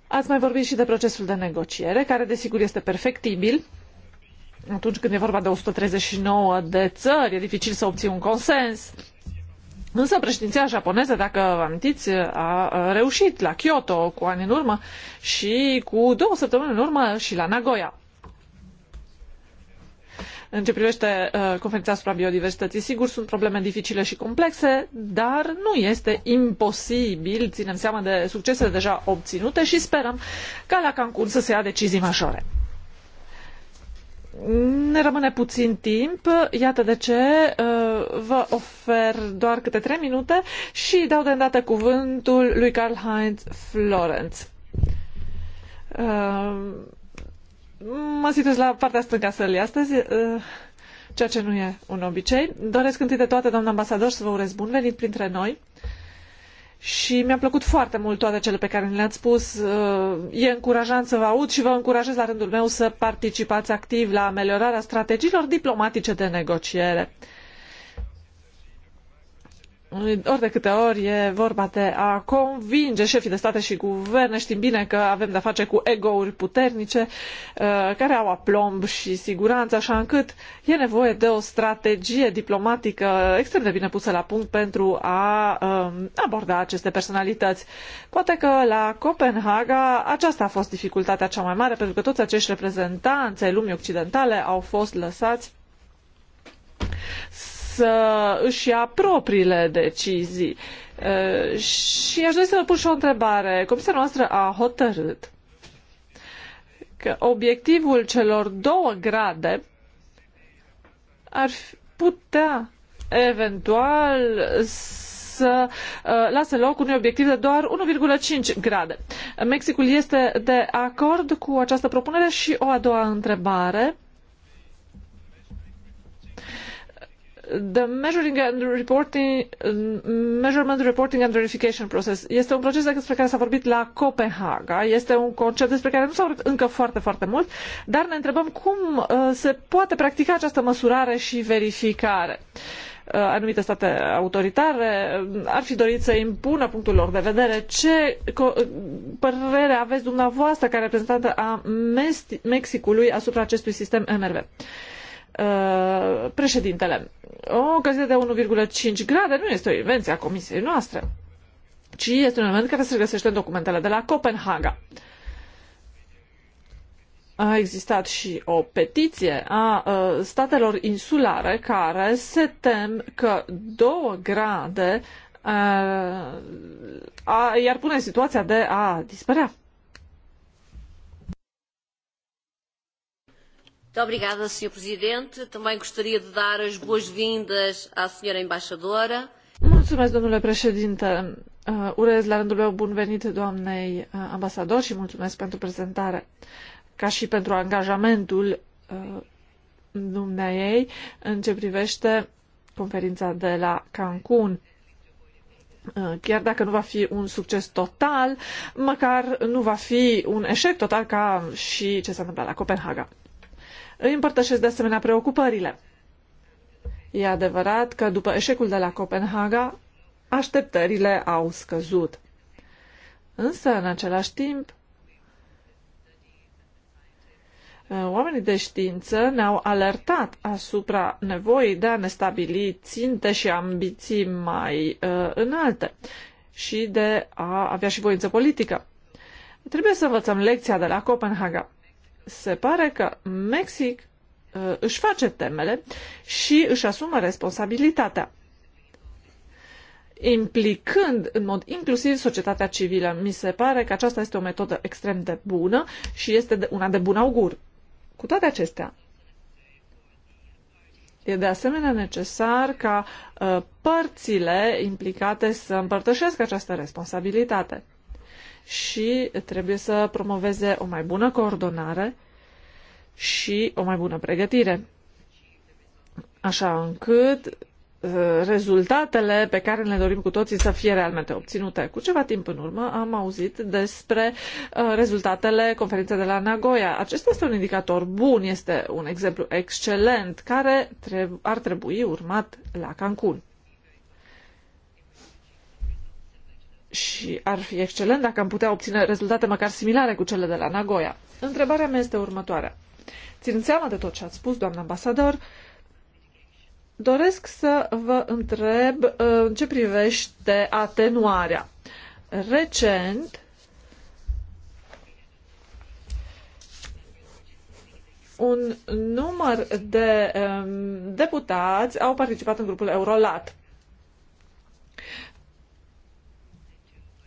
Ați mai vorbit și de procesul de negociere, care desigur este perfectibil, atunci când e vorba de 139 de țări, e dificil să obții un consens. Însă președinția japoneză, dacă vă amintiți, a reușit la Kyoto cu ani în urmă și cu două săptămâni în urmă și la Nagoya. În ce privește uh, conferința asupra biodiversității, sigur, sunt probleme dificile și complexe, dar nu este imposibil, ținem seama de succesele deja obținute și sperăm ca la Cancun să se ia decizii majore ne rămâne puțin timp, iată de ce uh, vă ofer doar câte trei minute și dau de îndată cuvântul lui Karl-Heinz Florenz. Uh, mă situez la partea stângă a sălii astăzi, uh, ceea ce nu e un obicei. Doresc întâi de toate, doamna ambasador, să vă urez bun venit printre noi și mi-a plăcut foarte mult toate cele pe care le-ați spus. Uh, e încurajant să vă aud și vă încurajez la rândul meu să participați activ la ameliorarea strategiilor diplomatice de negociere ori de câte ori e vorba de a convinge șefii de state și guverne, știm bine că avem de-a face cu egouri puternice uh, care au aplomb și siguranță, așa încât e nevoie de o strategie diplomatică extrem de bine pusă la punct pentru a um, aborda aceste personalități. Poate că la Copenhaga aceasta a fost dificultatea cea mai mare, pentru că toți acești reprezentanți ai lumii occidentale au fost lăsați să își ia propriile decizii. Uh, și aș dori să vă pun și o întrebare. Comisia noastră a hotărât că obiectivul celor două grade ar putea eventual să uh, lase loc unui obiectiv de doar 1,5 grade. Mexicul este de acord cu această propunere și o a doua întrebare The measuring and reporting, measurement, reporting and verification process este un proces despre care s-a vorbit la Copenhaga, este un concept despre care nu s-a vorbit încă foarte, foarte mult, dar ne întrebăm cum uh, se poate practica această măsurare și verificare. Uh, anumite state autoritare ar fi dorit să impună punctul lor de vedere. Ce uh, părere aveți dumneavoastră ca reprezentantă a Mexicului asupra acestui sistem MRV? Uh, președintele. O creștere de 1,5 grade nu este o invenție a comisiei noastre, ci este un element care se regăsește în documentele de la Copenhaga. A existat și o petiție a uh, statelor insulare care se tem că 2 grade uh, a, i-ar pune situația de a dispărea. Muito obrigada, Sr. Presidente. Também gostaria de dar as boas-vindas à Sra. Embaixadora. Mulțumesc, domnule președinte. Uh, urez la rândul meu bun venit doamnei uh, ambasador și mulțumesc pentru prezentare, ca și pentru angajamentul uh, dumneiei în ce privește conferința de la Cancun. Chiar dacă nu va fi un succes total, măcar nu va fi un eșec total ca și ce s-a întâmplat la Copenhaga. Îi împărtășesc de asemenea preocupările. E adevărat că după eșecul de la Copenhaga, așteptările au scăzut. Însă, în același timp, Oamenii de știință ne-au alertat asupra nevoii de a ne stabili ținte și ambiții mai uh, înalte și de a avea și voință politică. Trebuie să învățăm lecția de la Copenhaga se pare că Mexic uh, își face temele și își asumă responsabilitatea, implicând în mod inclusiv societatea civilă. Mi se pare că aceasta este o metodă extrem de bună și este una de bun augur. Cu toate acestea, E de asemenea necesar ca uh, părțile implicate să împărtășească această responsabilitate și trebuie să promoveze o mai bună coordonare și o mai bună pregătire, așa încât uh, rezultatele pe care le dorim cu toții să fie realmente obținute. Cu ceva timp în urmă am auzit despre uh, rezultatele conferinței de la Nagoya. Acesta este un indicator bun, este un exemplu excelent care ar trebui urmat la Cancun. și ar fi excelent dacă am putea obține rezultate măcar similare cu cele de la Nagoya. Întrebarea mea este următoarea. Ținând seama de tot ce ați spus, doamnă ambasador, doresc să vă întreb uh, în ce privește atenuarea. Recent, un număr de um, deputați au participat în grupul Eurolat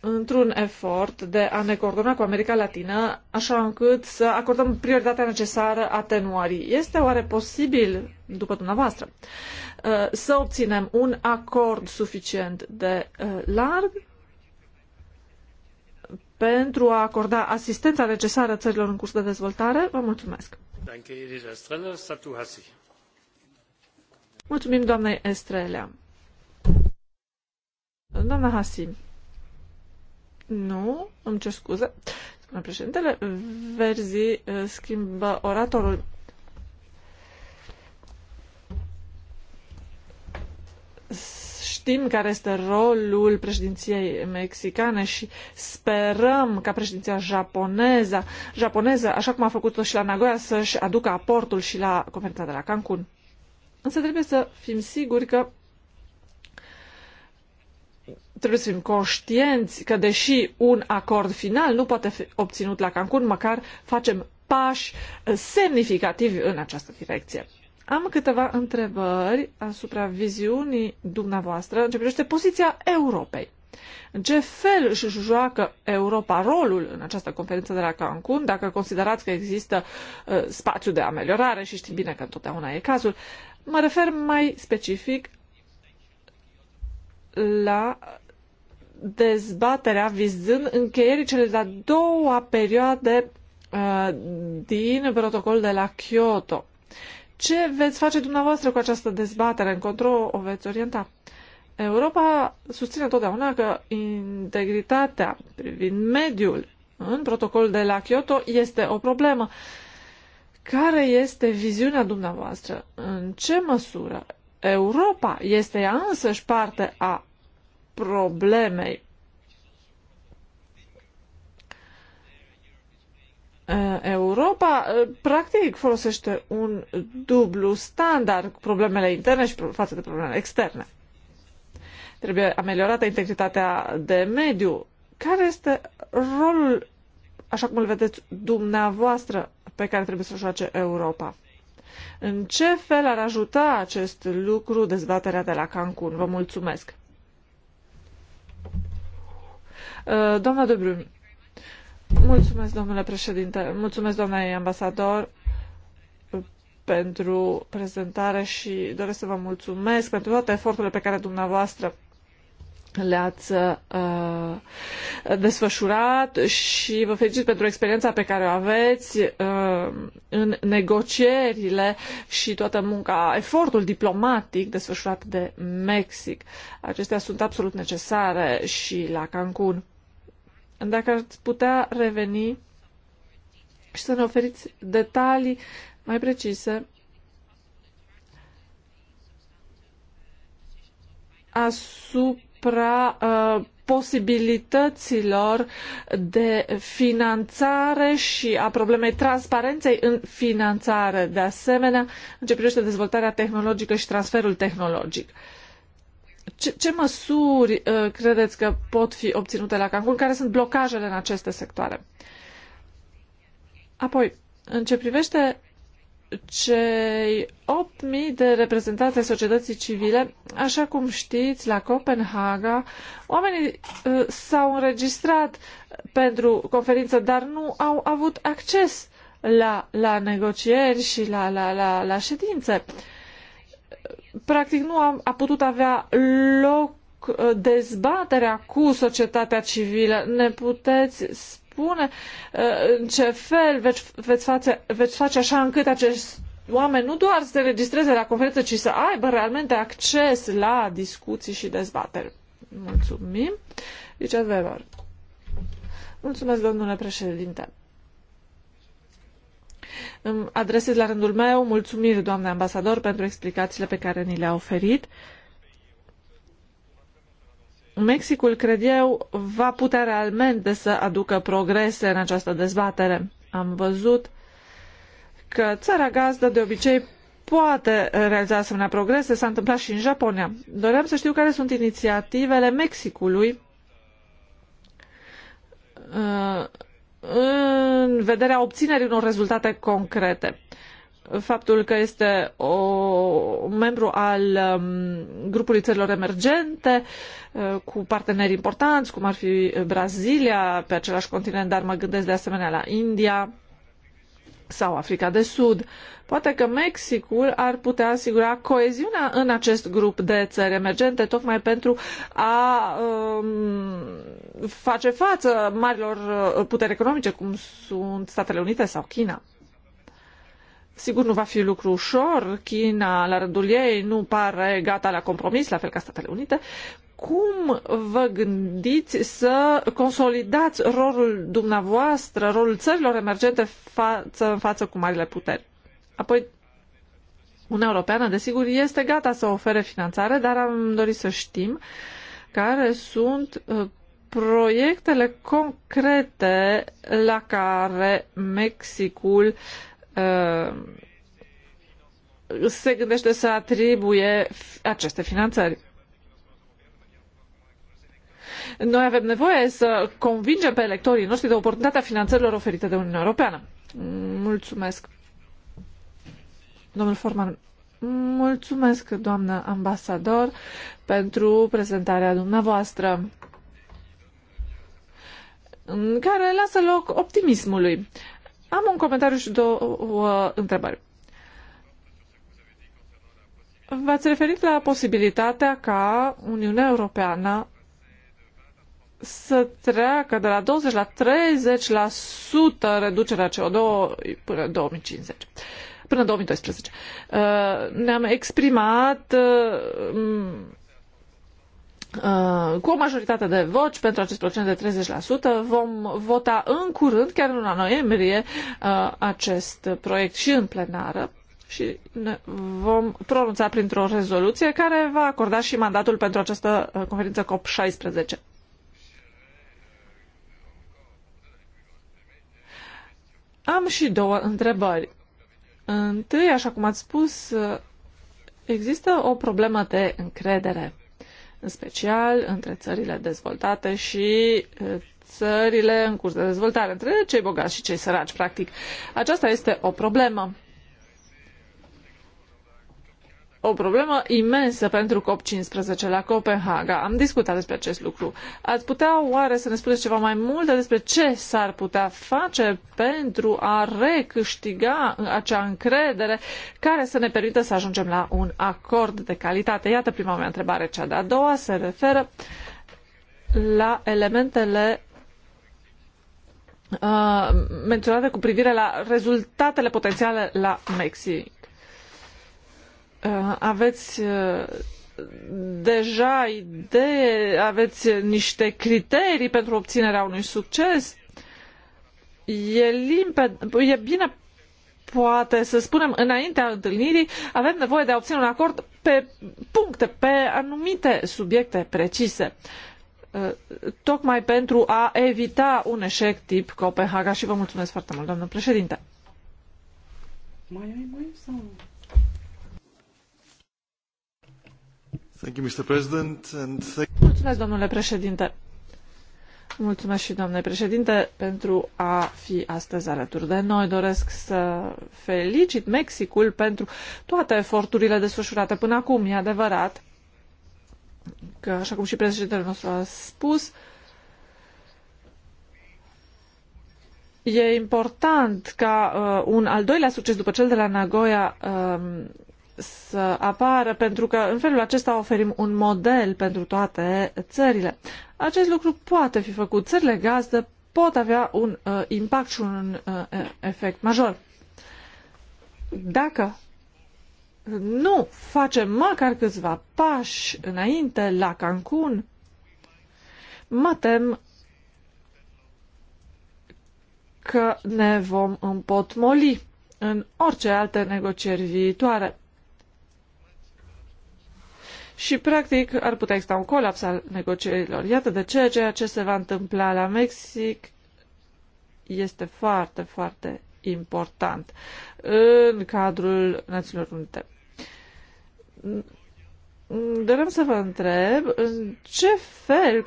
într-un efort de a ne coordona cu America Latină, așa încât să acordăm prioritatea necesară atenuării. Este oare posibil, după dumneavoastră, uh, să obținem un acord suficient de uh, larg pentru a acorda asistența necesară țărilor în curs de dezvoltare? Vă mulțumesc! Mulțumim doamnei Estrelea. Doamna Hasim. Nu, îmi cer scuze. Spune președintele, Verzi eh, schimbă oratorul. Știm care este rolul președinției mexicane și sperăm ca președinția japoneză, japoneză așa cum a făcut-o și la Nagoya, să-și aducă aportul și la conferința de la Cancun. Însă trebuie să fim siguri că trebuie să fim conștienți că deși un acord final nu poate fi obținut la Cancun, măcar facem pași semnificativi în această direcție. Am câteva întrebări asupra viziunii dumneavoastră în ce privește poziția Europei. În ce fel își joacă Europa rolul în această conferință de la Cancun, dacă considerați că există uh, spațiu de ameliorare și știm bine că întotdeauna e cazul? Mă refer mai specific la dezbaterea vizând încheierii cele de-a doua perioade uh, din protocolul de la Kyoto. Ce veți face dumneavoastră cu această dezbatere? Încotro o veți orienta? Europa susține totdeauna că integritatea privind mediul în protocolul de la Kyoto este o problemă. Care este viziunea dumneavoastră? În ce măsură Europa este ea însăși parte a problemei. Europa, practic, folosește un dublu standard cu problemele interne și față de problemele externe. Trebuie ameliorată integritatea de mediu. Care este rolul, așa cum îl vedeți dumneavoastră, pe care trebuie să-l joace Europa? În ce fel ar ajuta acest lucru dezbaterea de la Cancun? Vă mulțumesc! Uh, doamna de Brun, mulțumesc, domnule președinte, mulțumesc, doamnei ambasador, uh, pentru prezentare și doresc să vă mulțumesc pentru toate eforturile pe care dumneavoastră le-ați uh, desfășurat și vă felicit pentru experiența pe care o aveți uh, în negocierile și toată munca, efortul diplomatic desfășurat de Mexic. Acestea sunt absolut necesare și la Cancun. Dacă ați putea reveni și să ne oferiți detalii mai precise asupra uh, posibilităților de finanțare și a problemei transparenței în finanțare. De asemenea, în ce privește dezvoltarea tehnologică și transferul tehnologic. Uh, ce, ce măsuri uh, credeți că pot fi obținute la Cancun? Care sunt blocajele în aceste sectoare? Apoi, în ce privește cei 8.000 de reprezentanți ai societății civile, așa cum știți, la Copenhaga, oamenii uh, s-au înregistrat pentru conferință, dar nu au avut acces la, la negocieri și la, la, la, la ședințe. Uh, practic nu a, a putut avea loc uh, dezbaterea cu societatea civilă. Ne puteți spune uh, în ce fel veți, veți, face, veți face așa încât acești oameni nu doar să se registreze la conferință, ci să aibă realmente acces la discuții și dezbateri. Mulțumim. Richard Weber. Mulțumesc, domnule președinte. Îmi adresez la rândul meu mulțumiri, doamne ambasador, pentru explicațiile pe care ni le-a oferit. Mexicul, cred eu, va putea realmente să aducă progrese în această dezbatere. Am văzut că țara gazdă de obicei poate realiza asemenea progrese. S-a întâmplat și în Japonia. Doream să știu care sunt inițiativele Mexicului uh, în vederea obținerii unor rezultate concrete. Faptul că este o membru al um, grupului țărilor emergente uh, cu parteneri importanți, cum ar fi Brazilia, pe același continent, dar mă gândesc de asemenea la India, sau Africa de Sud. Poate că Mexicul ar putea asigura coeziunea în acest grup de țări emergente, tocmai pentru a um, face față marilor uh, puteri economice, cum sunt Statele Unite sau China. Sigur, nu va fi lucru ușor. China, la rândul ei, nu pare gata la compromis, la fel ca Statele Unite, cum vă gândiți să consolidați rolul dumneavoastră, rolul țărilor emergente față în față cu marile puteri? Apoi, Uniunea Europeană, desigur, este gata să ofere finanțare, dar am dorit să știm care sunt uh, proiectele concrete la care Mexicul uh, se gândește să atribuie aceste finanțări. Noi avem nevoie să convingem pe electorii noștri de oportunitatea finanțărilor oferite de Uniunea Europeană. Mulțumesc. Domnul Forman, mulțumesc, doamnă ambasador, pentru prezentarea dumneavoastră care lasă loc optimismului. Am un comentariu și două uh, întrebări. V-ați referit la posibilitatea ca Uniunea Europeană să treacă de la 20 la 30% reducerea CO2 până 2050 până 2012. Uh, ne-am exprimat uh, uh, cu o majoritate de voci pentru acest procent de 30%. Vom vota în curând, chiar în luna noiembrie, acest proiect și în plenară și ne vom pronunța printr-o rezoluție care va acorda și mandatul pentru această conferință COP16. Am și două întrebări. Întâi, așa cum ați spus, există o problemă de încredere, în special între țările dezvoltate și țările în curs de dezvoltare, între cei bogați și cei săraci, practic. Aceasta este o problemă o problemă imensă pentru COP15 la Copenhaga. Am discutat despre acest lucru. Ați putea oare să ne spuneți ceva mai multe despre ce s-ar putea face pentru a recâștiga acea încredere care să ne permită să ajungem la un acord de calitate? Iată prima mea întrebare. Cea de-a doua se referă la elementele uh, menționate cu privire la rezultatele potențiale la Mexic Uh, aveți uh, deja idee, aveți niște criterii pentru obținerea unui succes? E limpede, e bine poate să spunem înaintea întâlnirii, avem nevoie de a obține un acord pe puncte, pe anumite subiecte precise uh, tocmai pentru a evita un eșec tip Copenhaga și vă mulțumesc foarte mult, doamnă președinte. Mai ai mai sau... Mulțumesc, domnule președinte. Mulțumesc și doamnei președinte pentru a fi astăzi alături de noi. Doresc să felicit Mexicul pentru toate eforturile desfășurate până acum. E adevărat că, așa cum și președintele nostru a spus, e important ca uh, un al doilea succes după cel de la Nagoya uh, să apară, pentru că în felul acesta oferim un model pentru toate țările. Acest lucru poate fi făcut. Țările gazdă pot avea un uh, impact și un uh, efect major. Dacă nu facem măcar câțiva pași înainte la Cancun, mă tem că ne vom împotmoli în orice alte negocieri viitoare și, practic, ar putea exista un colaps al negocierilor. Iată de ce ceea ce se va întâmpla la Mexic este foarte, foarte important în cadrul Națiunilor Unite. Dorem să vă întreb în ce fel,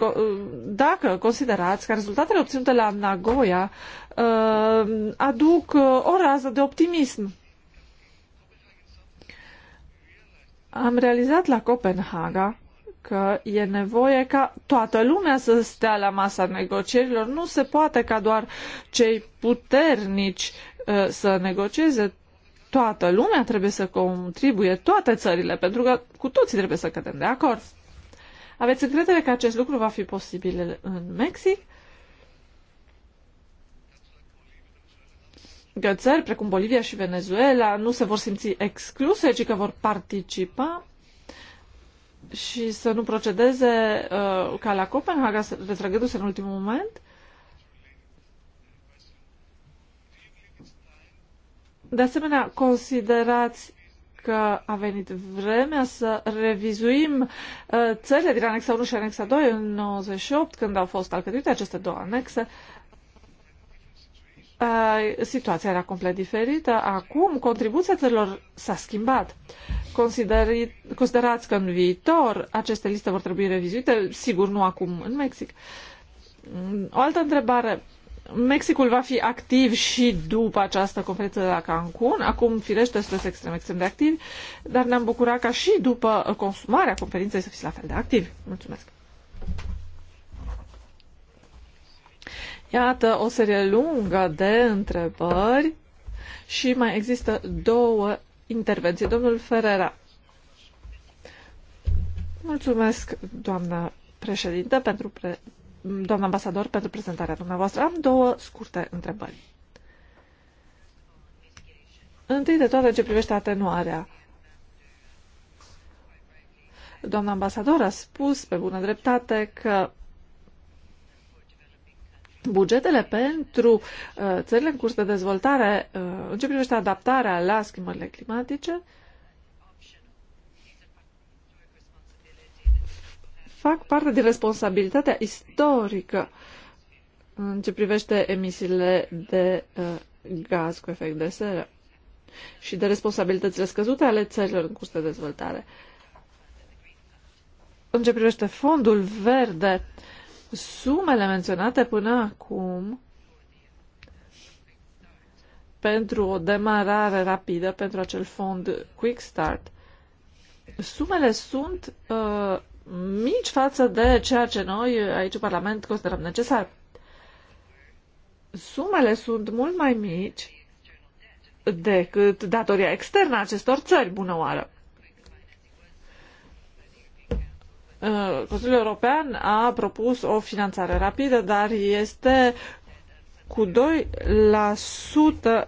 dacă considerați că rezultatele obținute la Nagoya uh, aduc uh, o rază de optimism Am realizat la Copenhaga că e nevoie ca toată lumea să stea la masa negocierilor. Nu se poate ca doar cei puternici uh, să negocieze. Toată lumea trebuie să contribuie, toate țările, pentru că cu toții trebuie să cădem de acord. Aveți încredere că acest lucru va fi posibil în Mexic? că țări precum Bolivia și Venezuela nu se vor simți excluse, ci că vor participa și să nu procedeze uh, ca la Copenhaga, retrăgându-se în ultimul moment? De asemenea, considerați că a venit vremea să revizuim uh, țările din anexa 1 și anexa 2 în 98, când au fost alcătuite aceste două anexe, uh, Uh, situația era complet diferită. Acum, contribuția țărilor s-a schimbat. Consideri, considerați că în viitor aceste liste vor trebui revizuite? Sigur, nu acum în Mexic. O altă întrebare. Mexicul va fi activ și după această conferință de la Cancun. Acum, firește, sunteți extrem, extrem de activ, dar ne-am bucurat ca și după consumarea conferinței să fiți la fel de activi. Mulțumesc! Iată o serie lungă de întrebări și mai există două intervenții. Domnul Ferrera. Mulțumesc, doamna președintă, pentru pre... doamna ambasador, pentru prezentarea dumneavoastră. Am două scurte întrebări. Întâi de toate, ce privește atenuarea. Doamna ambasador a spus, pe bună dreptate, că Bugetele pentru uh, țările în curs de dezvoltare, uh, în ce privește adaptarea la schimbările climatice, fac parte din responsabilitatea istorică în ce privește emisiile de uh, gaz cu efect de seră și de responsabilitățile scăzute ale țărilor în curs de dezvoltare. În ce privește fondul verde, uh, Sumele menționate până acum pentru o demarare rapidă, pentru acel fond Quick Start, sumele sunt uh, mici față de ceea ce noi aici în Parlament considerăm necesar. Sumele sunt mult mai mici decât datoria externă a acestor țări, bună oară. Uh, Consiliul European a propus o finanțare rapidă, dar este cu 2%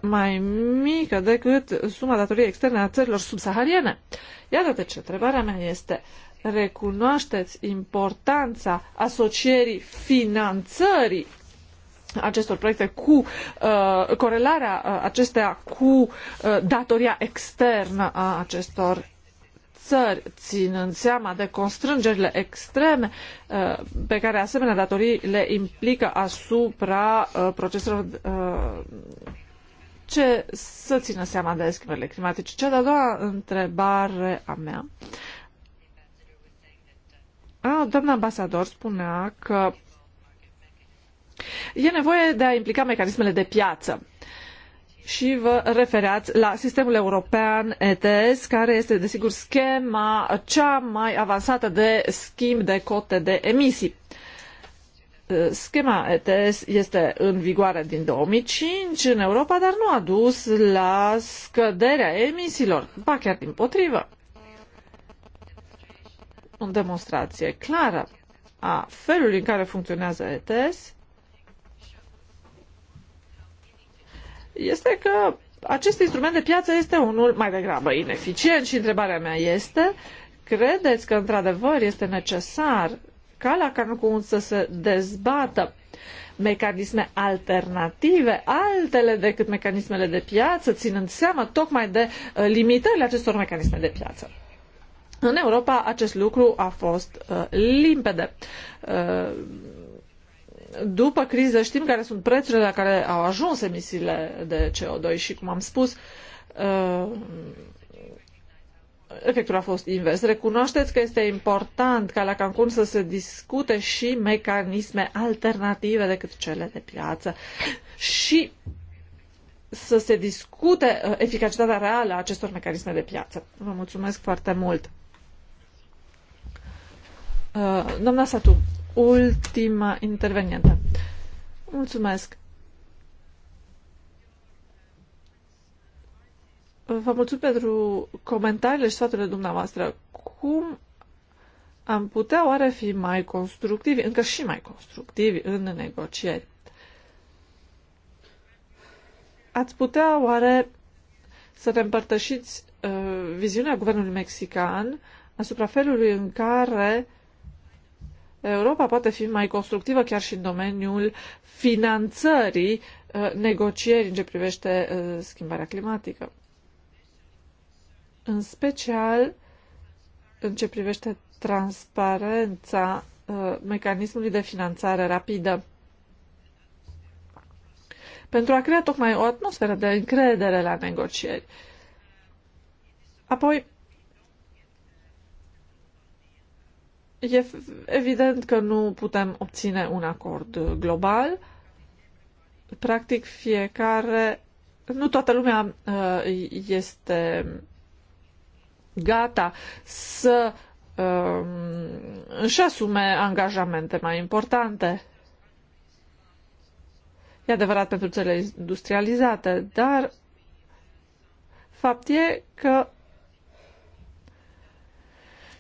mai mică decât suma datoriei externe a țărilor subsahariene. Iată de ce. Întrebarea mea este, recunoașteți importanța asocierii finanțării acestor proiecte cu uh, corelarea uh, acestea cu uh, datoria externă a acestor țări, ținând seama de constrângerile extreme uh, pe care asemenea datorii le implică asupra uh, proceselor uh, ce să țină seama de schimbările climatice. Cea de-a doua întrebare a mea. A, doamna ambasador spunea că e nevoie de a implica mecanismele de piață și vă refereați la sistemul european ETS, care este, desigur, schema cea mai avansată de schimb de cote de emisii. Schema ETS este în vigoare din 2005 în Europa, dar nu a dus la scăderea emisiilor, ba chiar din potrivă. O demonstrație clară a felului în care funcționează ETS este că acest instrument de piață este unul mai degrabă ineficient și întrebarea mea este, credeți că într-adevăr este necesar ca la Cancun să se dezbată mecanisme alternative, altele decât mecanismele de piață, ținând seama tocmai de uh, limitările acestor mecanisme de piață. În Europa acest lucru a fost uh, limpede. Uh, după criză știm care sunt prețurile la care au ajuns emisiile de CO2 și, cum am spus, uh, efectul a fost invers. Recunoașteți că este important ca la Cancun să se discute și mecanisme alternative decât cele de piață și să se discute uh, eficacitatea reală a acestor mecanisme de piață. Vă mulțumesc foarte mult. Uh, doamna Satu, ultima intervenientă. Mulțumesc. Vă mulțumesc pentru comentariile și sfaturile dumneavoastră. Cum am putea oare fi mai constructivi, încă și mai constructivi în negocieri? Ați putea oare să ne împărtășiți uh, viziunea guvernului mexican asupra felului în care Europa poate fi mai constructivă chiar și în domeniul finanțării uh, negocierii, în ce privește uh, schimbarea climatică. În special în ce privește transparența uh, mecanismului de finanțare rapidă. Pentru a crea tocmai o atmosferă de încredere la negocieri. Apoi, E evident că nu putem obține un acord global. Practic fiecare, nu toată lumea uh, este gata să um, își asume angajamente mai importante. E adevărat pentru țările industrializate, dar fapt e că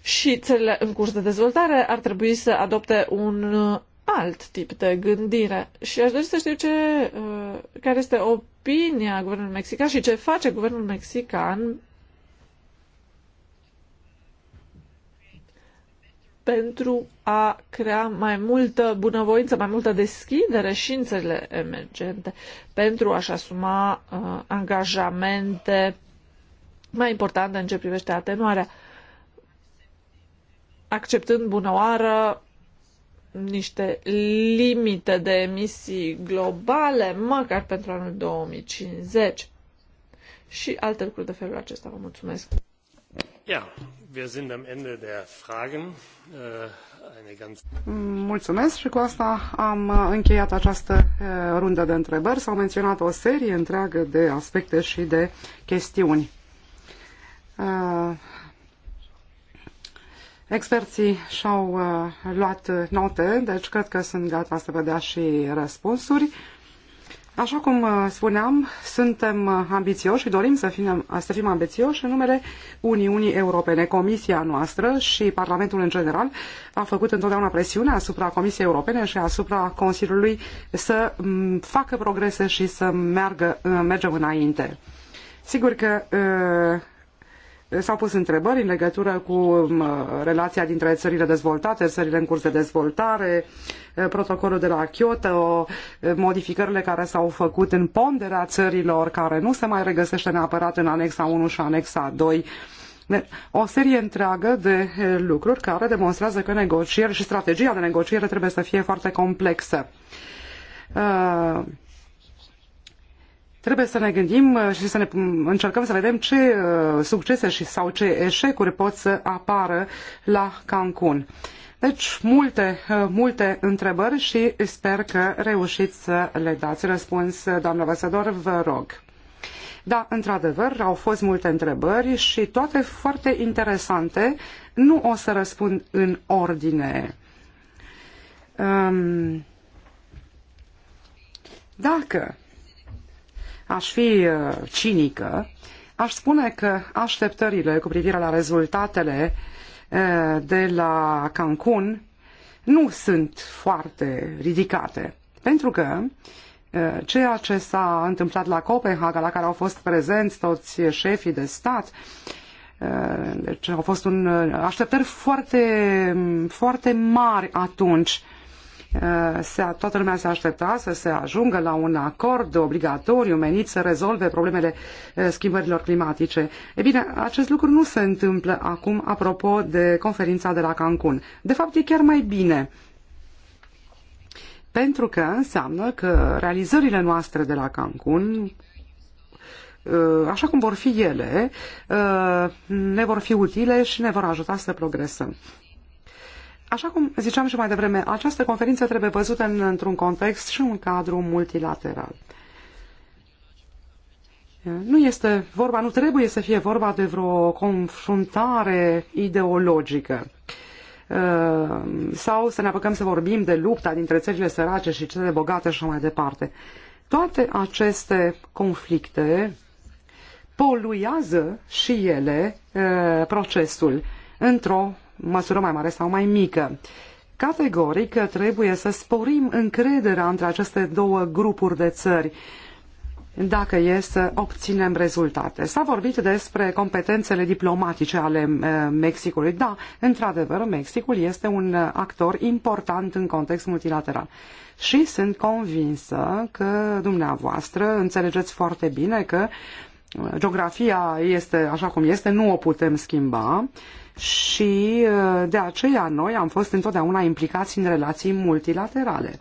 și țările în curs de dezvoltare ar trebui să adopte un uh, alt tip de gândire. Și aș dori să știu ce, uh, care este opinia guvernului mexican și ce face guvernul mexican pentru a crea mai multă bunăvoință, mai multă deschidere și în țările emergente, pentru a-și asuma uh, angajamente mai importante în ce privește atenuarea uh, acceptând bunăoară niște limite de emisii globale, măcar pentru anul 2050 și alte lucruri de felul acesta. Vă mulțumesc! Ja, wir sind am Ende der Fragen. Äh, eine ganz... Mulțumesc și cu asta am încheiat această rundă de întrebări. S-au menționat o serie întreagă de aspecte și de chestiuni. Äh, Experții și-au uh, luat uh, note, deci cred că sunt gata să vă dea și răspunsuri. Așa cum uh, spuneam, suntem uh, ambițioși și dorim să fim, să fim ambițioși în numele Uniunii Europene. Comisia noastră și Parlamentul în general a făcut întotdeauna presiune asupra Comisiei Europene și asupra Consiliului să mm, facă progrese și să meargă, mergem înainte. Sigur că S-au pus întrebări în legătură cu relația dintre țările dezvoltate, țările în curs de dezvoltare, protocolul de la Kyoto, modificările care s-au făcut în ponderea țărilor care nu se mai regăsește neapărat în anexa 1 și anexa 2 o serie întreagă de lucruri care demonstrează că negocieri și strategia de negociere trebuie să fie foarte complexă. Trebuie să ne gândim uh, și să ne încercăm să vedem ce uh, succese și sau ce eșecuri pot să apară la Cancun. Deci, multe, uh, multe întrebări și sper că reușiți să le dați răspuns, doamnă Văsădor, vă rog. Da, într-adevăr, au fost multe întrebări și toate foarte interesante. Nu o să răspund în ordine. Um, dacă aș fi uh, cinică, aș spune că așteptările cu privire la rezultatele uh, de la Cancun nu sunt foarte ridicate. Pentru că uh, ceea ce s-a întâmplat la Copenhaga, la care au fost prezenți toți șefii de stat, deci au fost un, așteptări foarte, foarte mari atunci Eh, toată lumea se aștepta să se ajungă la un acord obligatoriu menit să rezolve problemele eh, schimbărilor climatice. E bine, acest lucru nu se întâmplă acum apropo de conferința de la Cancun. De fapt, e chiar mai bine pentru că înseamnă că realizările noastre de la Cancun, eh, așa cum vor fi ele, ne vor fi utile și ne vor ajuta să progresăm. Așa cum ziceam și mai devreme, această conferință trebuie văzută în, într-un context și un cadru multilateral. Nu este vorba, nu trebuie să fie vorba de vreo confruntare ideologică uh, sau să ne apucăm să vorbim de lupta dintre țările sărace și cele bogate și mai departe. Toate aceste conflicte poluează și ele uh, procesul într-o măsură mai mare sau mai mică. Categoric trebuie să sporim încrederea între aceste două grupuri de țări dacă e să obținem rezultate. S-a vorbit despre competențele diplomatice ale eh, Mexicului. Da, într-adevăr, Mexicul este un actor important în context multilateral. Și sunt convinsă că dumneavoastră înțelegeți foarte bine că eh, geografia este așa cum este, nu o putem schimba și uh, de aceea noi am fost întotdeauna implicați în relații multilaterale.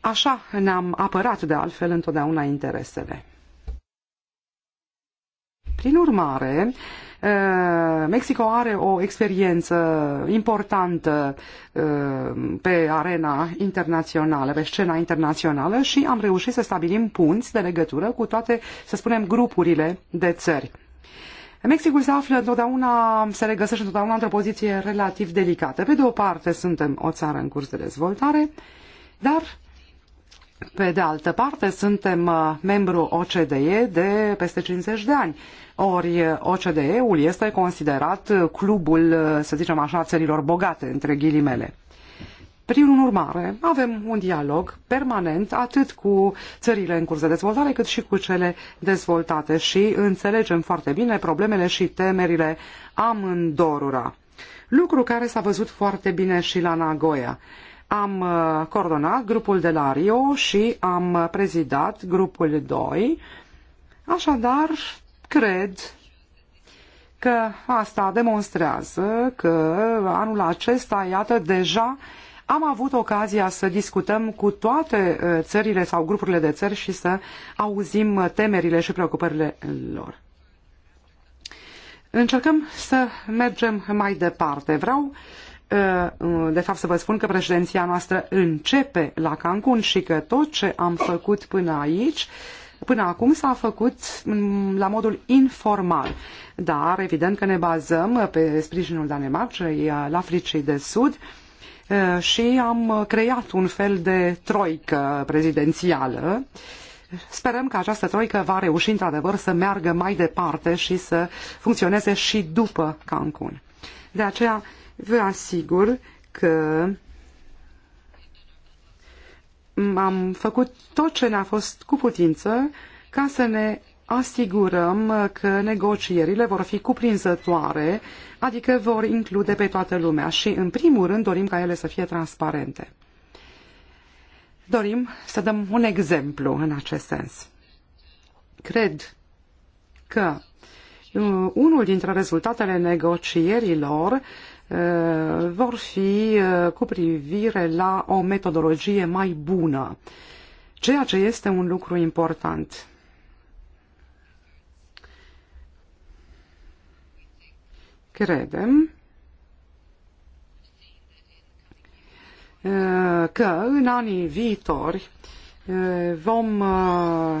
Așa ne-am apărat de altfel întotdeauna interesele. Prin urmare, uh, Mexico are o experiență importantă uh, pe arena internațională, pe scena internațională și am reușit să stabilim punți de legătură cu toate, să spunem, grupurile de țări. Mexicul se află întotdeauna, se regăsește întotdeauna într-o poziție relativ delicată. Pe de o parte suntem o țară în curs de dezvoltare, dar pe de altă parte suntem uh, membru OCDE de peste 50 de ani. Ori uh, OCDE-ul este considerat uh, clubul, să zicem așa, țărilor bogate, între ghilimele. Prin urmare, avem un dialog permanent atât cu țările în curs de dezvoltare cât și cu cele dezvoltate și înțelegem foarte bine problemele și temerile amândorura. Lucru care s-a văzut foarte bine și la Nagoya. Am uh, coordonat grupul de la Rio și am prezidat grupul 2. Așadar, cred că asta demonstrează că anul acesta, iată, deja am avut ocazia să discutăm cu toate uh, țările sau grupurile de țări și să auzim uh, temerile și preocupările lor. Încercăm să mergem mai departe. Vreau uh, de fapt să vă spun că președinția noastră începe la Cancun și că tot ce am făcut până aici Până acum s-a făcut mm, la modul informal, dar evident că ne bazăm pe sprijinul Danemarcei, al Africii de Sud, uh, și am creat un fel de troică prezidențială. Sperăm că această troică va reuși într-adevăr să meargă mai departe și să funcționeze și după Cancun. De aceea vă asigur că am făcut tot ce ne-a fost cu putință ca să ne asigurăm că negocierile vor fi cuprinzătoare, adică vor include pe toată lumea și, în primul rând, dorim ca ele să fie transparente. Dorim să dăm un exemplu în acest sens. Cred că uh, unul dintre rezultatele negocierilor uh, vor fi uh, cu privire la o metodologie mai bună, ceea ce este un lucru important. Credem uh, că în anii viitori uh, vom uh,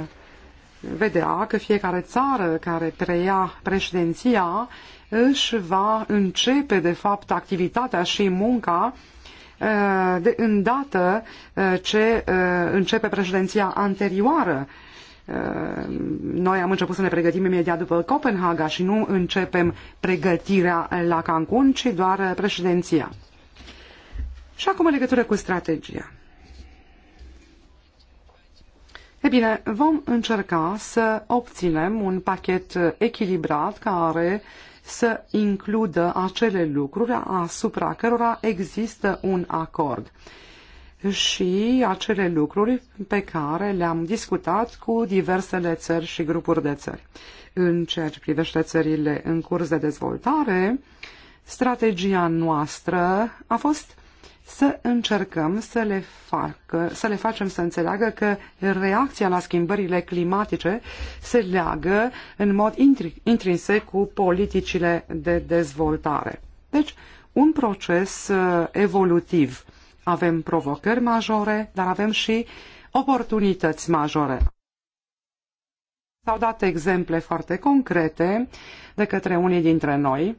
vedea că fiecare țară care preia președinția își va începe de fapt activitatea și munca de îndată ce începe președinția anterioară Ehm, noi am început să ne pregătim imediat după Copenhaga și nu începem pregătirea la Cancun, ci doar președinția. Și acum în legătură cu strategia. E bine, vom încerca să obținem un pachet echilibrat care să includă acele lucruri asupra cărora există un acord și acele lucruri pe care le-am discutat cu diversele țări și grupuri de țări. În ceea ce privește țările în curs de dezvoltare, strategia noastră a fost să încercăm să le, facă, să le facem să înțeleagă că reacția la schimbările climatice se leagă în mod intrinsec cu politicile de dezvoltare. Deci, un proces uh, evolutiv avem provocări majore, dar avem și oportunități majore. S-au dat exemple foarte concrete de către unii dintre noi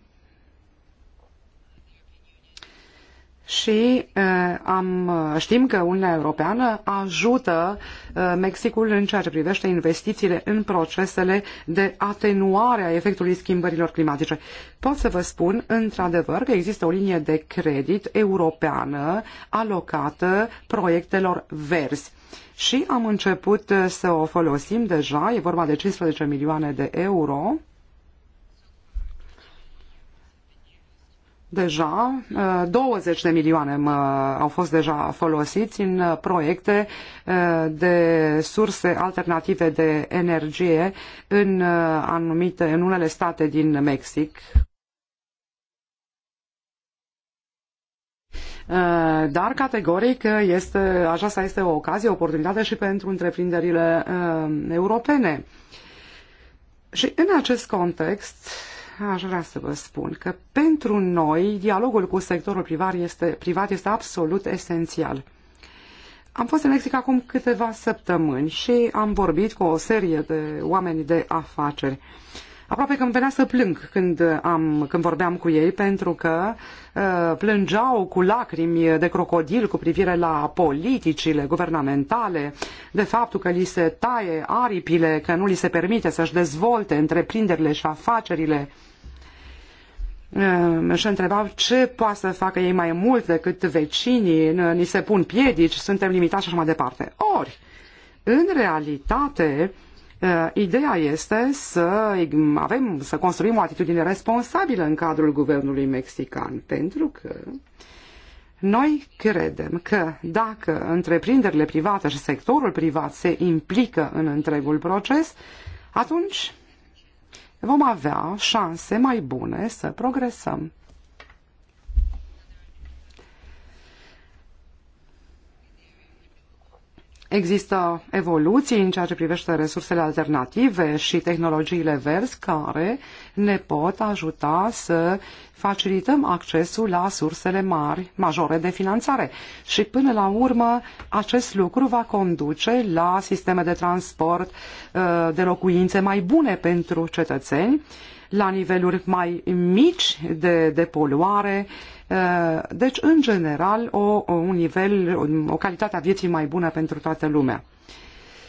și eh, am, eh, știm că Uniunea Europeană ajută eh, Mexicul în ceea ce privește investițiile în procesele de atenuare a efectului schimbărilor climatice. Pot să vă spun, într-adevăr, că există o linie de credit europeană alocată proiectelor verzi. Și am început să o folosim deja, e vorba de 15 milioane de euro deja, 20 uh, de milioane au fost deja folosiți în uh, proiecte uh, de surse alternative de energie în, anumite, în unele state din Mexic. Dar categoric este, aceasta este o ocazie, o oportunitate și pentru întreprinderile europene. Și în acest context, aș vrea să vă spun că pentru noi dialogul cu sectorul privat este, privat este absolut esențial. Am fost în Mexic acum câteva săptămâni și am vorbit cu o serie de oameni de afaceri. Aproape că îmi venea să plâng când, am, când vorbeam cu ei, pentru că uh, plângeau cu lacrimi de crocodil cu privire la politicile guvernamentale, de faptul că li se taie aripile, că nu li se permite să-și dezvolte întreprinderile și afacerile își ehm, întrebau ce poate să facă ei mai mult decât vecinii, ni se pun piedici, suntem limitați și așa mai departe. Ori, în realitate, ehm, ideea este să avem, să construim o atitudine responsabilă în cadrul guvernului mexican, pentru că noi credem că dacă întreprinderile private și sectorul privat se implică în întregul proces, atunci vom avea șanse mai bune să progresăm. Există evoluții în ceea ce privește resursele alternative și tehnologiile verzi care ne pot ajuta să facilităm accesul la sursele mari, majore de finanțare. Și până la urmă, acest lucru va conduce la sisteme de transport, uh, de locuințe mai bune pentru cetățeni la niveluri mai mici de, de poluare, eh, deci, în general, o, un nivel, o calitate a vieții mai bună pentru toată lumea.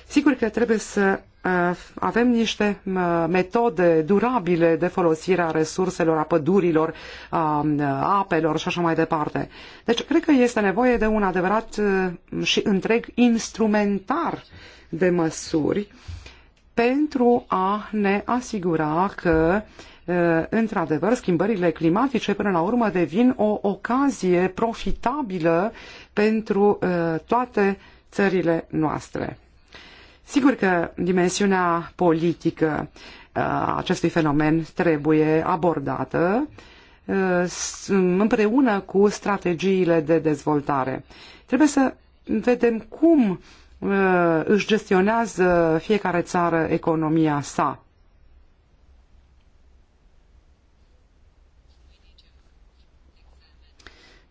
Sigur că trebuie să eh, avem niște eh, metode durabile de folosire a resurselor, a pădurilor, a apelor și așa mai departe. Deci cred că este nevoie de un adevărat și întreg instrumentar de măsuri pentru a ne asigura că uh, într-adevăr, schimbările climatice până la urmă devin o ocazie profitabilă pentru uh, toate țările noastre. Sigur că dimensiunea politică a uh, acestui fenomen trebuie abordată împreună cu strategiile de dezvoltare. Trebuie să vedem cum Uh, își gestionează fiecare țară economia sa.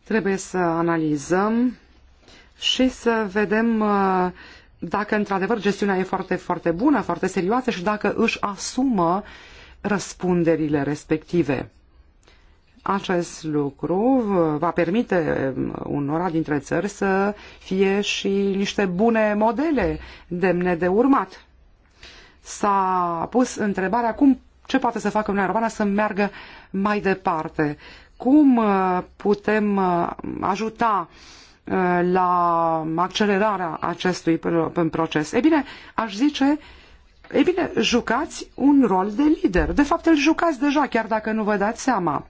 Trebuie să analizăm și să vedem uh, dacă într-adevăr gestiunea e foarte, foarte bună, foarte serioasă și dacă își asumă răspunderile respective acest lucru va permite unora dintre țări să fie și niște bune modele demne de urmat. S-a pus întrebarea cum, ce poate să facă Uniunea Europeană să meargă mai departe. Cum uh, putem uh, ajuta uh, la accelerarea acestui proces? E bine, aș zice E bine, jucați un rol de lider. De fapt, îl jucați deja, chiar dacă nu vă dați seama.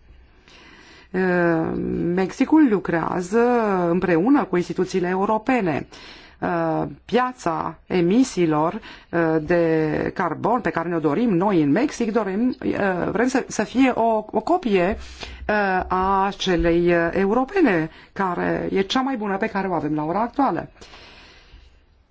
Ehm, Mexicul lucrează împreună cu instituțiile europene ehm, piața emisiilor ehm, de carbon pe care ne-o dorim noi în Mexic, dorim, vrem să, să fie o, o copie a celei europene, care e cea mai bună pe care o avem la ora actuală.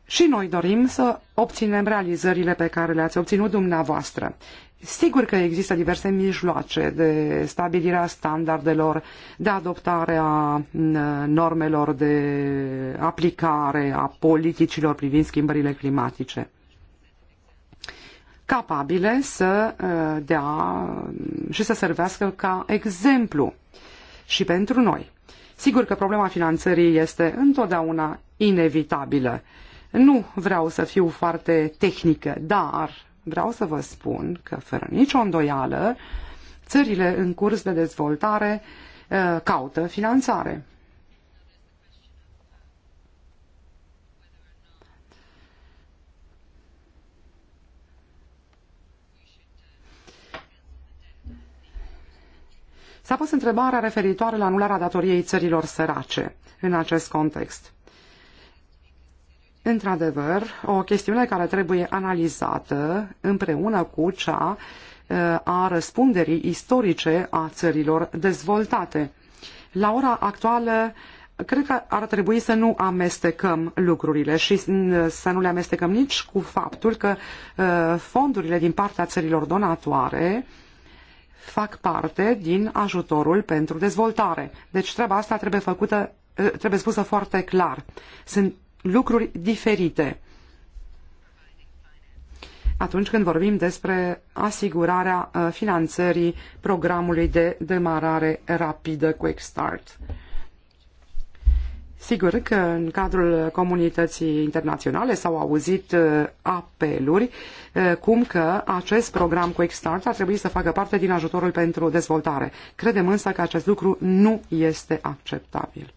Și noi dorim să obținem realizările pe care le-ați obținut dumneavoastră. Sigur că există diverse mijloace de stabilirea standardelor, de adoptare a normelor de aplicare a politicilor privind schimbările climatice capabile să dea și să servească ca exemplu și pentru noi. Sigur că problema finanțării este întotdeauna inevitabilă. Nu vreau să fiu foarte tehnică, dar vreau să vă spun că, fără nicio îndoială, țările în curs de dezvoltare uh, caută finanțare. S-a pus întrebarea referitoare la anularea datoriei țărilor sărace în acest context într-adevăr, o chestiune care trebuie analizată împreună cu cea uh, a răspunderii istorice a țărilor dezvoltate. La ora actuală, cred că ar trebui să nu amestecăm lucrurile și uh, să nu le amestecăm nici cu faptul că uh, fondurile din partea țărilor donatoare fac parte din ajutorul pentru dezvoltare. Deci treaba asta trebuie făcută trebuie spusă foarte clar. Sunt lucruri diferite atunci când vorbim despre asigurarea uh, finanțării programului de demarare rapidă Quick Start. Sigur că în cadrul comunității internaționale s-au auzit uh, apeluri uh, cum că acest program Quick Start ar trebui să facă parte din ajutorul pentru dezvoltare. Credem însă că acest lucru nu este acceptabil.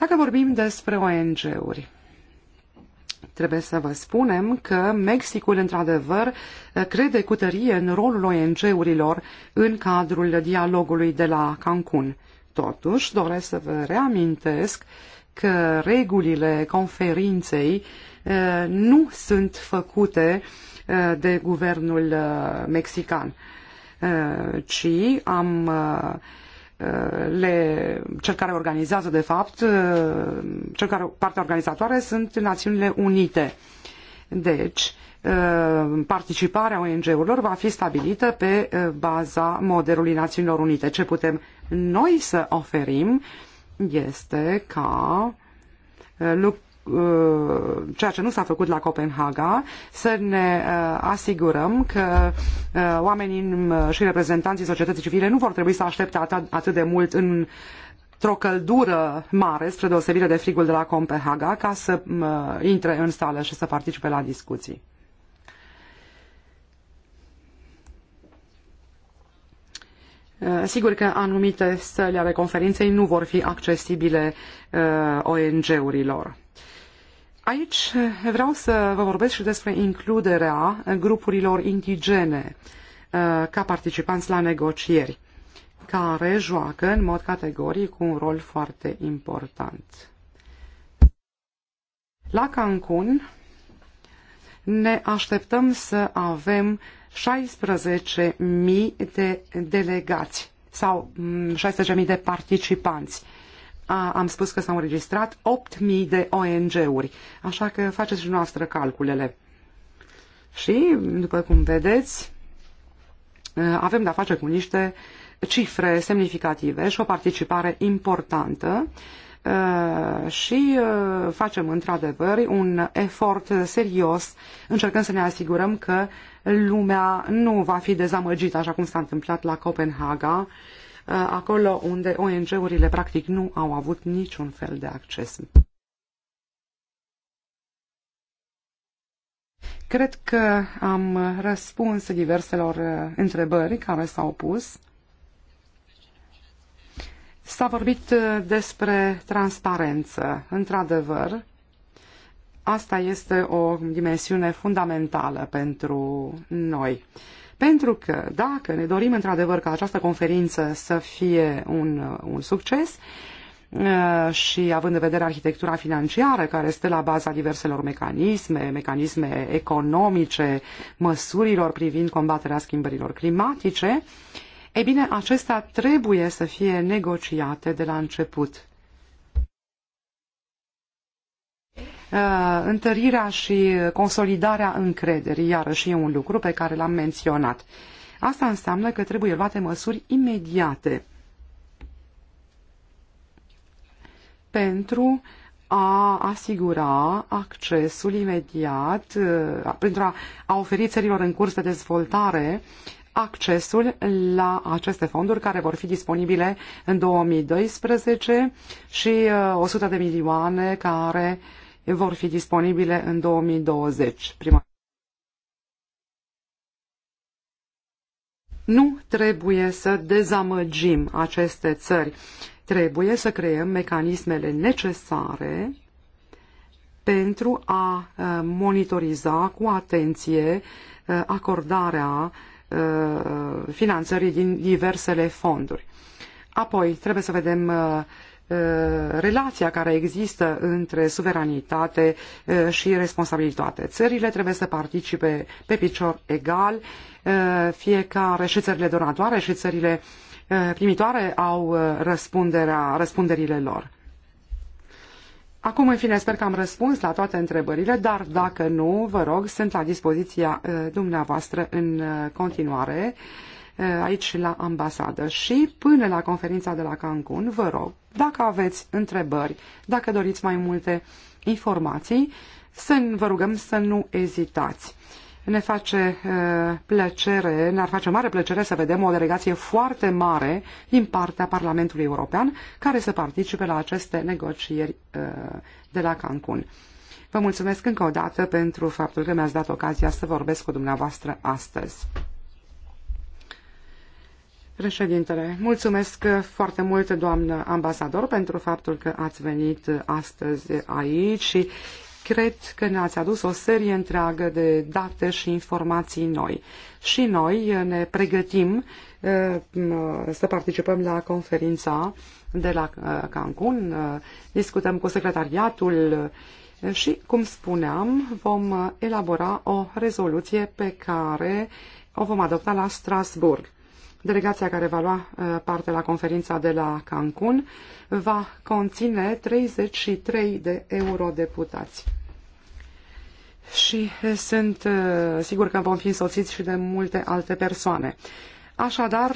Dacă vorbim despre ONG-uri, trebuie să vă spunem că Mexicul, într-adevăr, crede cu tărie în rolul ONG-urilor în cadrul dialogului de la Cancun. Totuși, doresc să vă reamintesc că regulile conferinței eh, nu sunt făcute eh, de guvernul eh, mexican, ci am le, cel care organizează, de fapt, uh, cel care partea organizatoare sunt Națiunile Unite. Deci, uh, participarea ONG-urilor va fi stabilită pe uh, baza modelului Națiunilor Unite. Ce putem noi să oferim este ca Uh, ceea ce nu s-a făcut la Copenhaga, să ne uh, asigurăm că uh, oamenii mm, și reprezentanții societății civile nu vor trebui să aștepte atât de mult în într-o căldură mare, spre deosebire de frigul de la Copenhaga, ca să intre în sală și să participe la discuții. Sigur că anumite săli ale conferinței nu vor fi accesibile ONG-urilor. Aici vreau să vă vorbesc și despre includerea grupurilor indigene uh, ca participanți la negocieri, care joacă în mod categoric un rol foarte important. La Cancun ne așteptăm să avem 16.000 de delegați sau 16.000 mm, de participanți a, am spus că s-au înregistrat 8.000 de ONG-uri, așa că faceți și noastră calculele. Și, după cum vedeți, avem de-a face cu niște cifre semnificative și o participare importantă și facem într-adevăr un efort serios, încercând să ne asigurăm că lumea nu va fi dezamăgită, așa cum s-a întâmplat la Copenhaga, Eh, acolo unde ONG-urile practic nu au avut niciun fel de acces. Cred că am răspuns diverselor eh, întrebări care s-au pus. S-a vorbit eh, despre transparență. Într-adevăr, asta este o dimensiune fundamentală pentru noi. Pentru că dacă ne dorim într-adevăr ca această conferință să fie un, uh, un succes, uh, și având în vedere arhitectura financiară care stă la baza diverselor mecanisme, mecanisme economice, măsurilor privind combaterea schimbărilor climatice, e bine, acestea trebuie să fie negociate de la început. Uh, întărirea și consolidarea încrederii, iarăși e un lucru pe care l-am menționat. Asta înseamnă că trebuie luate măsuri imediate pentru a asigura accesul imediat, uh, pentru a, a oferi țărilor în curs de dezvoltare accesul la aceste fonduri care vor fi disponibile în 2012 și 100 uh, de milioane care vor fi disponibile în 2020. Prima... Nu trebuie să dezamăgim aceste țări. Trebuie să creăm mecanismele necesare pentru a monitoriza cu atenție acordarea finanțării din diversele fonduri. Apoi, trebuie să vedem Uh, relația care există între suveranitate uh, și responsabilitate. Țările trebuie să participe pe picior egal, uh, fiecare și țările donatoare și țările primitoare au răspunderea, răspunderile lor. Acum, în fine, sper că am răspuns la toate întrebările, dar dacă nu, vă rog, sunt la dispoziția dumneavoastră în continuare. Eh, aici la ambasadă și până la conferința de la Cancun, vă rog, dacă aveți întrebări, dacă doriți mai multe informații, să vă rugăm să nu ezitați. Ne face uh, plăcere, ne-ar face mare plăcere să vedem o delegație foarte mare din partea Parlamentului European care să participe la aceste negocieri uh, de la Cancun. Vă mulțumesc încă o dată pentru faptul că mi-ați dat ocazia să vorbesc cu dumneavoastră astăzi. Președintele, mulțumesc foarte mult, doamnă ambasador, pentru faptul că ați venit astăzi aici și cred că ne-ați adus o serie întreagă de date și informații noi. Și noi ne pregătim uh, să participăm la conferința de la uh, Cancun, uh, discutăm cu secretariatul și, cum spuneam, vom elabora o rezoluție pe care o vom adopta la Strasburg. Delegația care va lua uh, parte la conferința de la Cancun va conține 33 de eurodeputați. Și uh, sunt uh, sigur că vom fi însoțiți și de multe alte persoane. Așadar,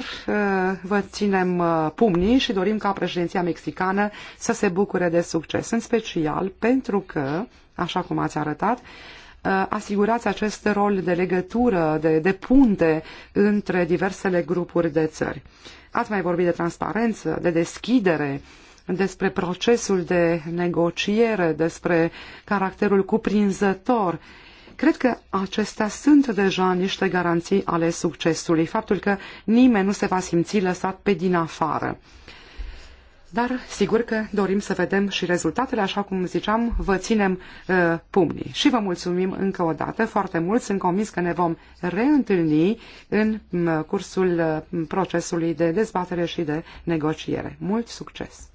vă ținem pumnii și dorim ca președinția mexicană să se bucure de succes, în special pentru că, așa cum ați arătat, Uh, asigurați acest rol de legătură, de, de punte între diversele grupuri de țări. Ați mai vorbit de transparență, de deschidere, despre procesul de negociere, despre caracterul cuprinzător. Cred că acestea sunt deja niște garanții ale succesului, faptul că nimeni nu se va simți lăsat pe din afară. Dar sigur că dorim să vedem și rezultatele, așa cum ziceam, vă ținem uh, pumnii. Și vă mulțumim încă o dată foarte mult. Sunt convins că ne vom reîntâlni în uh, cursul uh, procesului de dezbatere și de negociere. Mult succes!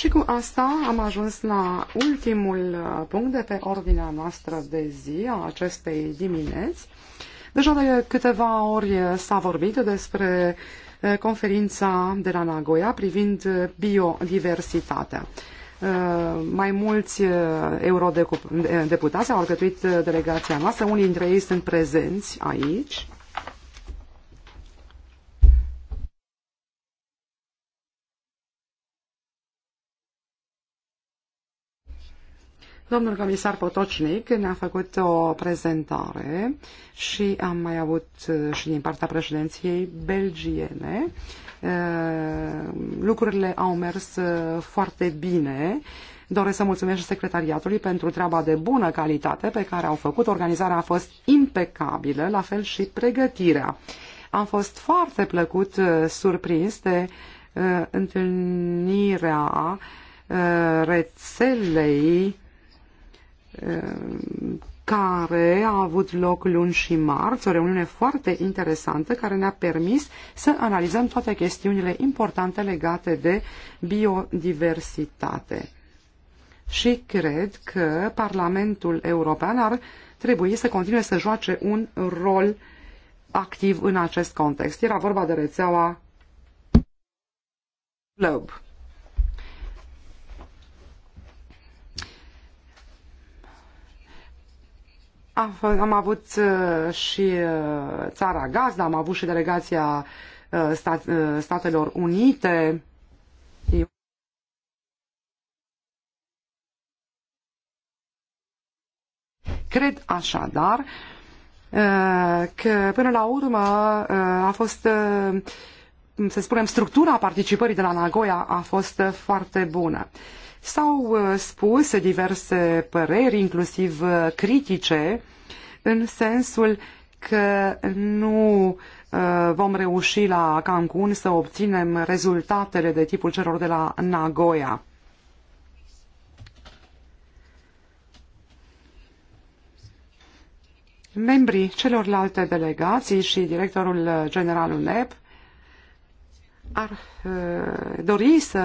Și cu asta am ajuns la ultimul uh, punct de pe ordinea noastră de zi a acestei dimineți. Deja de câteva ori s-a vorbit despre uh, conferința de la Nagoya privind biodiversitatea. Uh, mai mulți eurodeputați au alcătuit delegația noastră, unii dintre ei sunt prezenți aici. Domnul comisar Potocnic ne-a făcut o prezentare și am mai avut uh, și din partea președinției belgiene. Uh, lucrurile au mers uh, foarte bine. Doresc să mulțumesc secretariatului pentru treaba de bună calitate pe care au făcut. Organizarea a fost impecabilă, la fel și pregătirea. Am fost foarte plăcut surprins de întâlnirea rețelei care a avut loc luni și marți, o reuniune foarte interesantă care ne-a permis să analizăm toate chestiunile importante legate de biodiversitate. Și cred că Parlamentul European ar trebui să continue să joace un rol activ în acest context. Era vorba de rețeaua Globe. Am avut uh, și uh, țara gazdă, am avut și delegația uh, Stat Statelor Unite. Cred așadar că până la urmă a fost, să spunem, structura participării de la Nagoya a fost foarte bună. S-au uh, spus diverse păreri, inclusiv uh, critice, în sensul că nu uh, vom reuși la Cancun să obținem rezultatele de tipul celor de la Nagoya. Membrii celorlalte delegații și directorul general UNEP ar dori să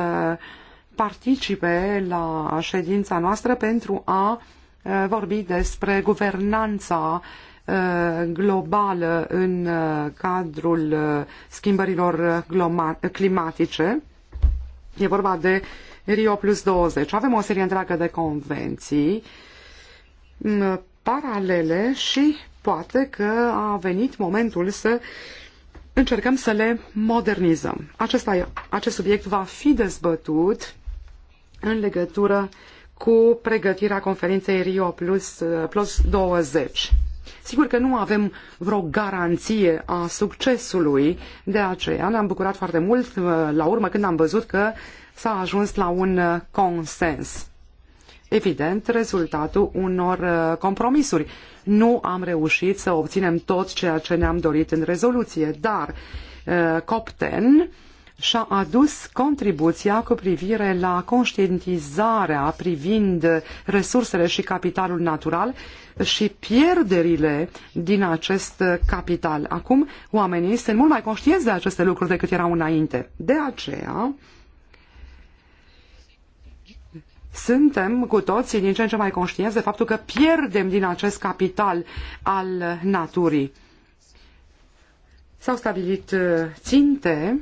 participe la ședința noastră pentru a vorbi despre guvernanța globală în cadrul schimbărilor climatice. E vorba de Rio plus 20. Avem o serie întreagă de convenții paralele și poate că a venit momentul să încercăm să le modernizăm. Acesta, acest subiect va fi dezbătut în legătură cu pregătirea conferinței Rio Plus, uh, plus 20. Sigur că nu avem vreo garanție a succesului, de aceea ne-am bucurat foarte mult uh, la urmă când am văzut că s-a ajuns la un uh, consens. Evident, rezultatul unor compromisuri. Nu am reușit să obținem tot ceea ce ne-am dorit în rezoluție, dar COP10 și-a adus contribuția cu privire la conștientizarea privind resursele și capitalul natural și pierderile din acest capital. Acum oamenii sunt mult mai conștienți de aceste lucruri decât erau înainte. De aceea, suntem cu toții din ce în ce mai conștienți de faptul că pierdem din acest capital al naturii. S-au stabilit uh, ținte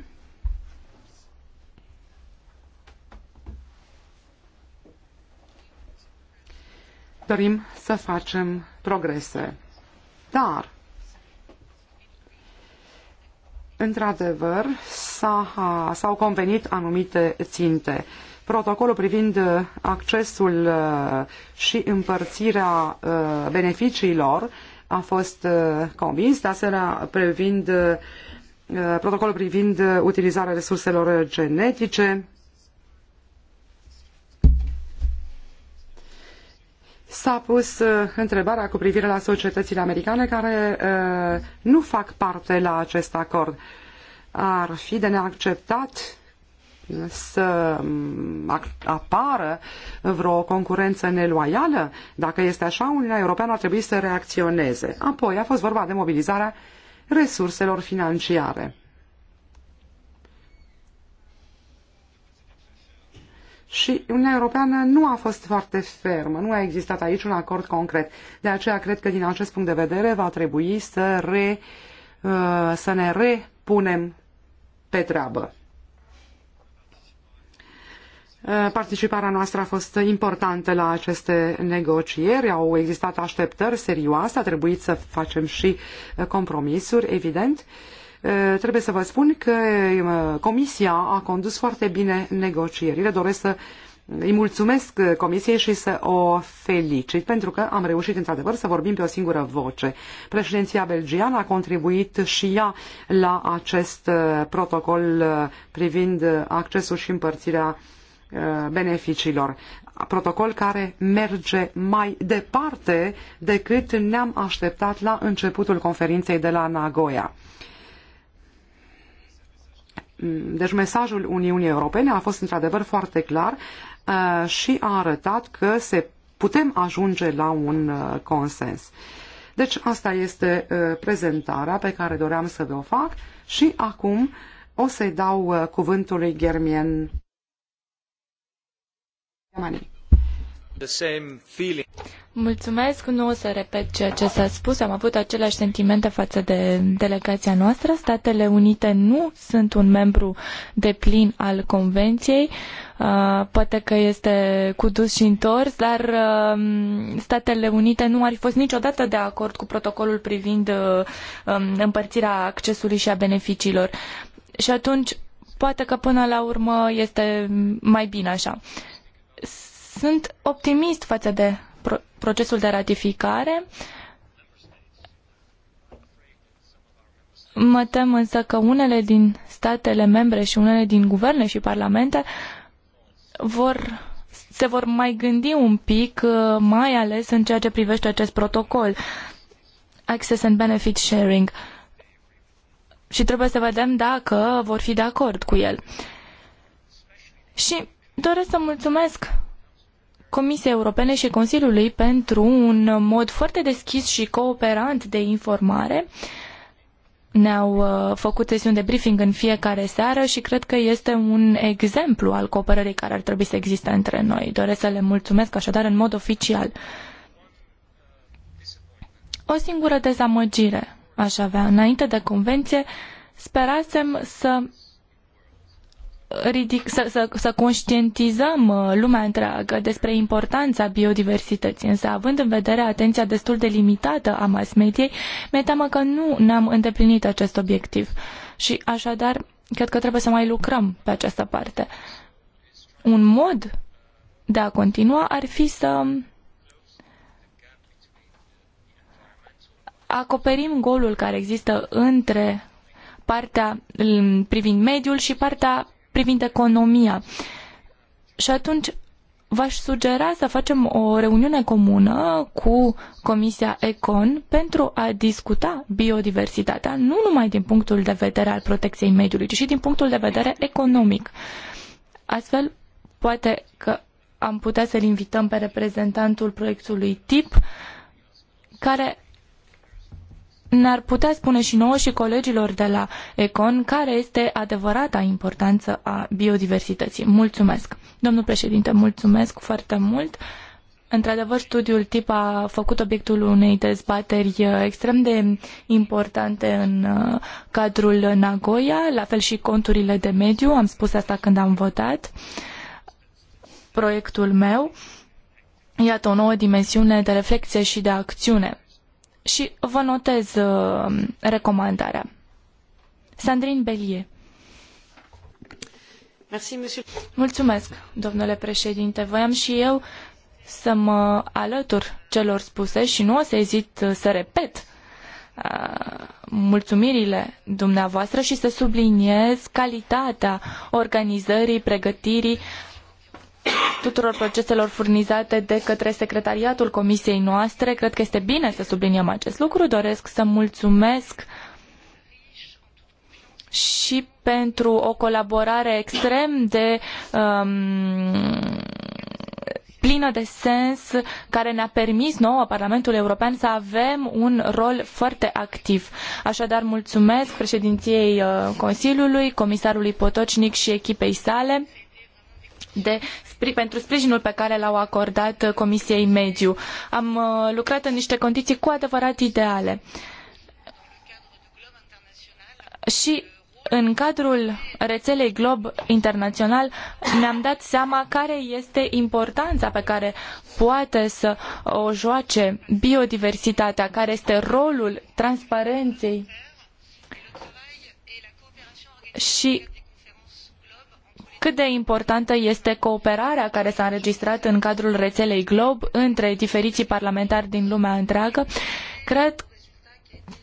dorim să facem progrese. Dar, într-adevăr, s-au convenit anumite ținte. Protocolul privind accesul uh, și împărțirea uh, beneficiilor a fost uh, convins, de asemenea privind protocolul privind utilizarea resurselor genetice, S-a pus uh, întrebarea cu privire la societățile americane care uh, nu fac parte la acest acord. Ar fi de neacceptat să mm, apară vreo concurență neloială? Dacă este așa, Uniunea Europeană ar trebui să reacționeze. Apoi a fost vorba de mobilizarea resurselor financiare. și Uniunea Europeană nu a fost foarte fermă, nu a existat aici un acord concret. De aceea cred că din acest punct de vedere va trebui să, re, uh, să ne repunem pe treabă. Uh, participarea noastră a fost importantă la aceste negocieri, au existat așteptări serioase, a trebuit să facem și uh, compromisuri, evident. Uh, Eh, trebuie să vă spun că eh, Comisia a condus foarte bine negocierile. Doresc să îi mulțumesc eh, Comisiei și să o felicit pentru că am reușit într-adevăr să vorbim pe o singură voce. Președinția belgiană a contribuit și ea la acest protocol privind accesul și împărțirea beneficiilor. Protocol care merge mai departe decât ne-am așteptat la începutul conferinței de la Nagoya. Deci mesajul Uniunii Europene a fost într-adevăr foarte clar uh, și a arătat că se putem ajunge la un uh, consens. Deci asta este uh, prezentarea pe care doream să vă o fac și acum o să-i dau cuvântul lui Germien Germanii. Mulțumesc, nu o să repet ceea ce s-a spus. Am avut aceleași sentimente față de delegația noastră. Statele Unite nu sunt un membru de plin al Convenției. Uh, poate că este cu dus și întors, dar uh, Statele Unite nu ar fi fost niciodată de acord cu protocolul privind uh, um, împărțirea accesului și a beneficiilor. Și atunci, poate că până la urmă este mai bine așa. Sunt optimist față de procesul de ratificare. Mă tem însă că unele din statele membre și unele din guverne și parlamente vor, se vor mai gândi un pic, uh, mai ales în ceea ce privește acest protocol, Access and Benefit Sharing. Și trebuie să vedem dacă vor fi de acord cu el. Și doresc să mulțumesc Comisiei Europene și Consiliului pentru un mod foarte deschis și cooperant de informare. Ne-au uh, făcut sesiuni de briefing în fiecare seară și cred că este un exemplu al cooperării care ar trebui să existe între noi. Doresc să le mulțumesc așadar în mod oficial. O singură dezamăgire aș avea. Înainte de convenție, sperasem să ridic, să, să, să conștientizăm uh, lumea întreagă despre importanța biodiversității, însă având în vedere atenția destul de limitată a mass mediei, mi-e teamă că nu ne-am îndeplinit acest obiectiv și așadar cred că trebuie să mai lucrăm pe această parte. Un mod de a continua ar fi să acoperim golul care există între partea privind mediul și partea privind economia. Și atunci v-aș sugera să facem o reuniune comună cu Comisia Econ pentru a discuta biodiversitatea, nu numai din punctul de vedere al protecției mediului, ci și din punctul de vedere economic. Astfel, poate că am putea să-l invităm pe reprezentantul proiectului TIP, care ne-ar putea spune și nouă și colegilor de la Econ care este adevărata importanță a biodiversității. Mulțumesc. Domnul președinte, mulțumesc foarte mult. Într-adevăr, studiul tip a făcut obiectul unei dezbateri uh, extrem de importante în uh, cadrul Nagoya, la fel și conturile de mediu. Am spus asta când am votat proiectul meu. Iată o nouă dimensiune de reflexie și de acțiune și vă notez uh, recomandarea. Sandrine monsieur. Mulțumesc, domnule președinte. Voiam și eu să mă alătur celor spuse și nu o să ezit uh, să repet uh, mulțumirile dumneavoastră și să subliniez calitatea organizării, pregătirii tuturor proceselor furnizate de către secretariatul comisiei noastre. Cred că este bine să subliniem acest lucru. Doresc să mulțumesc și pentru o colaborare extrem de um, plină de sens care ne-a permis nouă Parlamentul European să avem un rol foarte activ. Așadar, mulțumesc președinției uh, Consiliului, comisarului Potocnic și echipei sale de, pentru sprijinul pe care l-au acordat Comisiei Mediu. Am uh, lucrat în niște condiții cu adevărat ideale. Și în cadrul rețelei Glob Internațional ne-am dat seama care este importanța pe care poate să o joace biodiversitatea, care este rolul transparenței și cât de importantă este cooperarea care s-a înregistrat în cadrul rețelei Glob între diferiții parlamentari din lumea întreagă, cred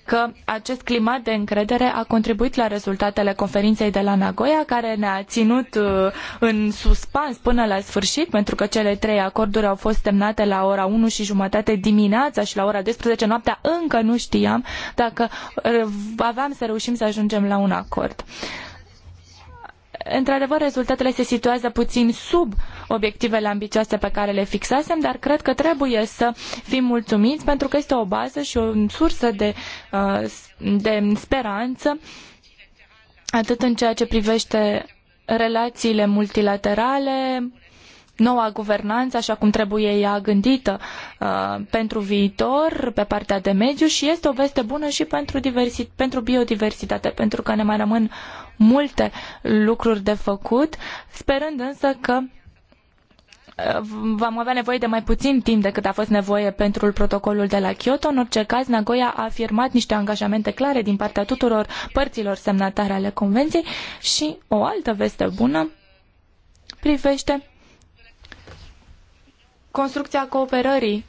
că acest climat de încredere a contribuit la rezultatele conferinței de la Nagoya, care ne-a ținut uh, în suspans până la sfârșit, pentru că cele trei acorduri au fost semnate la ora unu și jumătate dimineața și la ora 12 noaptea încă nu știam dacă uh, aveam să reușim să ajungem la un acord într-adevăr, rezultatele se situează puțin sub obiectivele ambicioase pe care le fixasem, dar cred că trebuie să fim mulțumiți pentru că este o bază și o sursă de, uh, de speranță atât în ceea ce privește relațiile multilaterale, noua guvernanță, așa cum trebuie ea gândită uh, pentru viitor, pe partea de mediu și este o veste bună și pentru, pentru biodiversitate, pentru că ne mai rămân multe lucruri de făcut, sperând însă că uh, vom avea nevoie de mai puțin timp decât a fost nevoie pentru protocolul de la Kyoto. În orice caz, Nagoya a afirmat niște angajamente clare din partea tuturor părților semnatare ale convenției și o altă veste bună privește construcția cooperării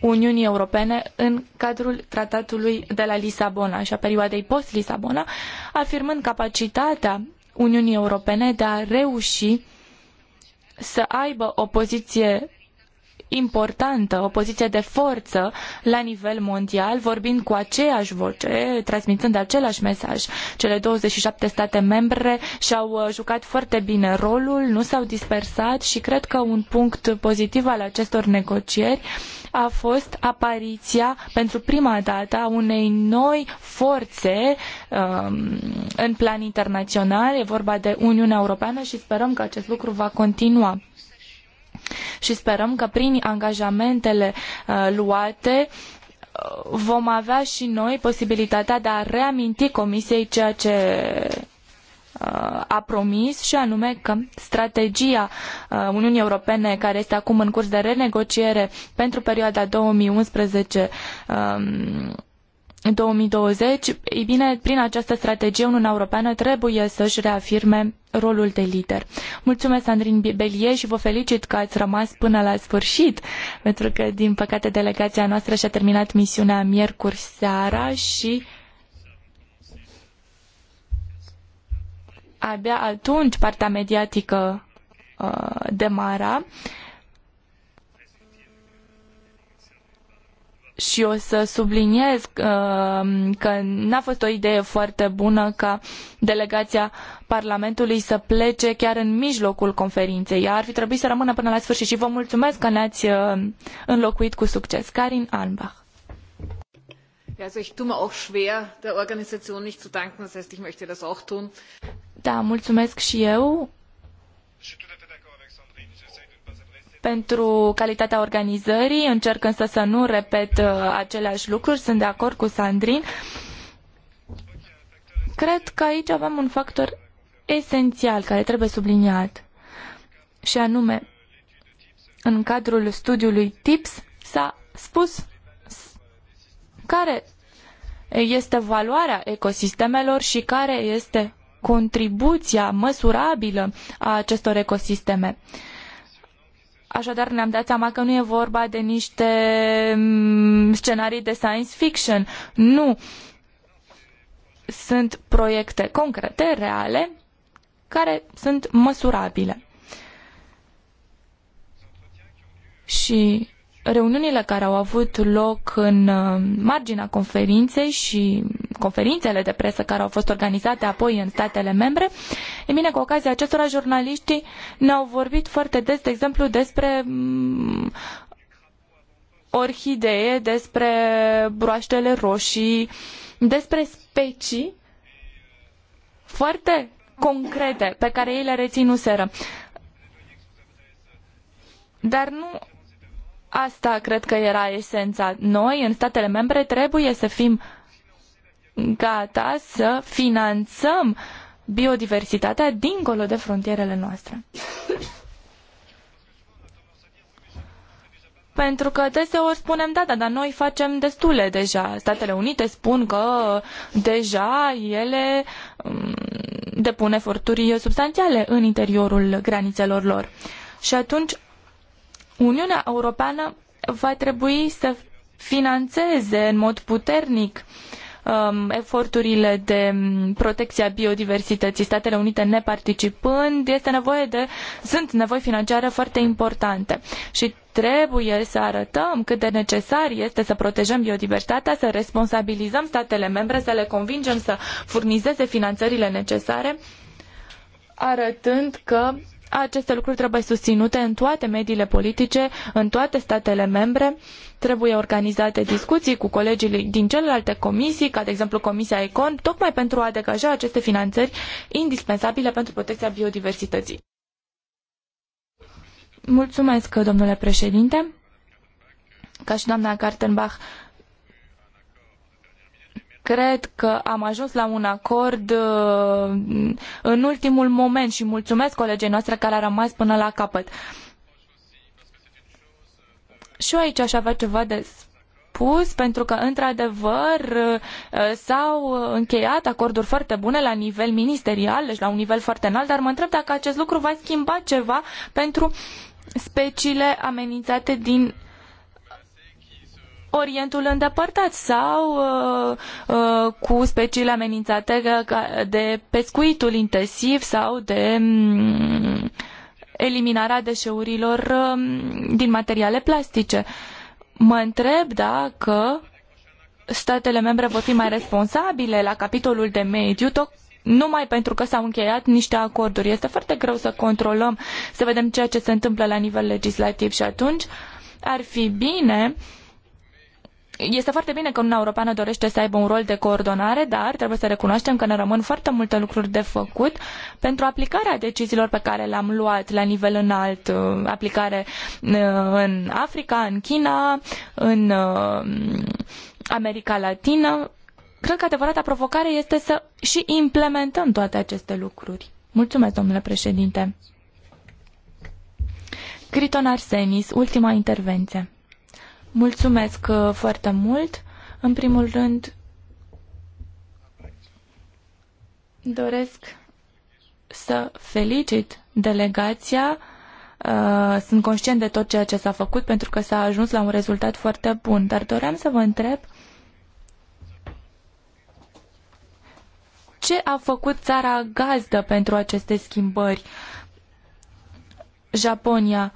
Uniunii Europene în cadrul tratatului de la Lisabona și a perioadei post-Lisabona, afirmând capacitatea Uniunii Europene de a reuși să aibă o poziție importantă, o poziție de forță la nivel mondial, vorbind cu aceeași voce, transmitând același mesaj. Cele 27 state membre și-au uh, jucat foarte bine rolul, nu s-au dispersat și cred că un punct pozitiv al acestor negocieri a fost apariția pentru prima dată a unei noi forțe um, în plan internațional. E vorba de Uniunea Europeană și sperăm că acest lucru va continua și sperăm că prin angajamentele uh, luate uh, vom avea și noi posibilitatea de a reaminti Comisiei ceea ce uh, a promis și anume că strategia Uniunii Europene care este acum în curs de renegociere pentru perioada 2011 2020, ei bine, prin această strategie Uniunea Europeană trebuie să-și reafirme rolul de lider. Mulțumesc, Sandrin Belie, și vă felicit că ați rămas până la sfârșit, pentru că, din păcate, delegația noastră și-a terminat misiunea miercuri seara și abia atunci partea mediatică uh, demara. și o să subliniez um, că n-a fost o idee foarte bună ca delegația Parlamentului să plece chiar în mijlocul conferinței. Ea ar fi trebuit să rămână până la sfârșit și vă mulțumesc că ne-ați uh, înlocuit cu succes. Karin Albach. Da, mulțumesc și eu pentru calitatea organizării. Încerc însă să nu repet uh, aceleași lucruri. Sunt de acord cu Sandrin. Cred că aici avem un factor esențial care trebuie subliniat. Și anume, în cadrul studiului TIPS s-a spus care este valoarea ecosistemelor și care este contribuția măsurabilă a acestor ecosisteme. Uh, Așadar ne-am dat seama că nu e vorba de niște mm, scenarii de science fiction. Nu. Sunt proiecte concrete, reale, care sunt măsurabile. Și reuniunile care au avut loc în uh, marginea conferinței și conferințele de presă care au fost organizate apoi în statele membre, e bine, cu ocazia acestora, jurnaliștii ne-au vorbit foarte des, de exemplu, despre mm, orhidee, despre broaștele roșii, despre specii foarte concrete pe care ei le reținuseră. Dar nu Asta cred că era esența. Noi, în statele membre, trebuie să fim gata să finanțăm biodiversitatea dincolo de frontierele noastre. Pentru că deseori spunem, da, da, dar noi facem destule deja. Statele Unite spun că deja ele mm, depun eforturi substanțiale în interiorul granițelor lor. Și atunci Uniunea Europeană va trebui să financeze în mod puternic um, eforturile de protecție a biodiversității. Statele Unite neparticipând, este nevoie de, sunt nevoi financiare foarte importante și trebuie să arătăm cât de necesar este să protejăm biodiversitatea, să responsabilizăm statele membre, să le convingem să furnizeze finanțările necesare, arătând că aceste lucruri trebuie susținute în toate mediile politice, în toate statele membre. Trebuie organizate discuții cu colegii din celelalte comisii, ca de exemplu Comisia Econ, tocmai pentru a degaja aceste finanțări indispensabile pentru protecția biodiversității. Mulțumesc, domnule președinte. Ca și doamna Kartenbach, Cred că am ajuns la un acord uh, în ultimul moment și mulțumesc colegii noastre care a rămas până la capăt. Și eu aici aș avea ceva de spus, pentru că, într-adevăr, uh, s-au încheiat acorduri foarte bune la nivel ministerial, deci la un nivel foarte înalt, dar mă întreb dacă acest lucru va schimba ceva pentru speciile amenințate din Orientul îndepărtat sau uh, uh, cu speciile amenințate de pescuitul intensiv sau de um, eliminarea deșeurilor um, din materiale plastice. Mă întreb dacă statele membre vor fi mai responsabile la capitolul de mediu, tocmai numai pentru că s-au încheiat niște acorduri. Este foarte greu să controlăm, să vedem ceea ce se întâmplă la nivel legislativ și atunci ar fi bine uh, este foarte bine că Uniunea Europeană dorește să aibă un rol de coordonare, dar trebuie să recunoaștem că ne rămân foarte multe lucruri de făcut pentru aplicarea deciziilor pe care le-am luat la nivel înalt, uh, aplicare uh, în Africa, în China, în uh, America Latină. Cred că adevărata provocare este să și implementăm toate aceste lucruri. Mulțumesc, domnule președinte. Criton Arsenis, ultima intervenție. Mulțumesc uh, foarte mult. În primul rând, doresc să felicit delegația. Uh, sunt conștient de tot ceea ce s-a făcut pentru că s-a ajuns la un rezultat foarte bun, dar doream să vă întreb ce a făcut țara gazdă pentru aceste schimbări? Japonia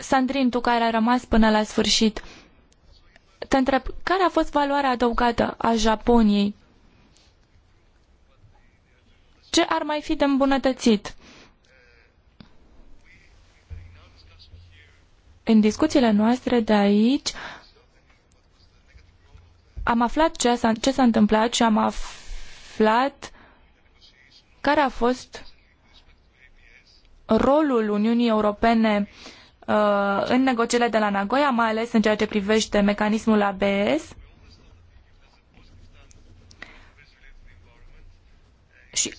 Sandrin, tu care ai rămas până la sfârșit, te întreb, care a fost valoarea adăugată a Japoniei? Ce ar mai fi de îmbunătățit? În discuțiile noastre de aici am aflat ce s-a, ce s-a întâmplat și am aflat care a fost rolul Uniunii Europene uh, Uh, în negocierile de la Nagoya, mai ales în ceea ce privește mecanismul ABS. Și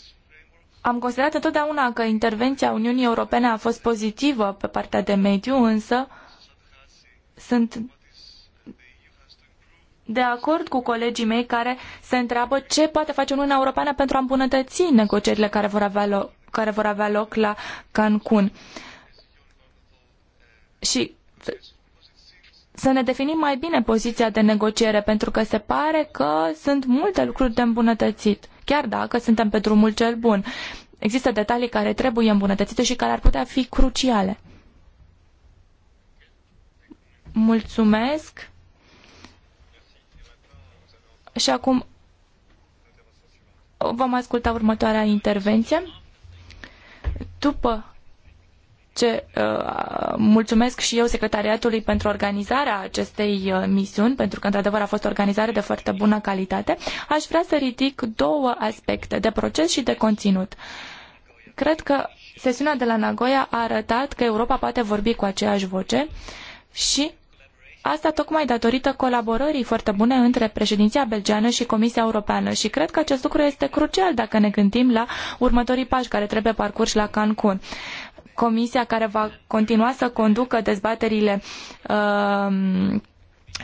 am considerat întotdeauna că intervenția Uniunii Europene a fost pozitivă pe partea de mediu, însă sunt de acord cu colegii mei care se întreabă ce poate face Uniunea Europeană pentru a îmbunătăți negocierile care vor avea loc, care vor avea loc la Cancun. Uh, și să ne definim mai bine poziția de negociere, pentru că se pare că sunt multe lucruri de îmbunătățit, chiar dacă suntem pe drumul cel bun. Există detalii care trebuie îmbunătățite și care ar putea fi cruciale. Mulțumesc. Și acum vom asculta următoarea intervenție. După ce uh, mulțumesc și eu secretariatului pentru organizarea acestei uh, misiuni, pentru că într-adevăr a fost o organizare de foarte bună calitate, aș vrea să ridic două aspecte, de proces și de conținut. Cred că sesiunea de la Nagoya a arătat că Europa poate vorbi cu aceeași voce și Asta tocmai datorită colaborării foarte bune între președinția belgeană și Comisia Europeană și cred că acest lucru este crucial dacă ne gândim la următorii pași care trebuie parcurși la Cancun comisia care va continua să conducă dezbaterile uh,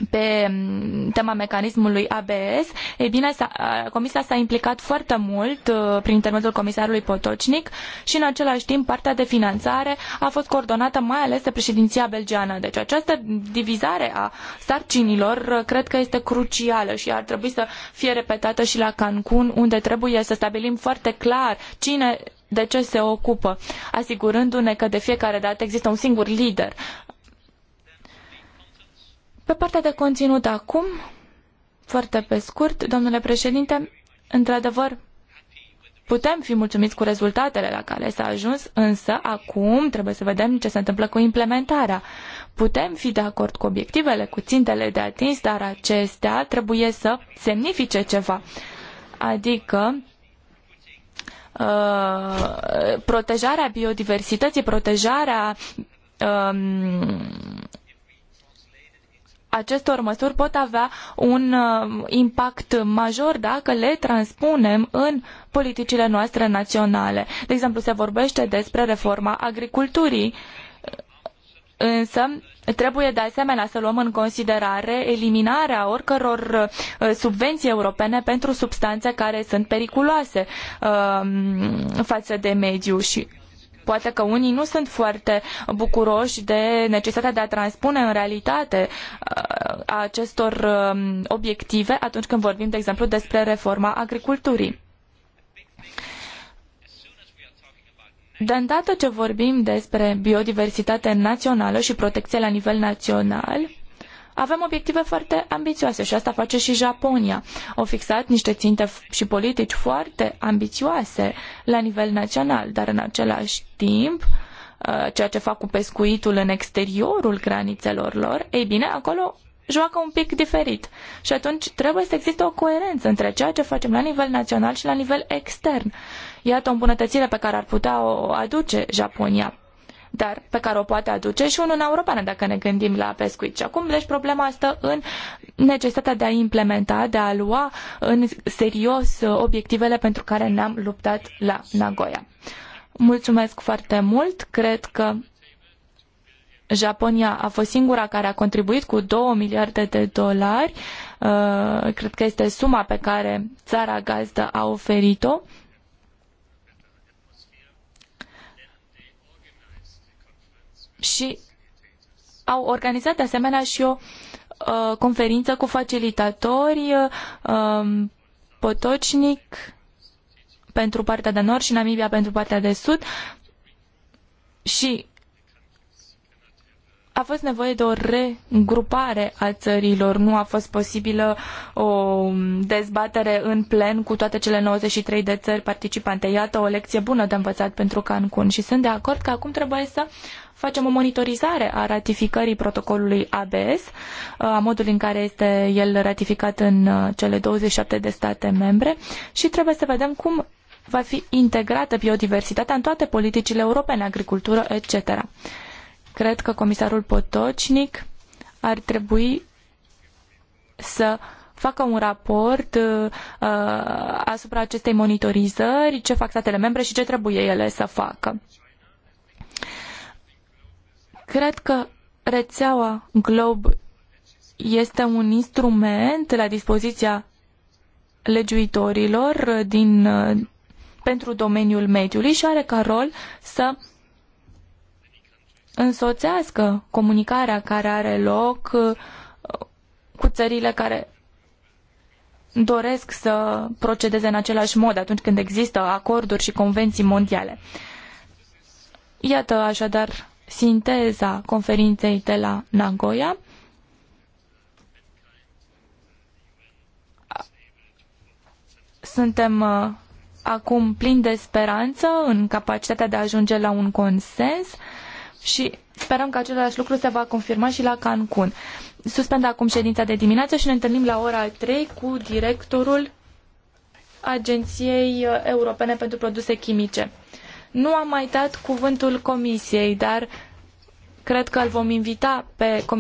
pe tema mecanismului ABS, e bine, Comisia s-a implicat foarte mult uh, prin intermediul comisarului Potocnic și în același timp partea de finanțare a fost coordonată mai ales de președinția belgiană. Deci această divizare a sarcinilor uh, cred că este crucială și ar trebui să fie repetată și la Cancun, unde trebuie să stabilim foarte clar cine de ce se ocupă, asigurându-ne că de fiecare dată există un singur lider. Pe partea de conținut acum, foarte pe scurt, domnule președinte, într-adevăr, Putem fi mulțumiți cu rezultatele la care s-a ajuns, însă acum trebuie să vedem ce se întâmplă cu implementarea. Putem fi de acord cu obiectivele, cu țintele de atins, dar acestea trebuie să semnifice ceva. Adică Uh, protejarea biodiversității, protejarea um, acestor măsuri pot avea un uh, impact major dacă le transpunem în politicile noastre naționale. De exemplu, se vorbește despre reforma agriculturii. Uh, Însă, trebuie de asemenea să luăm în considerare eliminarea oricăror uh, subvenții europene pentru substanțe care sunt periculoase um, față de mediu și poate că unii nu sunt foarte bucuroși de necesitatea de a transpune în realitate uh, acestor um, obiective atunci când vorbim, de exemplu, despre reforma agriculturii. De îndată ce vorbim despre biodiversitate națională și protecție la nivel național, avem obiective foarte ambițioase și asta face și Japonia. Au fixat niște ținte și politici foarte ambițioase la nivel național, dar în același timp, uh, ceea ce fac cu pescuitul în exteriorul granițelor lor, ei bine, acolo joacă un pic diferit. Și atunci trebuie să existe o coerență între ceea ce facem la nivel național și la nivel extern. Iată o îmbunătățire pe care ar putea o aduce Japonia dar pe care o poate aduce și Uniunea Europeană dacă ne gândim la pescuit. Și acum, deci, problema stă în necesitatea de a implementa, de a lua în serios uh, obiectivele pentru care ne-am luptat la Nagoya. Mulțumesc foarte mult. Cred că Japonia a fost singura care a contribuit cu 2 miliarde de dolari. Uh, cred că este suma pe care țara gazdă a oferit-o și au organizat de asemenea și o uh, conferință cu facilitatori uh, Potocnic pentru partea de nord și Namibia pentru partea de sud și a fost nevoie de o regrupare a țărilor. Nu a fost posibilă o dezbatere în plen cu toate cele 93 de țări participante. Iată o lecție bună de învățat pentru Cancun și sunt de acord că acum trebuie să facem o monitorizare a ratificării protocolului ABS, a modului în care este el ratificat în uh, cele 27 de state membre și trebuie să vedem cum va fi integrată biodiversitatea în toate politicile europene, agricultură, etc. Cred că comisarul Potocnic ar trebui să facă un raport uh, uh, asupra acestei monitorizări, ce fac statele membre și ce trebuie ele să facă. Cred că rețeaua Glob este un instrument la dispoziția legiuitorilor din, pentru domeniul mediului și are ca rol să însoțească comunicarea care are loc uh, cu țările care doresc să procedeze în același mod atunci când există acorduri și convenții mondiale. Iată așadar sinteza conferinței de la Nagoya. Suntem uh, acum plini de speranță în capacitatea de a ajunge la un consens și sperăm că același lucru se va confirma și la Cancun. Suspend acum ședința de dimineață și ne întâlnim la ora 3 cu directorul Agenției uh, Europene pentru Produse Chimice. Nu am mai dat cuvântul comisiei, dar cred că îl vom invita pe comisarul